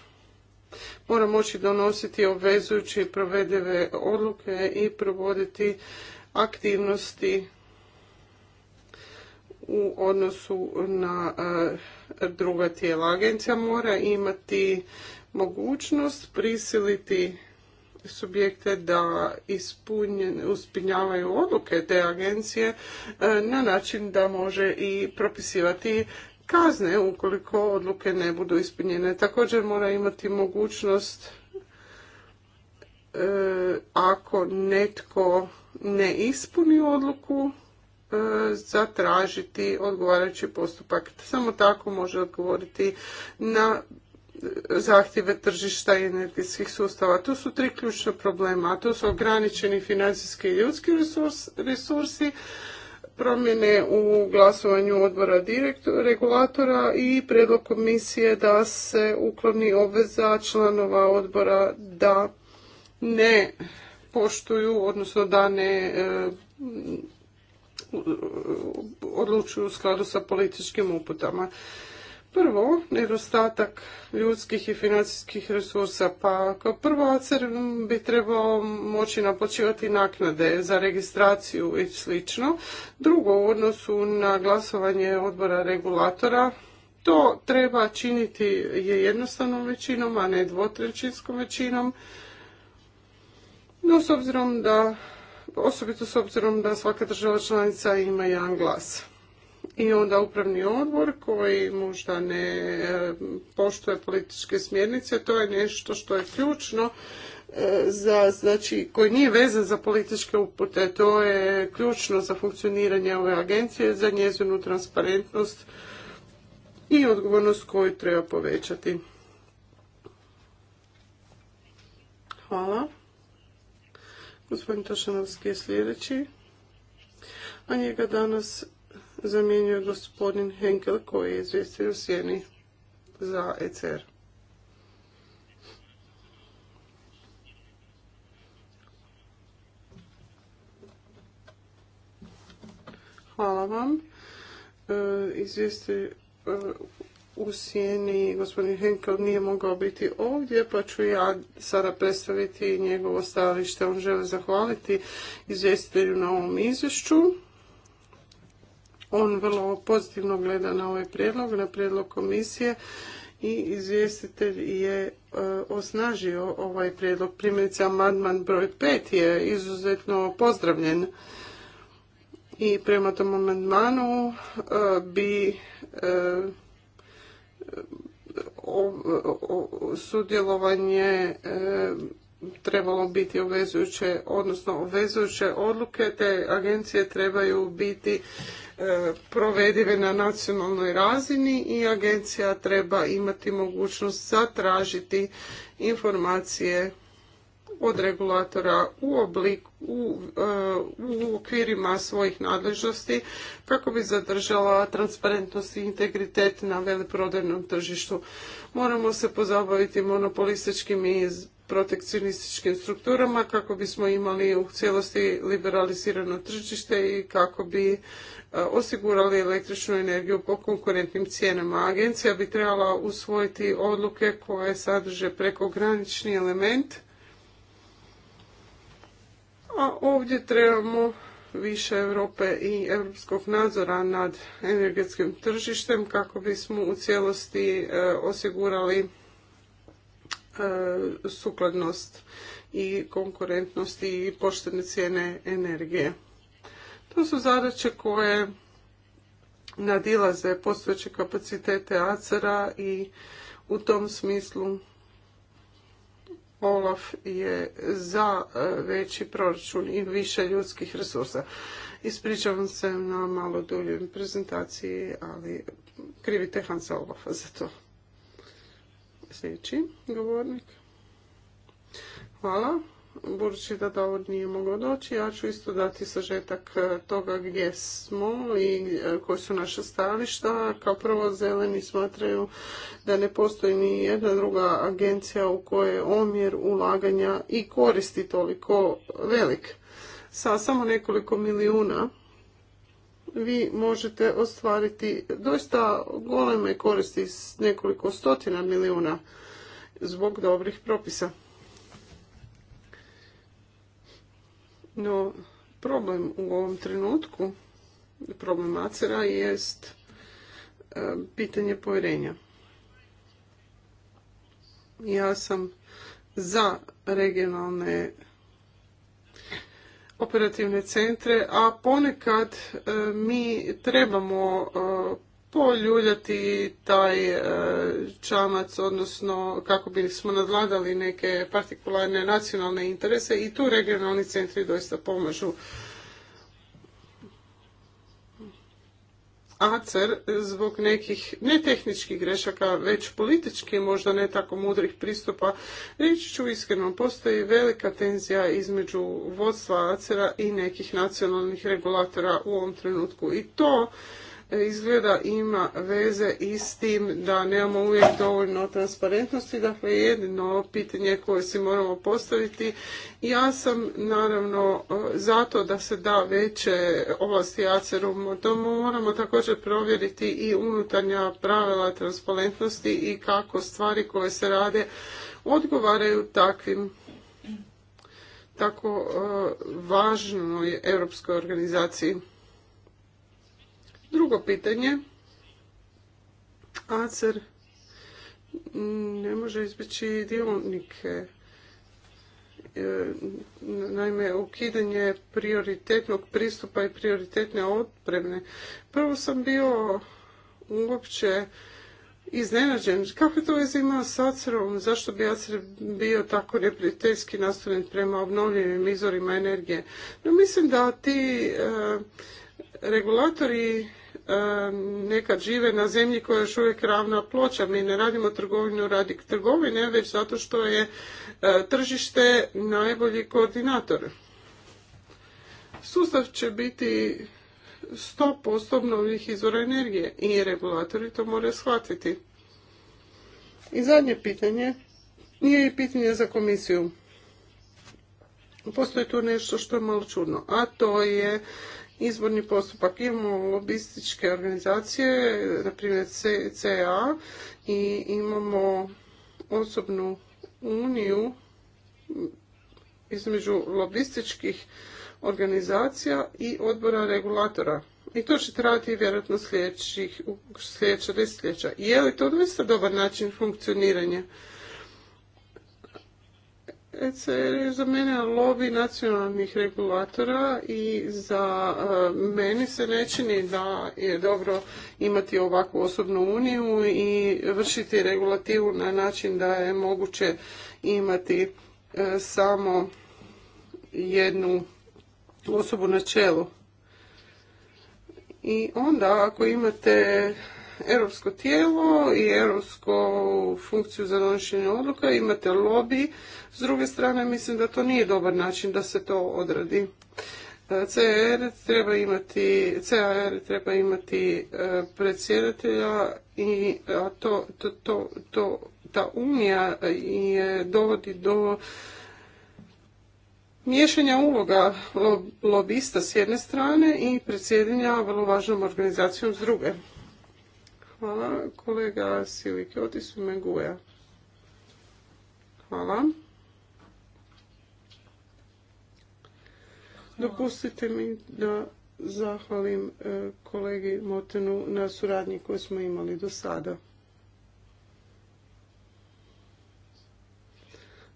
mora moći donositi obvezujući provedive odluke i provoditi aktivnosti u odnosu na e, druga tijela. Agencija mora imati mogućnost prisiliti subjekte da uspinjavaju odluke te agencije e, na način da može i propisivati kazne ukoliko odluke ne budu ispunjene. Također mora imati mogućnost e, ako netko ne ispuni odluku e, zatražiti odgovarajući postupak. Samo tako može odgovoriti na zahtjeve tržišta i energetskih sustava. Tu su tri ključna problema, a to su ograničeni financijski i ljudski resursi, promjene u glasovanju odbora regulatora i predlog komisije da se ukloni obveza članova odbora da ne poštuju, odnosno da ne e, odlučuju u skladu sa političkim uputama. Prvo, nedostatak ljudskih i financijskih resursa. Pa kao prvo bi trebao moći naplaćivati naknade za registraciju i sl. Drugo, u odnosu na glasovanje odbora regulatora, to treba činiti je jednostavnom većinom, a ne dvotrećinskom većinom. No, s obzirom da, osobito s obzirom da svaka država članica ima jedan glas i onda upravni odbor koji možda ne e, poštuje političke smjernice, to je nešto što je ključno e, za, znači, koji nije vezan za političke upute, to je ključno za funkcioniranje ove agencije, za njezinu transparentnost i odgovornost koju treba povećati. Hvala. Gospodin Tošanovski je sljedeći, a njega danas zamjenjuje gospodin Henkel koji je izvjestitelj u sjeni za ECR. Hvala vam. E, Izvijesti e, u sjeni gospodin Henkel nije mogao biti ovdje, pa ću ja sada predstaviti njegovo stajalište. On želi zahvaliti izvjestitelju na ovom izvješću on vrlo pozitivno gleda na ovaj prijedlog, na prijedlog komisije i izvjestitelj je e, osnažio ovaj prijedlog. Primjerice, amandman broj 5 je izuzetno pozdravljen i prema tom amandmanu e, bi e, sudjelovanje trebalo biti obvezujuće, odnosno obvezujuće odluke te agencije trebaju biti e, provedive na nacionalnoj razini i agencija treba imati mogućnost zatražiti informacije od regulatora u, obliku, u, e, u okvirima svojih nadležnosti kako bi zadržala transparentnost i integritet na veleprodajnom tržištu. Moramo se pozabaviti monopolističkim i protekcionističkim strukturama kako bismo imali u cijelosti liberalizirano tržište i kako bi e, osigurali električnu energiju po konkurentnim cijenama. Agencija bi trebala usvojiti odluke koje sadrže prekogranični element, a ovdje trebamo više Europe i europskog nadzora nad energetskim tržištem kako bismo u cijelosti e, osigurali E, sukladnost i konkurentnost i poštene cijene energije. To su zadaće koje nadilaze postojeće kapacitete ACER-a i u tom smislu Olaf je za e, veći proračun i više ljudskih resursa. Ispričavam se na malo duljoj prezentaciji, ali krivite Hansa Olafa za to. Sljedeći govornik. Hvala. Budući da od nije mogao doći, ja ću isto dati sažetak e, toga gdje smo i e, koje su naše stajališta. Kao prvo, zeleni smatraju da ne postoji ni jedna druga agencija u kojoj je omjer ulaganja i koristi toliko velik. Sa samo nekoliko milijuna vi možete ostvariti doista goleme koristi s nekoliko stotina milijuna zbog dobrih propisa. No, problem u ovom trenutku, problem acera jest e, pitanje povjerenja. Ja sam za regionalne operativne centre, a ponekad e, mi trebamo e, poljuljati taj e, čamac, odnosno kako bismo nadladali neke partikularne nacionalne interese i tu regionalni centri doista pomažu. ACER zbog nekih ne tehničkih grešaka, već politički možda ne tako mudrih pristupa. Reći ću iskreno, postoji velika tenzija između vodstva acer i nekih nacionalnih regulatora u ovom trenutku. I to izgleda ima veze i s tim da nemamo uvijek dovoljno transparentnosti. Dakle, jedino pitanje koje si moramo postaviti. Ja sam naravno zato da se da veće ovlasti acr u To moramo također provjeriti i unutarnja pravila transparentnosti i kako stvari koje se rade odgovaraju takvim tako važnoj europskoj organizaciji. Drugo pitanje, ACER ne može izbjeći dionike. E, naime, ukidanje prioritetnog pristupa i prioritetne otpremne. Prvo sam bio uopće iznenađen. Kako je to vezima ima s acerom Zašto bi ACER bio tako neprijateljski nastavljen prema obnovljivim izvorima energije? No, mislim da ti e, regulatori E, nekad žive na zemlji koja je još uvijek ravna ploča. Mi ne radimo trgovinu radi trgovine, već zato što je e, tržište najbolji koordinator. Sustav će biti 100% obnovljivih izvora energije i regulatori to moraju shvatiti. I zadnje pitanje nije i pitanje za komisiju. Postoji tu nešto što je malo čudno, a to je izborni postupak. Imamo lobističke organizacije, na primjer CA i imamo osobnu uniju između lobističkih organizacija i odbora regulatora. I to će trajati vjerojatno sljedećih, sljedeća desetljeća. Je li to doista dobar način funkcioniranja? ECR je za mene lobby nacionalnih regulatora i za e, meni se ne čini da je dobro imati ovakvu osobnu uniju i vršiti regulativu na način da je moguće imati e, samo jednu osobu na čelu. I onda ako imate europsko tijelo i europsku funkciju za donošenje odluka, imate lobby. S druge strane, mislim da to nije dobar način da se to odradi. E, CR treba imati, CAR treba imati e, predsjedatelja i to, to, to, ta unija je dovodi do miješanja uloga lobista s jedne strane i predsjedanja vrlo važnom organizacijom s druge. Hvala. Kolega Silike, me Meguja. Hvala. Dopustite mi da zahvalim e, kolegi Motenu na suradnji koju smo imali do sada.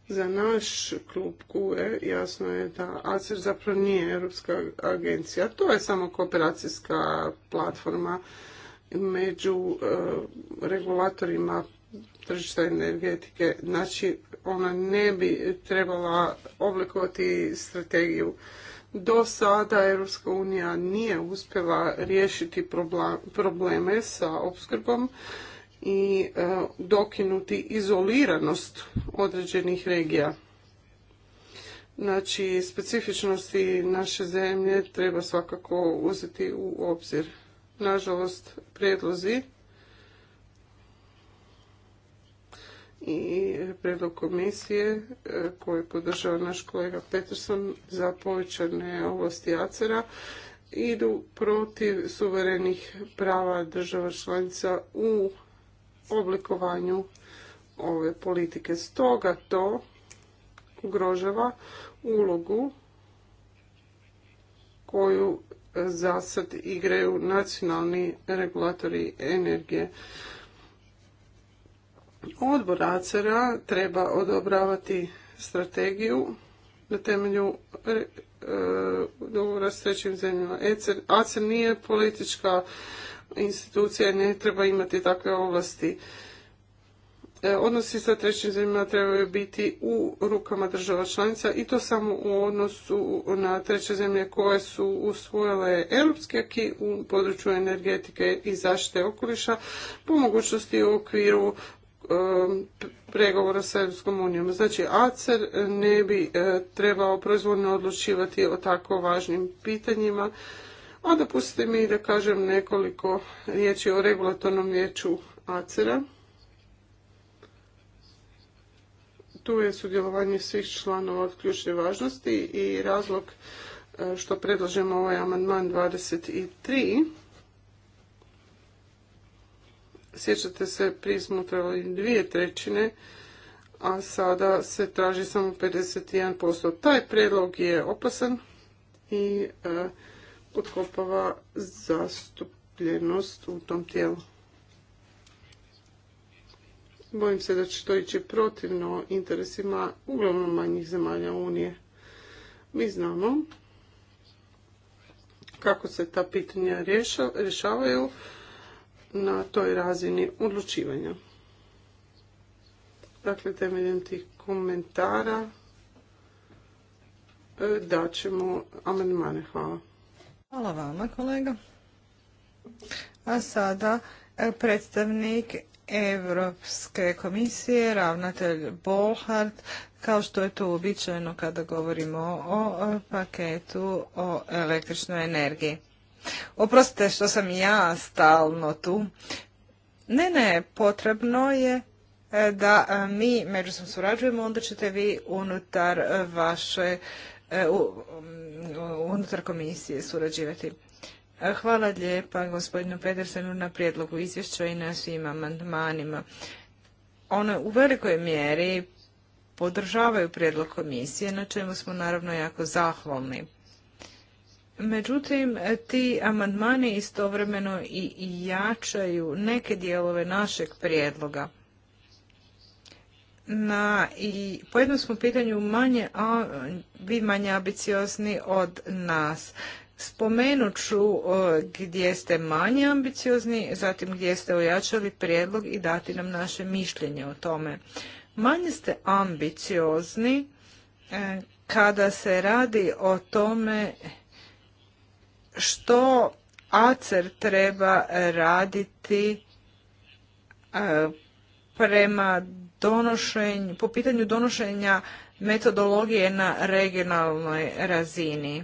Za naš klub QE jasno je da ACER zapravo nije Europska agencija. To je samo kooperacijska platforma među e, regulatorima tržišta energetike. Znači, ona ne bi trebala oblikovati strategiju. Do sada Europska unija nije uspjela riješiti probleme sa opskrbom i e, dokinuti izoliranost određenih regija. Znači, specifičnosti naše zemlje treba svakako uzeti u obzir nažalost, predlozi i predlog komisije e, koji podržava naš kolega Peterson za povećane ovlasti ACER-a idu protiv suverenih prava država članica u oblikovanju ove politike. Stoga to ugrožava ulogu koju za sad igraju nacionalni regulatori energije. Odbor ACER-a treba odobravati strategiju na temelju e, dogovora s trećim zemljama. ACER nije politička institucija i ne treba imati takve ovlasti. E, odnosi sa trećim zemljama trebaju biti u rukama država članica i to samo u odnosu na treće zemlje koje su usvojile europske aki u području energetike i zaštite okoliša po mogućnosti u okviru pregovora sa Europskom unijom. Znači, ACER ne bi e, trebao proizvodno odlučivati o tako važnim pitanjima. A dopustite mi da kažem nekoliko riječi o regulatornom vijeću ACER-a tu je sudjelovanje svih članova od ključne važnosti i razlog e, što predlažemo ovaj amandman 23. Sjećate se, prije smo trebali dvije trećine, a sada se traži samo 51%. Taj predlog je opasan i e, potkopava zastupljenost u tom tijelu bojim se da će to ići protivno interesima uglavnom manjih zemalja Unije. Mi znamo kako se ta pitanja rješavaju na toj razini odlučivanja. Dakle, temeljem tih komentara e, daćemo amandmane. Hvala.
Hvala vama, kolega. A sada e, predstavnik Europske komisije, ravnatelj Bolhart, kao što je to uobičajeno kada govorimo o paketu o električnoj energiji. Oprostite što sam ja stalno tu. Ne, ne, potrebno je e, da e, mi međusobno surađujemo, onda ćete vi unutar vaše e, unutar komisije surađivati. E, hvala lijepa gospodinu Pedersenu na prijedlogu izvješća i na svim amandmanima. One u velikoj mjeri podržavaju prijedlog komisije, na čemu smo naravno jako zahvalni. Međutim, ti amandmani istovremeno i jačaju neke dijelove našeg prijedloga. Na, i po jednom smo pitanju manje, a vi manje ambiciozni od nas. Spomenut ću e, gdje ste manje ambiciozni, zatim gdje ste ojačali prijedlog i dati nam naše mišljenje o tome. Manje ste ambiciozni e, kada se radi o tome što ACER treba raditi e, prema donošenju, po pitanju donošenja metodologije na regionalnoj razini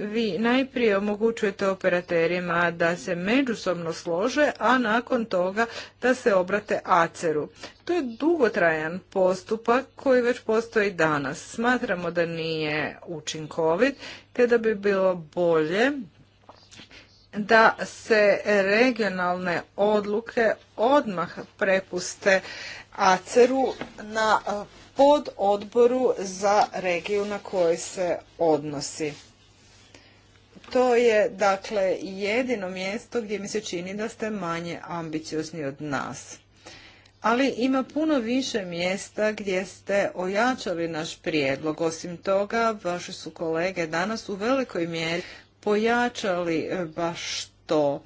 vi najprije omogućujete operaterima da se međusobno slože, a nakon toga da se obrate aceru. To je dugotrajan postupak koji već postoji danas. Smatramo da nije učinkovit, te da bi bilo bolje da se regionalne odluke odmah prepuste aceru na pod odboru za regiju na koji se odnosi. To je dakle jedino mjesto gdje mi se čini da ste manje ambiciozni od nas. Ali ima puno više mjesta gdje ste ojačali naš prijedlog. Osim toga, vaši su kolege danas u velikoj mjeri pojačali e, baš to.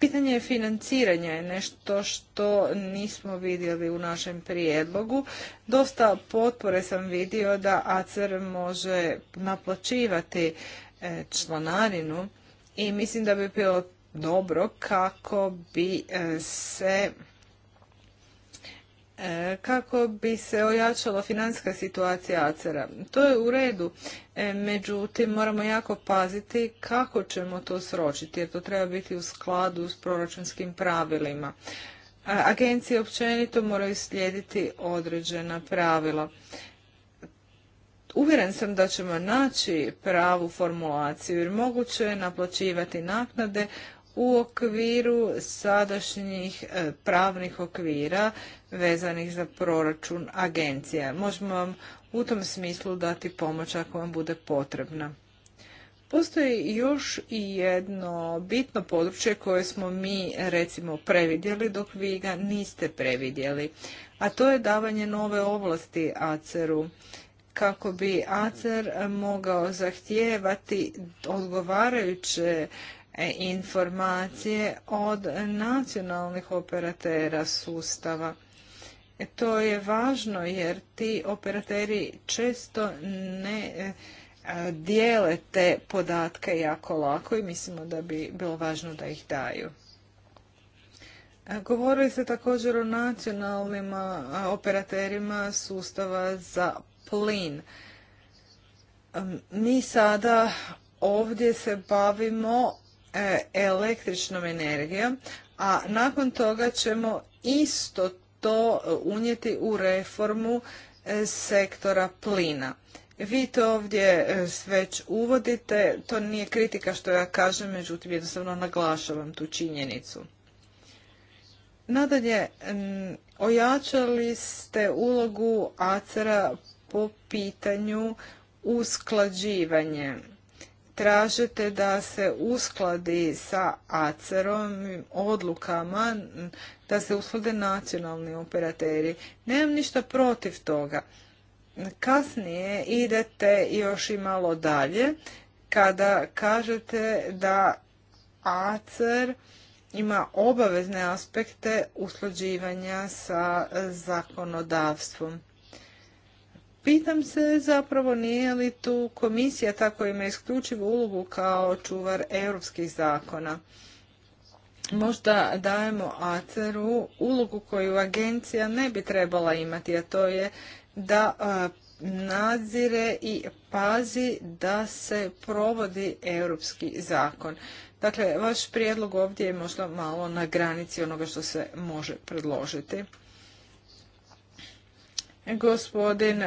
Pitanje financiranja je nešto što nismo vidjeli u našem prijedlogu. Dosta potpore sam vidio da ACR može naplaćivati e, članarinu i mislim da bi bilo dobro kako bi e, se E, kako bi se ojačala financijska situacija ACER-a. To je u redu, e, međutim moramo jako paziti kako ćemo to sročiti jer to treba biti u skladu s proračunskim pravilima. E, agencije općenito moraju slijediti određena pravila. Uvjeren sam da ćemo naći pravu formulaciju jer moguće je naplaćivati naknade u okviru sadašnjih e, pravnih okvira vezanih za proračun agencija. Možemo vam u tom smislu dati pomoć ako vam bude potrebna. Postoji još i jedno bitno područje koje smo mi recimo previdjeli dok vi ga niste previdjeli, a to je davanje nove ovlasti ACER-u kako bi ACER mogao zahtijevati odgovarajuće E, informacije od nacionalnih operatera sustava. E, to je važno jer ti operateri često ne e, dijele te podatke jako lako i mislimo da bi bilo važno da ih daju. Govorili se također o nacionalnim operaterima sustava za plin. Mi sada ovdje se bavimo E, električnom energijom, a nakon toga ćemo isto to unijeti u reformu e, sektora plina. Vi to ovdje e, već uvodite, to nije kritika što ja kažem, međutim jednostavno naglašavam tu činjenicu. Nadalje, ojačali ste ulogu ACER-a po pitanju usklađivanja tražite da se uskladi sa ACER-om odlukama, da se usklade nacionalni operateri. Nemam ništa protiv toga. Kasnije idete još i malo dalje kada kažete da ACER ima obavezne aspekte usklađivanja sa zakonodavstvom. Pitam se zapravo nije li tu komisija tako ima isključivu ulogu kao čuvar europskih zakona. Možda dajemo acer ulogu koju agencija ne bi trebala imati, a to je da nadzire i pazi da se provodi europski zakon. Dakle, vaš prijedlog ovdje je možda malo na granici onoga što se može predložiti. Gospodin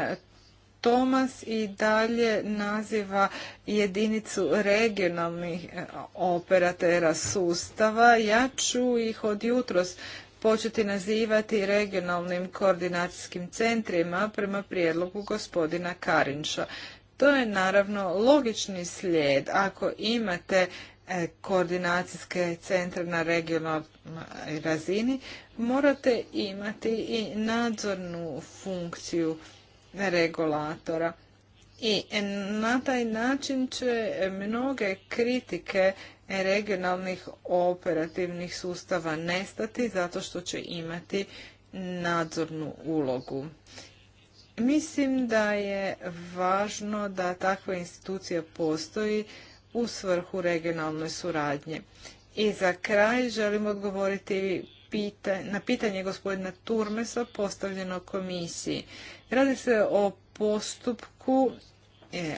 Tomas i dalje naziva jedinicu regionalnih e, operatera sustava. Ja ću ih od jutros početi nazivati regionalnim koordinacijskim centrima prema prijedlogu gospodina Karinša. To je naravno logični slijed. Ako imate e, koordinacijske centre na regionalnoj razini, morate imati i nadzornu funkciju regulatora. I na taj način će mnoge kritike regionalnih operativnih sustava nestati zato što će imati nadzornu ulogu. Mislim da je važno da takva institucija postoji u svrhu regionalne suradnje. I za kraj želim odgovoriti pita na pitanje gospodina Turmesa postavljeno komisiji. Radi se o postupku e,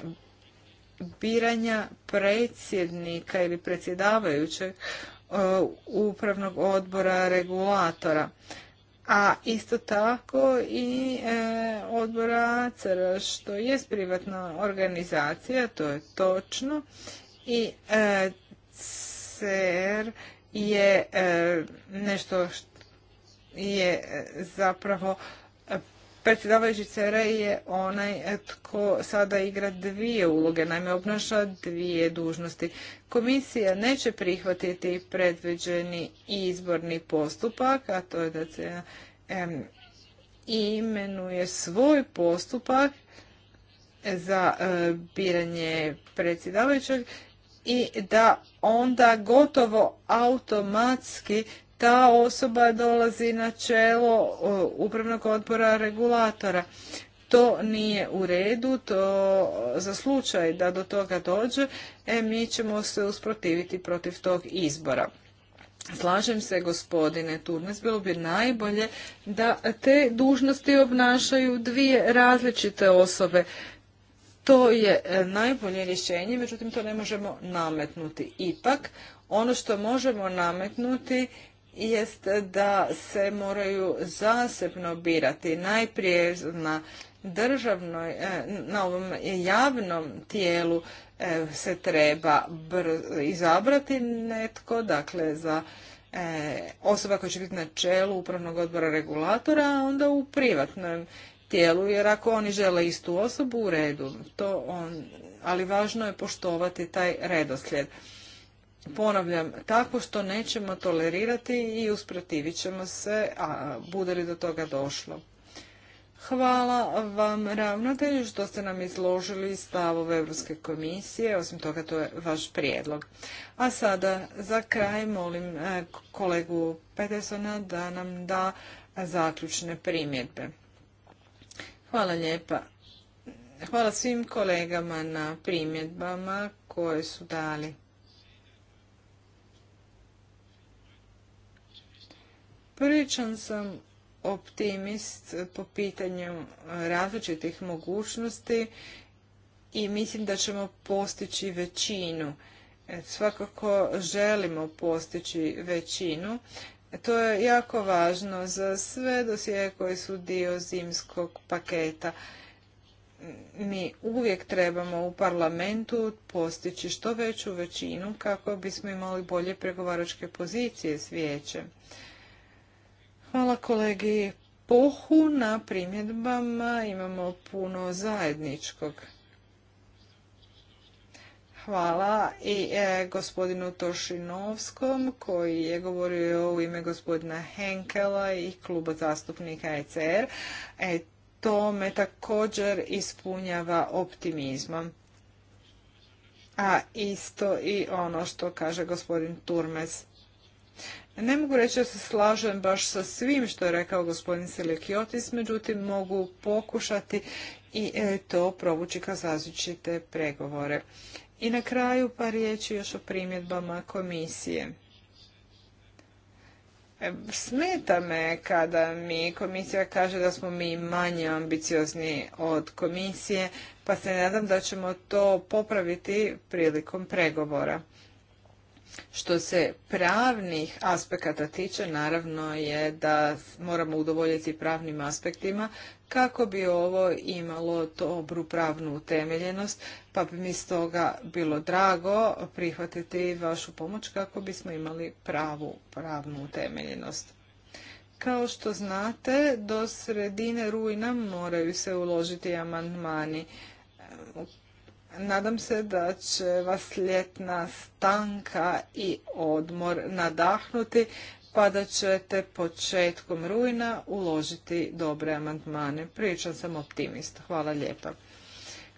biranja predsjednika ili predsjedavajućeg e, upravnog odbora regulatora, a isto tako i e, odbora CR, što je privatna organizacija, to je točno, i CR je e, nešto što je e, zapravo e, predsjedavajući CRA je onaj tko sada igra dvije uloge, naime obnaša dvije dužnosti. Komisija neće prihvatiti predviđeni izborni postupak, a to je da se imenuje svoj postupak za biranje predsjedavajućeg i da onda gotovo automatski ta osoba dolazi na čelo upravnog odbora regulatora. To nije u redu, to za slučaj da do toga dođe, e, mi ćemo se usprotiviti protiv tog izbora. Slažem se, gospodine Turnes, bilo bi najbolje da te dužnosti obnašaju dvije različite osobe to je e, najbolje rješenje, međutim to ne možemo nametnuti. Ipak, ono što možemo nametnuti jest da se moraju zasebno birati najprije na državnoj, e, na ovom javnom tijelu e, se treba izabrati netko, dakle za osoba koja će biti na čelu upravnog odbora regulatora, a onda u privatnom tijelu, jer ako oni žele istu osobu, u redu. To on, ali važno je poštovati taj redoslijed. Ponavljam, tako što nećemo tolerirati i usprotivit ćemo se, a bude li do toga došlo. Hvala vam ravnatelju što ste nam izložili stavove Europske komisije, osim toga to je vaš prijedlog. A sada za kraj molim eh, kolegu Petersona da nam da zaključne primjedbe. Hvala lijepa. Hvala svim kolegama na primjedbama koje su dali. Priličan sam optimist po pitanju različitih mogućnosti i mislim da ćemo postići većinu. Svakako želimo postići većinu to je jako važno za sve dosije koje su dio zimskog paketa. Mi uvijek trebamo u parlamentu postići što veću većinu kako bismo imali bolje pregovaračke pozicije s vijećem. Hvala kolegi Pohu na primjedbama, imamo puno zajedničkog. Hvala i e, gospodinu Tošinovskom koji je govorio u ime gospodina Henkela i kluba zastupnika ECR. E, to me također ispunjava optimizmom. A isto i ono što kaže gospodin Turmes. Ne mogu reći da se slažem baš sa svim što je rekao gospodin Selekiotis, međutim mogu pokušati i e, to provući kao različite pregovore. I na kraju par riječi još o primjedbama komisije. E, smeta me kada mi komisija kaže da smo mi manje ambiciozni od komisije, pa se nadam da ćemo to popraviti prilikom pregovora. Što se pravnih aspekata tiče, naravno je da moramo udovoljiti pravnim aspektima kako bi ovo imalo dobru pravnu utemeljenost, pa bi mi stoga bilo drago prihvatiti vašu pomoć kako bismo imali pravu pravnu utemeljenost. Kao što znate, do sredine rujna moraju se uložiti amandmani nadam se da će vas ljetna stanka i odmor nadahnuti, pa da ćete početkom rujna uložiti dobre amandmane. Pričan sam optimist. Hvala lijepa.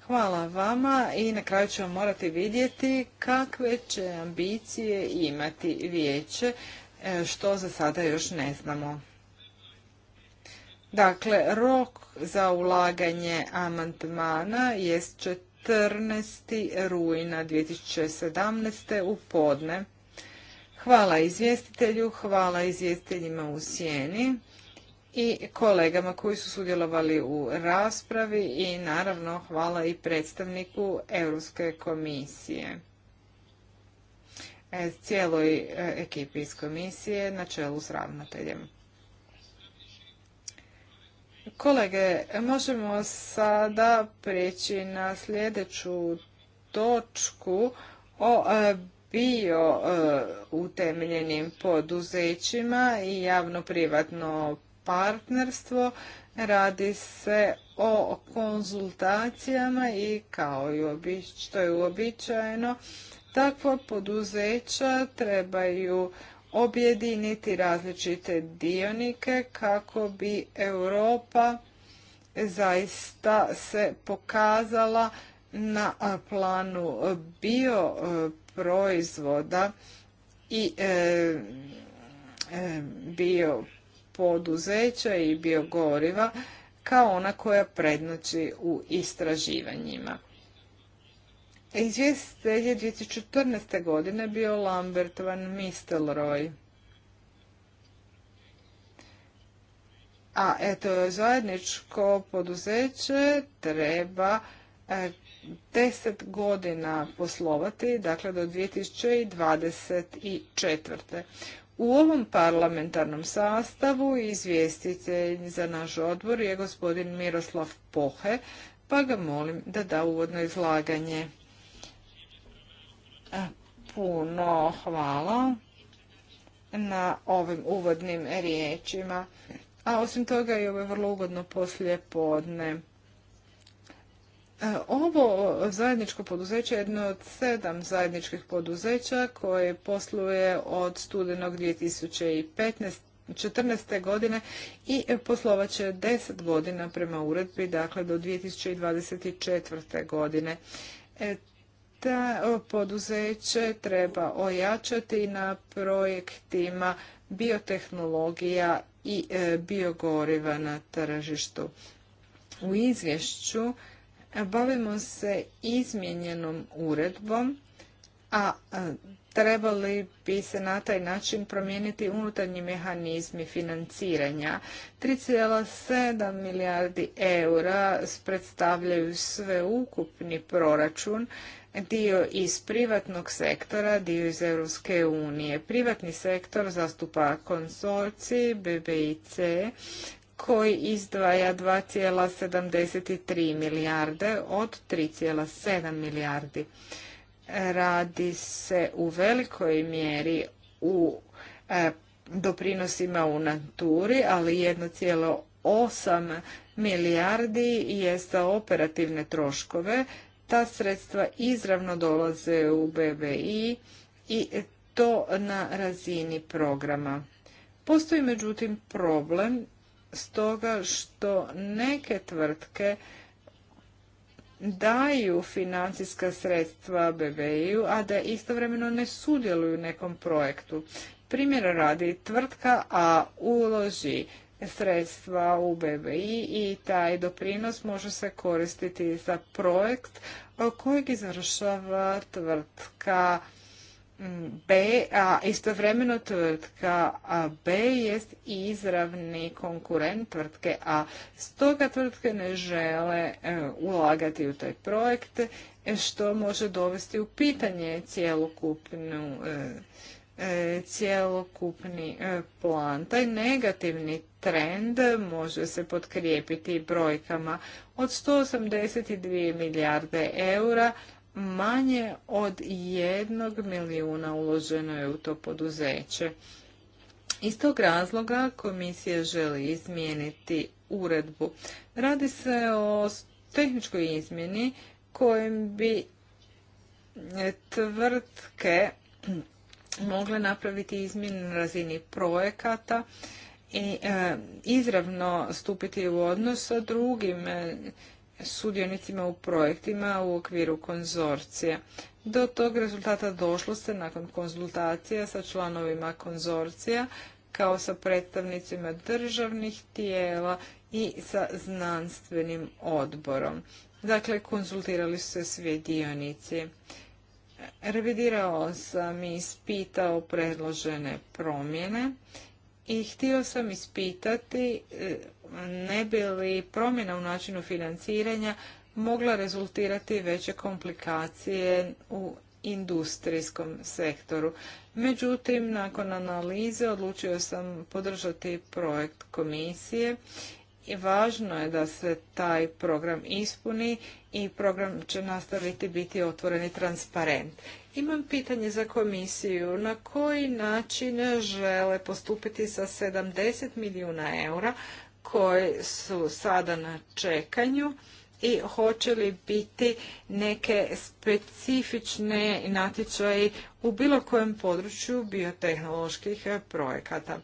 Hvala vama i na kraju ćemo morati vidjeti kakve će ambicije imati vijeće, e, što za sada još ne znamo. Dakle, rok za ulaganje amandmana jest 14. rujna 2017. u podne. Hvala izvjestitelju, hvala izvjestiteljima u sjeni i kolegama koji su sudjelovali u raspravi i naravno hvala i predstavniku Europske komisije. E, cijeloj e, ekipi iz komisije na čelu s ravnateljem. Kolege, možemo sada preći na sljedeću točku o e, bio e, utemljenim poduzećima i javno-privatno partnerstvo. Radi se o konzultacijama i kao i što je uobičajeno, takva poduzeća trebaju objediniti različite dionike kako bi Europa zaista se pokazala na planu bioproizvoda i e, e, bio poduzeća i biogoriva kao ona koja prednoći u istraživanjima. Izvjestitelj je 2014. godine bio Lambert van Mistelroj. A eto, zajedničko poduzeće treba e, deset godina poslovati, dakle do 2024. U ovom parlamentarnom sastavu izvjestitelj za naš odbor je gospodin Miroslav Pohe, pa ga molim da da uvodno izlaganje puno hvala na ovim uvodnim riječima. A osim toga je ovo vrlo ugodno poslije podne. E, ovo zajedničko poduzeće je jedno od sedam zajedničkih poduzeća koje posluje od studenog 2015. 2014. godine i poslovat će 10 godina prema uredbi, dakle do 2024. godine. E, ta e, poduzeće treba ojačati na projektima biotehnologija i e, biogoriva na tržištu. U izvješću e, bavimo se izmjenjenom uredbom, a trebali bi se na taj način promijeniti unutarnji mehanizmi financiranja. 3,7 milijardi eura predstavljaju sveukupni proračun dio iz privatnog sektora, dio iz Europske unije. Privatni sektor zastupa konsorci BBIC koji izdvaja 2,73 milijarde od 3,7 milijardi. Radi se u velikoj mjeri u e, doprinosima u naturi, ali 1,8 milijardi je za operativne troškove ta sredstva izravno dolaze u BBI i to na razini programa. Postoji međutim problem stoga što neke tvrtke daju financijska sredstva BBI-u, a da istovremeno ne sudjeluju u nekom projektu. Primjer radi tvrtka A uloži sredstva u BBI i taj doprinos može se koristiti za projekt kojeg izvršava tvrtka B, a istovremeno tvrtka B jest izravni konkurent tvrtke A. Stoga tvrtke ne žele e, ulagati u taj projekt, e, što može dovesti u pitanje cjelokupnu e, E, cjelokupni e, plan. Taj negativni trend može se potkrijepiti brojkama od 182 milijarde eura manje od jednog milijuna uloženo je u to poduzeće. Iz tog razloga komisija želi izmijeniti uredbu. Radi se o tehničkoj izmjeni kojim bi tvrtke mogle napraviti izmjene na razini projekata i e, izravno stupiti u odnos sa drugim e, sudionicima u projektima u okviru konzorcije. Do tog rezultata došlo se nakon konzultacija sa članovima konzorcija kao sa predstavnicima državnih tijela i sa znanstvenim odborom. Dakle, konzultirali su se svi dionici. Revidirao sam i ispitao predložene promjene i htio sam ispitati e, ne bi li promjena u načinu financiranja mogla rezultirati veće komplikacije u industrijskom sektoru. Međutim, nakon analize odlučio sam podržati projekt komisije i važno je da se taj program ispuni i program će nastaviti biti otvoren i transparent. Imam pitanje za komisiju. Na koji način žele postupiti sa 70 milijuna eura koje su sada na čekanju i hoće li biti neke specifične natječaje u bilo kojem području biotehnoloških projekata?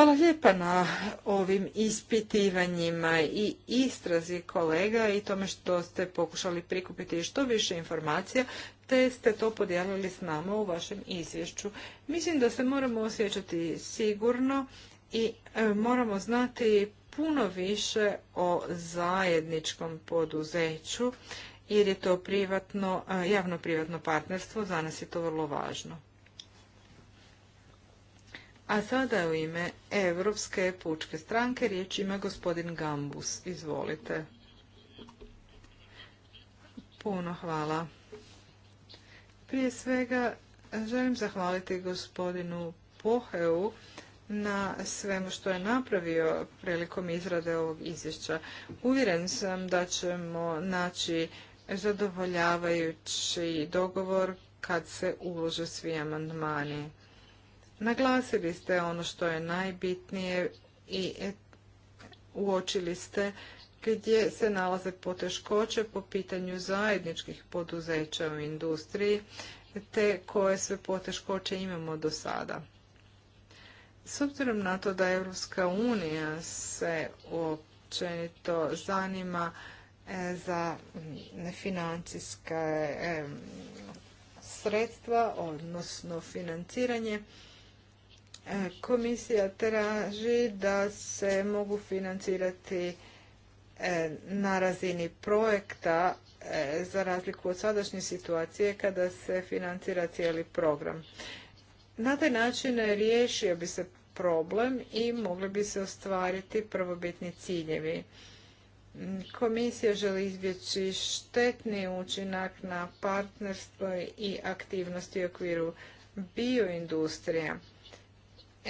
Hvala lijepa na ovim ispitivanjima i istrazi kolega i tome što ste pokušali prikupiti što više informacija, te ste to podijelili s nama u vašem izvješću. Mislim da se moramo osjećati sigurno i e, moramo znati puno više o zajedničkom poduzeću jer je to privatno, e, javno-privatno partnerstvo, za nas je to vrlo važno. A sada u ime Europske pučke stranke riječ ima gospodin Gambus. Izvolite. Puno hvala. Prije svega želim zahvaliti gospodinu Poheu na svemu što je napravio prilikom izrade ovog izvješća. Uvjeren sam da ćemo naći zadovoljavajući dogovor kad se ulože svi amandmani. Naglasili ste ono što je najbitnije i uočili ste gdje se nalaze poteškoće po pitanju zajedničkih poduzeća u industriji, te koje sve poteškoće imamo do sada. S obzirom na to da Europska unija se općenito zanima e, za mm, financijska e, sredstva, odnosno financiranje, E, komisija traži da se mogu financirati e, na razini projekta e, za razliku od sadašnje situacije kada se financira cijeli program. Na taj način riješio bi se problem i mogli bi se ostvariti prvobitni ciljevi. Komisija želi izbjeći štetni učinak na partnerstvo i aktivnosti u okviru bioindustrija.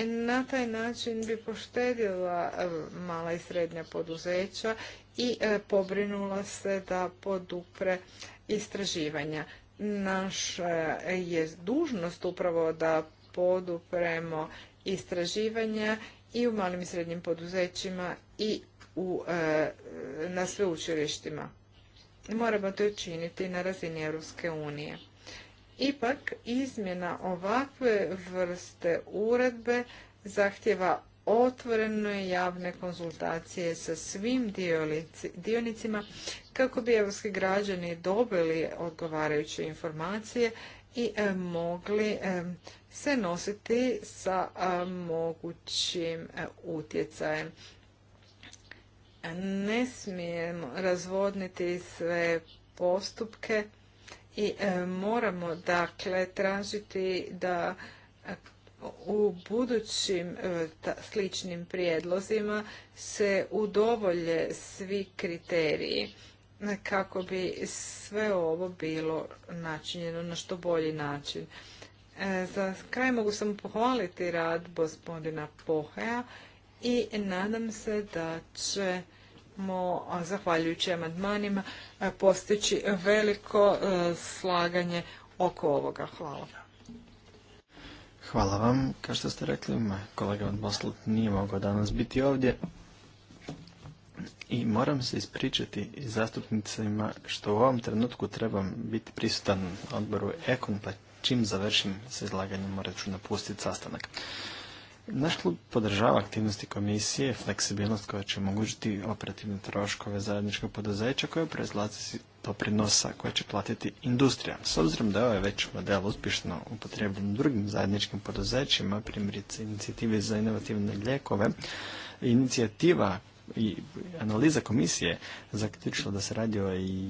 Na taj način bi poštedila e, mala i srednja poduzeća i e, pobrinula se da podupre istraživanja. Naša je dužnost upravo da podupremo istraživanja i u malim i srednjim poduzećima i u, e, na sveučilištima. Moramo to učiniti na razini Europske unije. Ipak, izmjena ovakve vrste uredbe zahtjeva otvorene javne konzultacije sa svim dionicima kako bi evropski građani dobili odgovarajuće informacije i e, mogli e, se nositi sa e, mogućim utjecajem. Ne smijemo razvodniti sve postupke i e, moramo dakle tražiti da e, u budućim e, sličnim prijedlozima se udovolje svi kriteriji kako bi sve ovo bilo načinjeno na što bolji način. za kraj mogu samo pohvaliti rad gospodina Pohea i nadam se da će smo zahvaljujući amandmanima, postići veliko slaganje oko ovoga.
Hvala.
Hvala vam. Kao što ste rekli, kolega od nije mogao danas biti ovdje. I moram se ispričati zastupnicima što u ovom trenutku trebam biti prisutan odboru Ekon, pa čim završim sa izlaganjem morat ću napustiti sastanak. Naš klub podržava aktivnosti komisije, fleksibilnost koja će omogućiti operativne troškove zajedničkog poduzeća koje proizlaze doprinosa koje će platiti industrija. S obzirom da je ovaj već model uspješno upotrebljen drugim zajedničkim poduzećima, primjerice inicijative za inovativne lijekove, inicijativa i analiza komisije zaključila da se radi o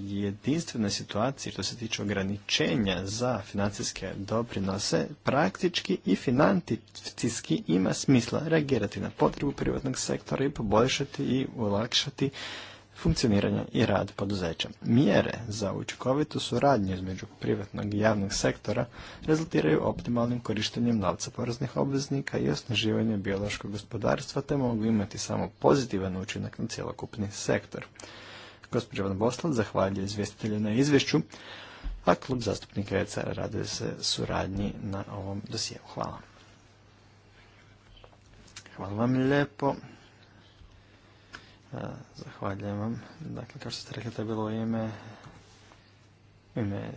jedinstvenoj situaciji što se tiče ograničenja za financijske doprinose, praktički i financijski ima smisla reagirati na potrebu privatnog sektora i poboljšati i olakšati funkcioniranja i rad poduzeća. Mjere za učinkovitu suradnju između privatnog i javnog sektora rezultiraju optimalnim korištenjem novca poreznih obveznika i osnaživanjem biološkog gospodarstva te mogu imati samo pozitivan učinak na cjelokupni sektor. Gospodin Boslav, zahvaljuje izvjestitelju na izvješću, a klub zastupnika ECR raduje se suradnji na ovom dosjeu. Hvala. Hvala vam lijepo. Zahvaljujem vam. Dakle, kao što ste rekli, to je bilo ime, ime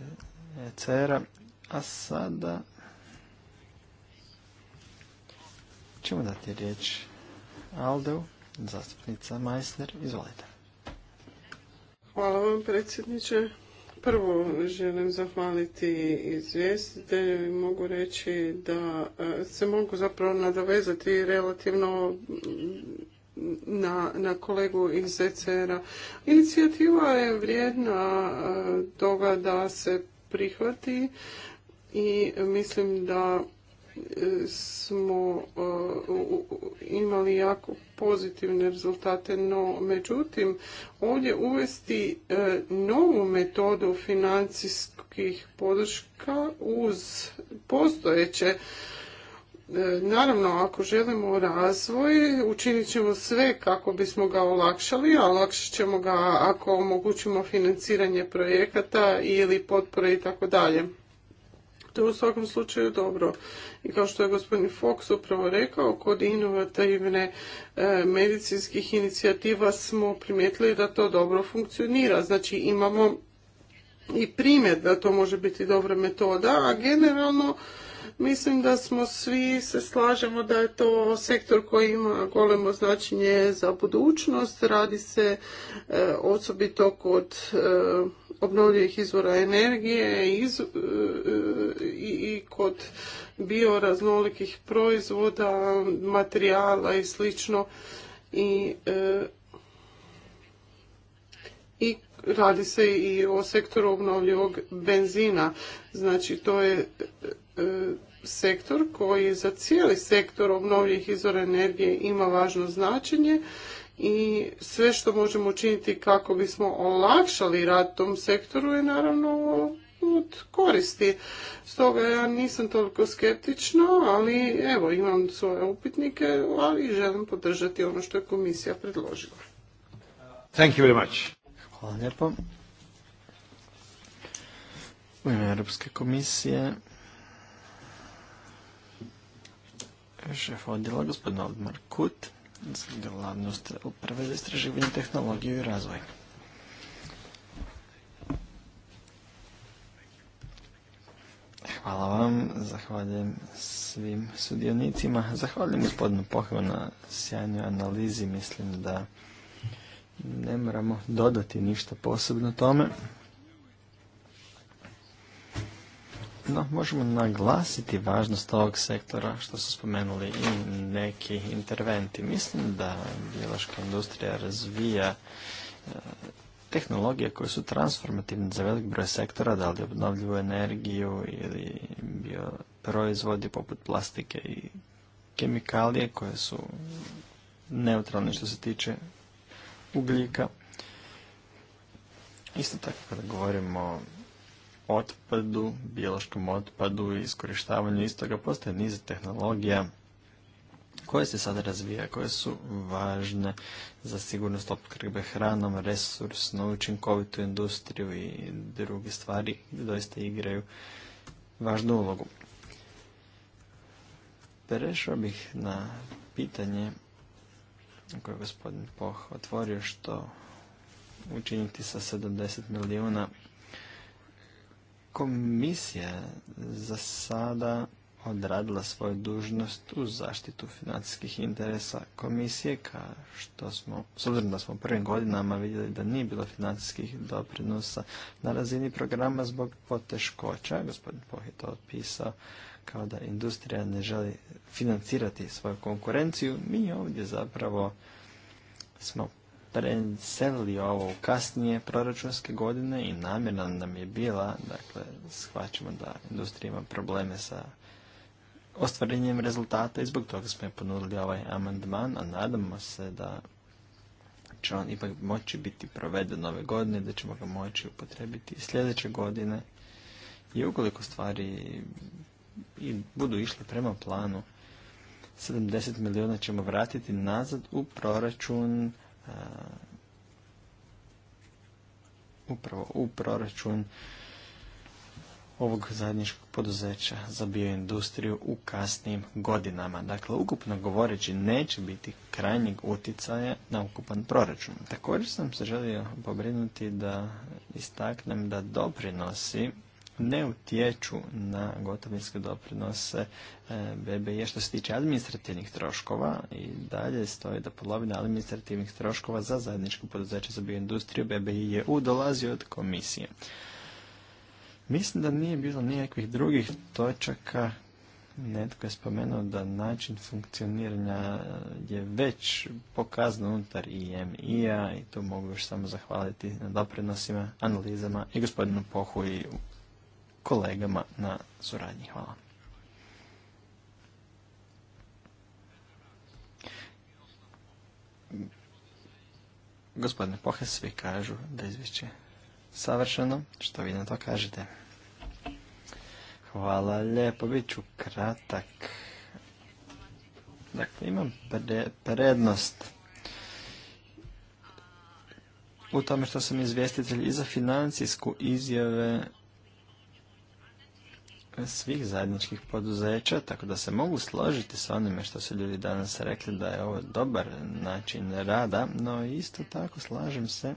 e cera a A sada ćemo dati riječ Aldeu, zastupnica Majsner. Izvolite.
Hvala vam, predsjedniče. Prvo želim zahvaliti izvjestitelju i mogu reći da e, se mogu zapravo nadovezati relativno na, na kolegu iz ECR-a. Inicijativa je vrijedna e, toga da se prihvati i mislim da e, smo e, imali jako pozitivne rezultate, no međutim ovdje uvesti novu metodu financijskih podrška uz postojeće Naravno, ako želimo razvoj, učinit ćemo sve kako bismo ga olakšali, a olakšat ćemo ga ako omogućimo financiranje projekata ili potpore i tako dalje. To je u svakom slučaju dobro. I kao što je gospodin Fox upravo rekao, kod inovativne e, medicinskih inicijativa smo primijetili da to dobro funkcionira. Znači imamo i primjer da to može biti dobra metoda, a generalno Mislim da smo svi se slažemo da je to sektor koji ima golemo značenje za budućnost. Radi se e, osobito kod e, obnovljivih izvora energije e, i kod bioraznolikih proizvoda, materijala i slično. I, i radi se i o sektoru obnovljivog benzina. Znači to je sektor koji za cijeli sektor obnovljivih izvora energije ima važno značenje i sve što možemo učiniti kako bismo olakšali rad tom sektoru je naravno od koristi. Stoga ja nisam toliko skeptična, ali evo imam svoje upitnike, ali želim podržati ono što je komisija predložila.
Thank you very much. Hvala lijepo. U ime Europske komisije šef odjela gospodin Odmar Kut za uprave za istraživanje tehnologije i razvoj. Hvala vam, zahvaljujem svim sudionicima. Zahvaljujem gospodinu pohova na sjajnoj analizi, mislim da ne moramo dodati ništa posebno tome. No, možemo naglasiti važnost ovog sektora što su spomenuli i neki interventi. Mislim da biološka industrija razvija eh, tehnologije koje su transformativne za velik broj sektora, da li obnovljivu energiju ili bio proizvodi poput plastike i kemikalije koje su neutralne što se tiče ugljika. Isto tako kada govorimo otpadu, biološkom otpadu i iskorištavanju istoga postoje niz tehnologija koje se sada razvija, koje su važne za sigurnost opkrbe hranom, resursno, učinkovitu industriju i druge stvari doista igraju važnu ulogu. Prešao bih na pitanje koje je gospodin Poh otvorio što učiniti sa 70 milijuna komisija za sada odradila svoju dužnost u zaštitu financijskih interesa komisije, kao što smo, s obzirom da smo u prvim godinama vidjeli da nije bilo financijskih doprinosa na razini programa zbog poteškoća, gospodin Poh je to otpisao, kao da industrija ne želi financirati svoju konkurenciju, mi ovdje zapravo smo preselili ovo u kasnije proračunske godine i namjera nam je bila, dakle, shvaćamo da industrija ima probleme sa ostvarenjem rezultata i zbog toga smo je ponudili ovaj amandman, a nadamo se da će on ipak moći biti proveden ove godine, da ćemo ga moći upotrebiti sljedeće godine i ukoliko stvari i budu išle prema planu, 70 milijuna ćemo vratiti nazad u proračun E, upravo u proračun ovog zajedničkog poduzeća za bioindustriju u kasnim godinama. Dakle, ukupno govoreći neće biti krajnjeg utjecaja na ukupan proračun. Također sam se želio pobrinuti da istaknem da doprinosi ne utječu na gotovinske doprinose e, BBI e što se tiče administrativnih troškova i dalje stoji da polovina administrativnih troškova za zajedničko poduzeće za bioindustriju BBI e je u od komisije. Mislim da nije bilo nikakvih drugih točaka netko je spomenuo da način funkcioniranja je već pokazan unutar IMI-a i tu mogu još samo zahvaliti na doprinosima, analizama i gospodinu Pohu i kolegama na suradnji. Hvala. Gospodine Pohes, svi kažu da izvješće savršeno. Što vi na to kažete? Hvala lijepo, bit ću kratak. Dakle, imam prednost u tome što sam izvjestitelj i za financijsku izjave svih zajedničkih poduzeća, tako da se mogu složiti sa onime što su ljudi danas rekli da je ovo dobar način rada, no isto tako slažem se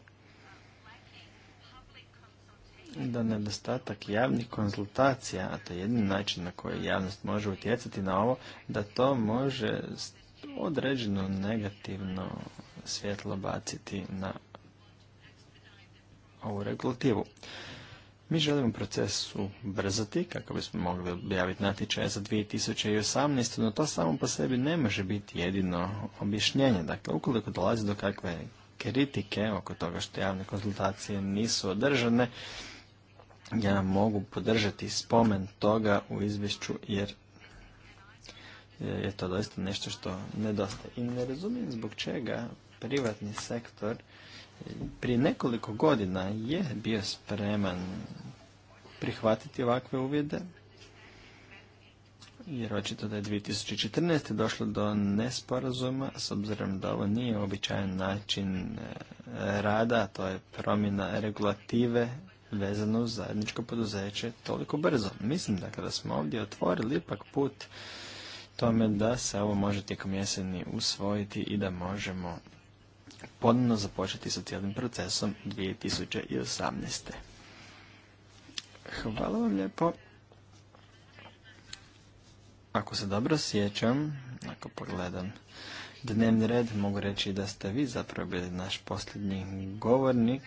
da nedostatak javnih konzultacija, a to je jedini način na koji javnost može utjecati na ovo, da to može određeno negativno svjetlo baciti na ovu regulativu. Mi želimo procesu ubrzati kako bismo mogli objaviti natječaj za 2018. No to samo po sebi ne može biti jedino objašnjenje. Dakle, ukoliko dolazi do kakve kritike oko toga što javne konzultacije nisu održane, ja mogu podržati spomen toga u izvješću jer je to doista nešto što nedostaje. I ne razumijem zbog čega privatni sektor prije nekoliko godina je bio spreman prihvatiti ovakve uvjede, jer očito da je 2014. došlo do nesporazuma, s obzirom da ovo nije običajan način eh, rada, to je promjena regulative vezano uz zajedničko poduzeće toliko brzo. Mislim da kada smo ovdje otvorili ipak put tome da se ovo može tijekom jeseni usvojiti i da možemo ponovno započeti sa cijelim procesom 2018. Hvala vam lijepo. Ako se dobro sjećam, ako pogledam dnevni red, mogu reći da ste vi zapravo bili naš posljednji govornik.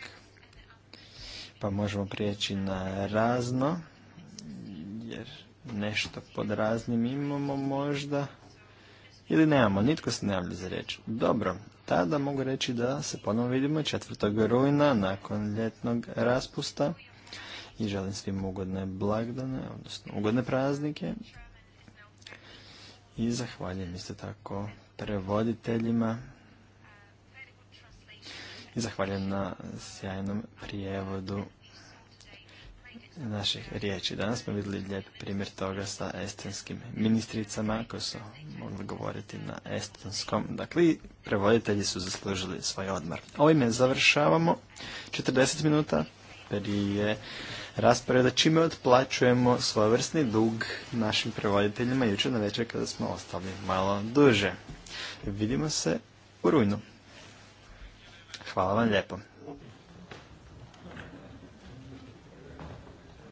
Pa možemo prijeći na razno, jer nešto pod raznim imamo možda. Ili nemamo, nitko se ne za riječ. Dobro, tada mogu reći da se ponovno vidimo 4. rujna nakon ljetnog raspusta i želim svim ugodne blagdane, odnosno ugodne praznike i zahvaljujem isto tako prevoditeljima i zahvaljujem na sjajnom prijevodu naših riječi. Danas smo vidjeli lijep primjer toga sa estonskim ministricama koje su mogli govoriti na estonskom. Dakle, prevoditelji su zaslužili svoj odmar. Ovime završavamo 40 minuta prije da čime otplaćujemo svojevrsni dug našim prevoditeljima jučer na večer kada smo ostali malo duže. Vidimo se u rujnu. Hvala vam lijepo.